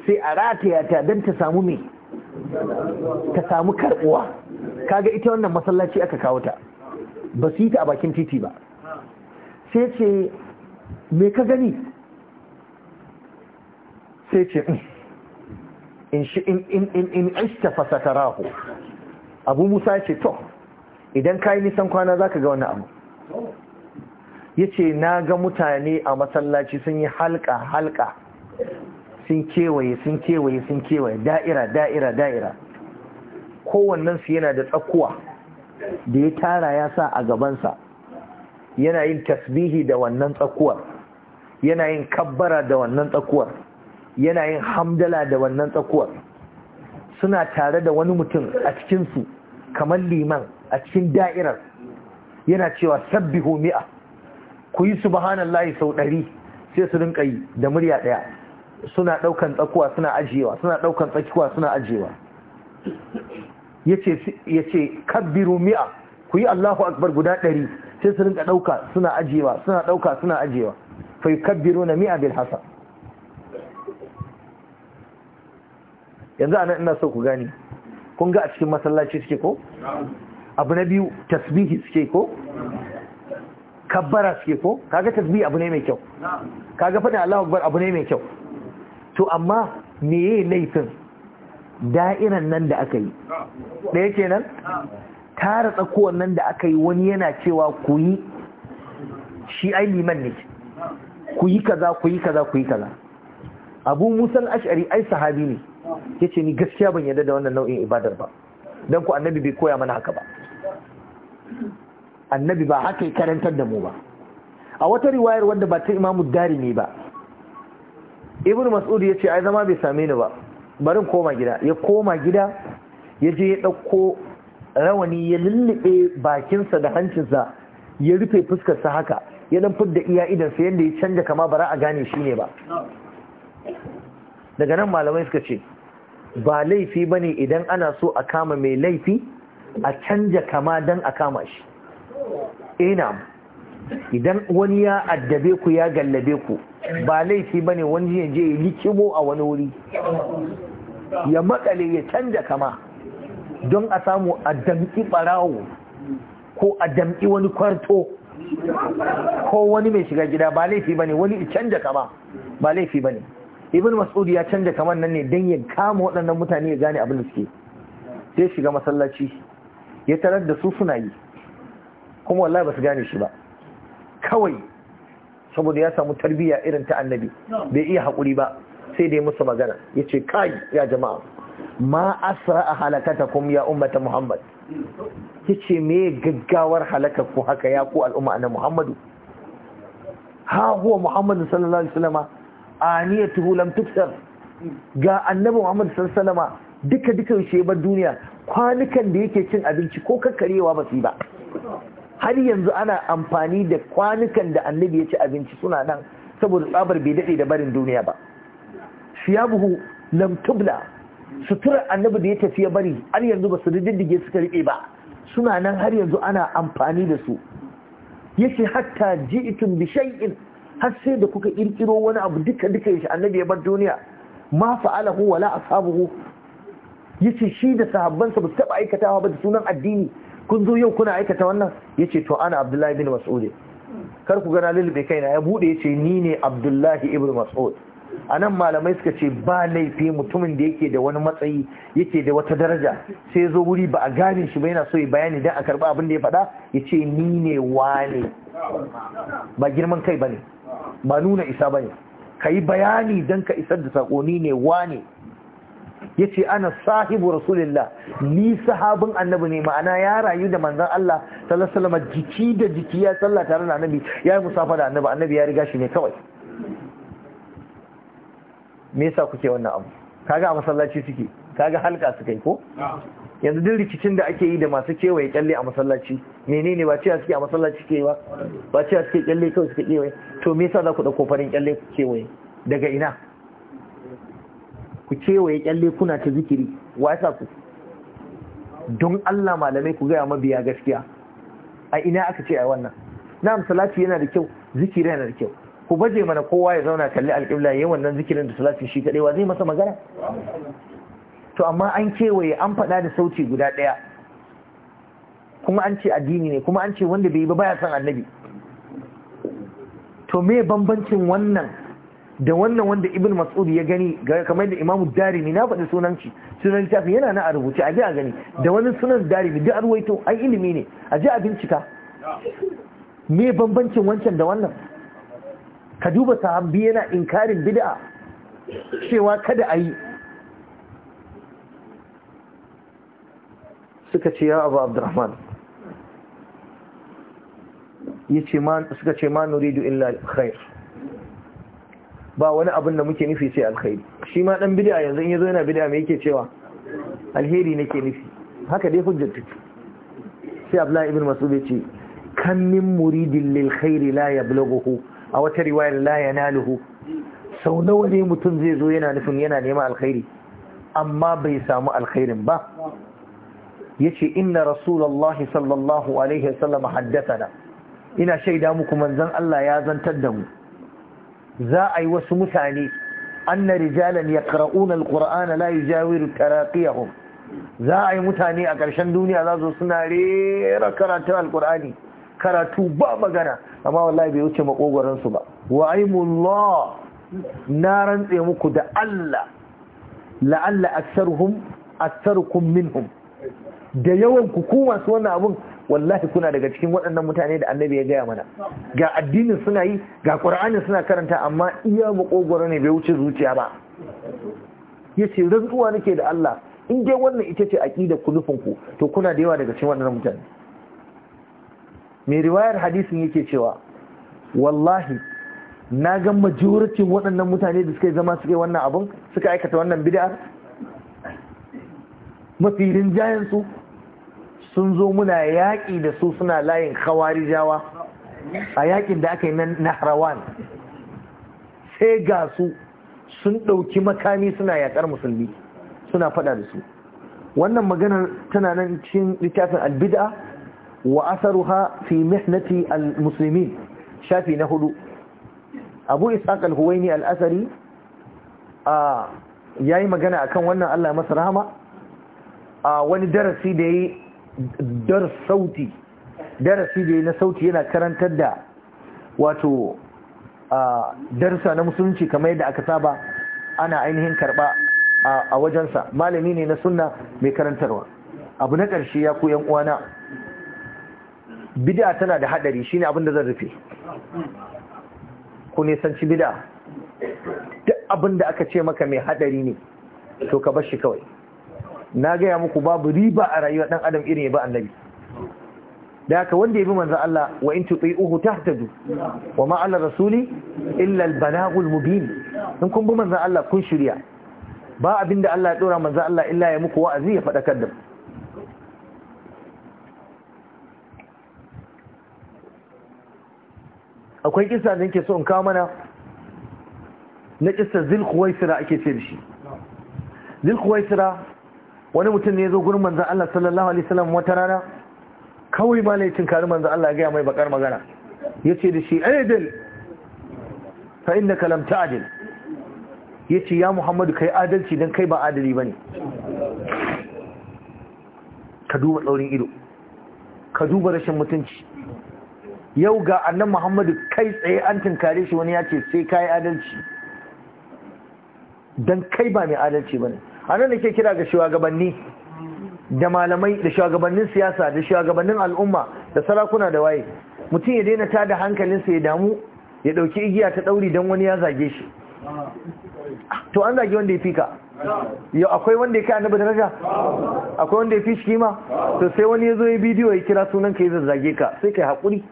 sai a rataya ta don ta samu mai ta samu karbuwa kaga ita wannan masallaci aka kawo ta ba su yi ta a bakin titi ba sai ce me ka gani sai ce mm, in ishtafa satarahu abu musa ce to idan ka yi nisan kwana za ka ga wannan abu ya ce na ga mutane a masallaci sun yi halka halka sun kewaye sun kewaye sun kewaye da'ira da'ira da'ira su yana da tsakuwa da ya tara ya sa a gabansa yana yin tasbihi da wannan tsakuwar yana yin kabbara da wannan tsakuwar yana yin hamdala da wannan tsakuwar suna tare da wani mutum a cikinsu kamar liman a cikin da'irar yana cewa sabbihu mi'a ku yi subhanallahi sau ɗari sai su rinka yi da murya ɗaya suna ɗaukan tsakuwa suna ajiyewa suna ɗaukan tsakuwa suna ajiyewa ya ce kabbiru mi'a ku yi allahu akbar guda ɗari sai su rinka ɗauka suna ajiyewa suna ɗauka suna ajiyewa fai kabbiru na mi'a bil hasa yanzu nan ina so ku gani kun ga a cikin masallaci suke ko abu na biyu tasbihi suke ko kabbara suke ko kaga tasbih abu ne mai kyau kaga faɗin Allahu akbar abu ne mai kyau to amma meye laifin da'iran nan da aka yi ɗaya kenan tara tsakuwan nan da aka yi wani yana cewa ku yi shi ai liman ne ku yi kaza ku yi kaza ku yi kaza abu musan ash'ari ai sahabi ne yace ni gaskiya ban yarda da wannan nau'in ibadar ba dan ku annabi bai koya mana haka ba annabi ba haka ya karantar da mu ba a wata riwayar wanda ba ta imamu ne ba ibn mas'ud ya ce ai zama bai same ni ba barin koma gida ya koma gida ya je ya ɗauko rawani ya lullube bakinsa da hancinsa ya rufe fuskarsa haka ya dan fidda iya idan sa yanda ya canja kama bara a gane shi ne ba daga nan malamai suka ce ba laifi ba ne idan ana so a kama mai laifi a canja kama dan a kama shi ina eh, idan wani ya addabe ku ya gallabe ku ba laifi ba ne wani ya je ya likimo a wani wuri ya makale ya canja kama don a samu a damƙi ɓarawo ko a damƙi wani kwarto ko wani mai shiga gida ba laifi ba ne wani canja kama ba laifi ba ne ibn mas'ud ya canja kaman nan ne don ya kama waɗannan mutane ya gane abin da suke sai shiga masallaci ya tarar da su suna yi kuma wallahi ba su gane shi ba kawai saboda ya samu tarbiyya irin ta annabi bai iya haƙuri ba sai dai musu magana ya ce kai ya jama'a ma asra a kuma ya umarta muhammad ya ce me gaggawar halakar ku haka ya ku al'umma na muhammadu ha huwa muhammadu sallallahu alaihi wasallama niyyar lam tufsar ga annabi muhammadu sallallahu alaihi wasallama duka duka yaushe bar duniya kwanukan da yake cin abinci ko kakkarewa ba su yi ba har yanzu ana amfani da kwanukan da annabi ya ci abinci suna nan saboda tsabar bai daɗe da barin duniya ba siyabuhu lam tubla suturar annabi da ya tafi ya bari har yanzu ba su diddige suka riɓe ba suna nan har yanzu ana amfani da su yace hatta ji'tum bi shay'in har sai da kuka kirkiro wani abu duka duka yace annabi ya bar duniya ma fa'alahu wala ashabuhu yace shi da sahabbansa ba su taba aikatawa ba da sunan addini kun zo yau kuna aikata wannan Ya ce to ana abdullahi bin mas'udi kar ku gana kai na ya bude yace ni ne abdullahi ibn mas'ud nan malamai suka ce ba laifi mutumin da yake da wani matsayi yake da wata daraja sai ya zo wuri ba a gane shi ba yana so ya bayani dan a karba abin da ya faɗa yace ni ne wane ba girman kai bane ba nuna isa bane yi bayani dan ka isar da saƙo ni ne wane ya ce ana sahibu rasulillah ni sahabin annabi ne ma'ana ya rayu da manzan Allah lasalama jiki da jiki ya tsalla tare da annabi ya yi musafa da annabi annabi ya riga shi ne kawai me yasa kuke wannan abu kaga a masallaci suke kaga halka suka yi ko yanzu duk rikicin da ake yi da masu kewaye kyalle a masallaci menene ba cewa suke a masallaci ke ba ba cewa suke kyalle kawai suke kewaye to me yasa za ku dauko farin kyalle kewaye daga ina ku kewaye kyalle kuna ta zikiri wa ya ku don Allah malamai ku gaya mabiya gaskiya a ina aka ce a wannan na salati yana da kyau zikiri yana da kyau ku baje mana kowa ya zauna kalli alƙibla yi wannan zikirin da salati shi kadai wa zai masa magana to amma an kewaye an faɗa da sauti guda ɗaya kuma an ce addini ne kuma an ce wanda bai yi ba baya son annabi to me bambancin wannan da wannan wanda ibn mas'ud ya gani ga kamar da imamu darimi na faɗi sunanci, shi sunan littafi yana na a rubuce a a gani da wani sunan darimi duk arwaito ai ilimi ne a je a bincika me bambancin wancan da wannan ka duba sahabbi yana inkarin bid'a cewa kada a yi suka ce ya abu abdurrahman ya ce suka ce ma nuridu illa khair ba wani abin da muke nufi sai alkhairi shi ma dan bid'a yanzu in yazo yana bid'a me yake cewa alheri nake nufi haka dai hujjar take sai Abdullahi ibn Mas'ud ya ce kan min muridin lil khairi la yablughu a wata riwayar la yanaluhu sau nawa ne mutum zai zo yana nufin yana nema alkhairi amma bai samu alkhairin ba yace inna rasulullahi sallallahu alaihi wasallam haddathana ina shaida muku manzon Allah ya zantar da mu za a yi wasu mutane anna rijalan yaqra'una alqur'ana la yujawiru taraqiyahum za a yi mutane a ƙarshen duniya za su suna rera al alqur'ani karatu ba magana amma wallahi bai wuce makogoran ba wa aimullah na rantse muku da Allah la'alla a aktsarukum minhum da yawan ku ku masu wannan abun wallahi kuna daga cikin waɗannan mutane da annabi ya gaya mana ga addinin suna yi ga ƙur'anin suna karanta amma iya makogwaro ne bai wuce zuciya ba ya ce rantsuwa nake da Allah in dai wannan ita ce aƙidar da to kuna da yawa daga cikin waɗannan mutane mai riwayar hadisin yake cewa wallahi na ga majoritin waɗannan mutane da suka yi zama suka wannan abin suka aikata wannan bida mafi rinjayensu su sun zo muna yaƙi da su suna layin jawa a yaƙin da aka yi na harawan sai ga su sun ɗauki makami suna yaƙar musulmi suna faɗa da su wannan maganar tana nan cin littafin albida wa asaruha fi mihnati almuslimin shafi na hudu abu ishaq al-huwaini al-asari a yayi magana akan wannan Allah masa rahama a wani darasi da yayi dar sauti darasi da na sauti yana karantar da wato darsa na musulunci kamar yadda aka saba ana ainihin karba a wajensa malami ne na sunna mai karantarwa abu na ƙarshe ya koyan uwana bida tana da haɗari shine abin da zan rufe ku nisanci bida duk abinda aka ce maka mai haɗari ne to ka bar shi kawai na gaya muku babu riba a rayuwa dan adam irin ya ba annabi da haka wanda ya bi manzan Allah wa in ta tahtadu wa ma ala rasuli illa al-balagul mubin in kun bi manzan Allah kun shirya ba abinda Allah ya dora manzan Allah illa ya muku wa'azi ya faɗakar da akwai kisa da yake so in kawo mana na kisa zilkuwaisira ake ce da shi zilkuwaisira wani mutum ne ya zo gurin manzan Allah sallallahu alaihi wasallam wata rana kawai ma ne karin manzan Allah ya gaya mai bakar magana ya ce da shi eh, aidil fa innaka lam adil ya ce ya Muhammadu kai adalci don kai ba adali ba ne ka duba tsaurin ido ka duba rashin mutunci yau ga annan Muhammadu kai tsaye an kare shi wani ya ce sai ka yi adalci don kai ba mai adalci ba ne a nan da ke kira ga shugabanni da malamai da shugabannin siyasa da shugabannin al'umma da sarakuna da waye mutum ya daina ta da hankalinsa ya damu ya dauki igiya ta dauri don wani ya zage shi to an zage wanda ya fi ka yau akwai wanda ya kai annabi daraja akwai wanda ya fi shi kima to sai wani ya zo ya bidiyo ya kira sunan ka ya zazzage ka sai kai hakuri?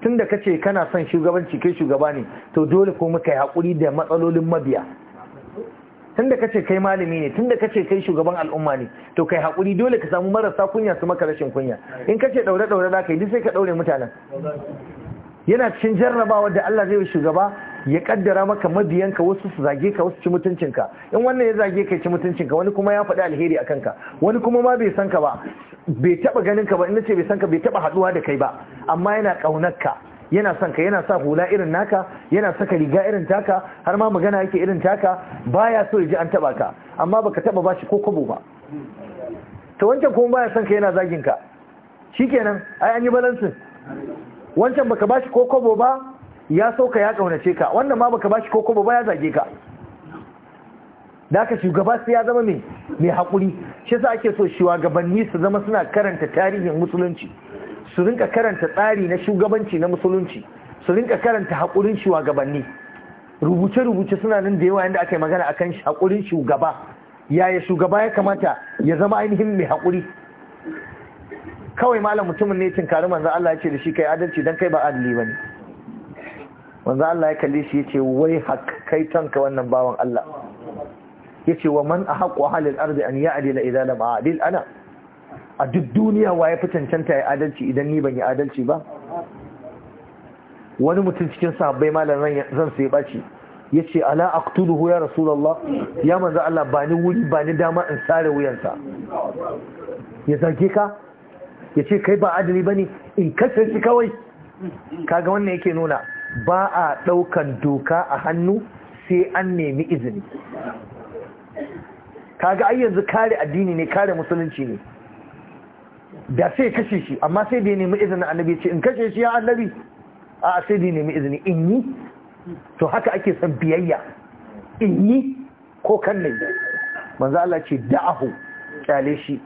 tun da ce kana son shugabanci kai shugaba ne to dole ko muka yi hakuri da matsalolin mabiya tunda kace kai malami ne tunda kace kai shugaban al'umma ne to kai hakuri dole ka samu marasa kunya su maka rashin kunya in kace daure daure za ka yi sai ka daure mutanen yana cikin jarrabawa da Allah zai yi shugaba ya kaddara maka mabiyanka wasu su zage ka wasu ci mutuncinka in wannan ya zage ka ci mutuncinka wani kuma ya faɗi alheri akan ka wani kuma ma bai san ka ba bai taba ganin ka ba in ce bai san ka bai taba haduwa da kai ba amma yana kaunar ka yana son ka yana sa hula irin naka yana saka riga irin taka har ma magana yake irin taka baya so ya ji an taba ka amma baka taba bashi ko kobo ba to wancan kuma baya son ka yana zagin ka shikenan ai an yi balansin wancan baka bashi ko kobo ba ya so ka ya kaunace ka wannan ma baka bashi ko kobo ba ya zage ka da aka shugaba sai ya zama mai hakuri shi sa ake so shugabanni su zama suna karanta tarihin musulunci su rinka karanta tsari na shugabanci na musulunci su rinka karanta haƙurin shugabanni rubuce-rubuce suna nan da yawa yadda aka yi magana akan haƙurin shugaba yaya shugaba ya kamata ya zama ainihin mai haƙuri kawai malam mutumin ne tinkari manzan Allah ya ce da shi kai adalci don kai ba adali ne manzan Allah ya kalle shi ya ce wai hak kai tanka wannan bawan Allah Ya ce wa man a ahqqu halin arzi an ya'dila idza lam a'dil ana a duk duniya wa ya fi cancanta ya adalci idan ni ban yi adalci ba wani mutum cikin sahabbai malam zan sai baci ya ce ala aktuluhu ya rasulallah ya manza Allah ba ni wuri ba ni dama in sare wuyansa ya zage ka ya ce kai ba adali ne in kashe shi kawai kaga wannan yake nuna ba a daukan doka a hannu sai an nemi izini kaga ai yanzu kare addini ne kare musulunci ne da sai kashe shi amma sai da ya nemi izini annabi ce in kashe shi ya annabi a sai da ya nemi izini in yi to haka ake son biyayya in yi ko kan ne manzo Allah ce da'ahu kyale shi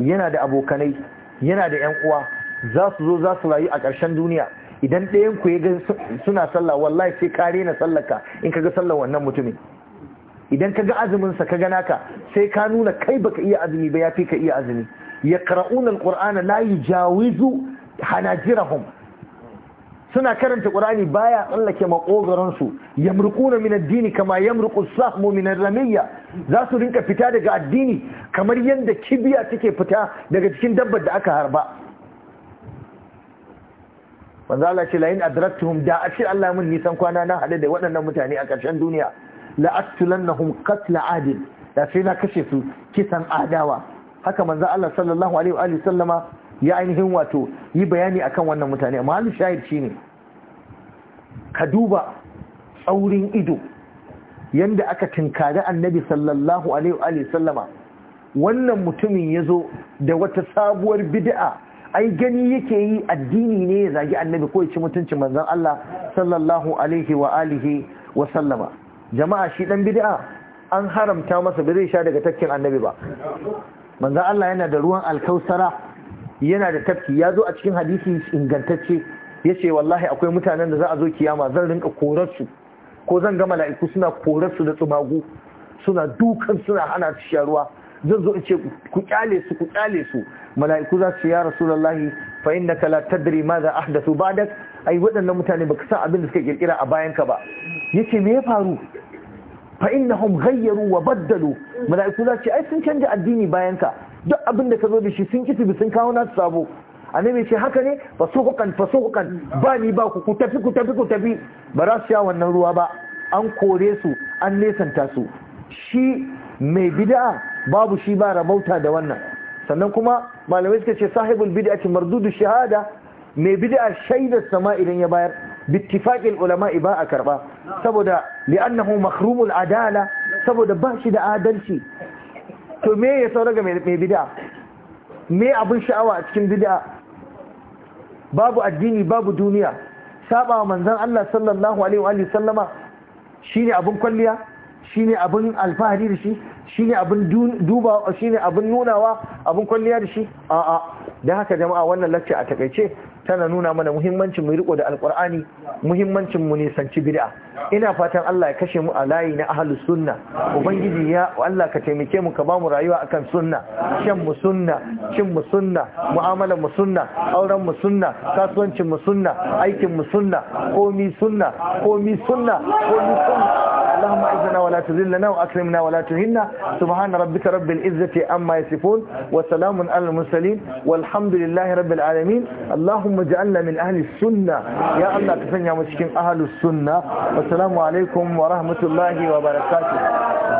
yana da abokanai yana da yan uwa za su zo za su rayu a ƙarshen duniya idan ɗayan ku ya ga suna sallah wallahi sai ka rena sallaka in kaga sallar wannan mutumin idan ka ga azumin sa kaga naka sai ka nuna kai baka iya azumi ba ya fi ka iya azumi yaqra'una alqur'ana la yujawizu hanajirahum suna karanta qur'ani baya tsallake makogaran su yamruquna min addini kama yamruqu as-sahmu min ar-ramiyya za su rinka fita daga addini kamar yanda kibiya take fita daga cikin dabbar da aka harba manzo Allah ce la adraktuhum da a ce Allah mun nisan kwana na hade da waɗannan mutane a ƙarshen duniya la aqtulannahum qatl adil da sai na kashe su kisan adawa haka manzo Allah sallallahu alaihi wa sallama ya ainihin wato yi bayani akan wannan mutane amma shahid shine ka duba tsaurin ido yanda aka tinkari annabi sallallahu alaihi wa sallama wannan mutumin yazo da wata sabuwar bid'a ai gani yake yi addini ne ya zagi annabi ko ya ci mutuncin manzon Allah sallallahu alaihi wa alihi wa sallama jama'a shi dan bid'a an haramta masa bai zai sha daga takkin annabi ba manzo Allah yana da ruwan alkausara yana da tafki ya zo a cikin hadisi ingantacce yace wallahi akwai mutanen da za a zo kiyama zan rinka korar ko zan ga mala'iku suna korarsu su da tsumagu suna dukan suna hana su sha ruwa zan zo in ce ku kyale su ku kyale su mala'iku za su ya rasulullahi fa innaka la tadri ma za ahdathu ba'dak ai waɗannan mutane baka san abin da suka kirkira a bayan ka ba yace me ya faru fa innahum ghayyaru wa baddalu mala'iku za ce ai sun canja addini bayan ka duk abin da ka zo da shi sun bi sun kawo nasu sabo annabi ce haka ne fasuqan fasuqan ba ni ba ku tafi ku tafi ku tafi ba za su sha wannan ruwa ba an kore su an nesanta su shi mai bid'a babu shi ba rabauta da wannan sannan kuma malamai suka ce sahibul bid'ati mardudu shahada mai bid'a shaidar sama idan ya bayar باتفاق ulama ba a karba saboda مخروم العداله adala saboda ba shi da adalci to me ya مي ابو mai bid'a me abin sha'awa a cikin bid'a babu addini babu duniya saba wa manzon Allah sallallahu alaihi wa sallama shine abin kwalliya shine abin alfahari da shi shine duba shine abin nunawa abin kwalliya da shi a'a don haka jama'a wannan lacce a takeice tana nuna mana muhimmancin mu riko da alkur'ani muhimmancin mu nisanci bid'a ina fatan Allah ya kashe mu a layi na ahlus sunna ubangiji ya Allah ka taimake mu ka ba mu rayuwa akan sunna shan mu sunna cin mu sunna mu'amalar mu sunna auren mu sunna kasuwancin mu sunna aikin mu sunna komi sunna komi sunna komi sunna اللهم اعزنا ولا تذلنا واكرمنا ولا تهنا سبحان ربك رب العزه عما يصفون وسلام على المرسلين والحمد لله رب العالمين اللهم Allahumma ja'alna min ahli sunna ya Allah ka sanya mu cikin ahlus sunna assalamu alaikum wa rahmatullahi wa barakatu.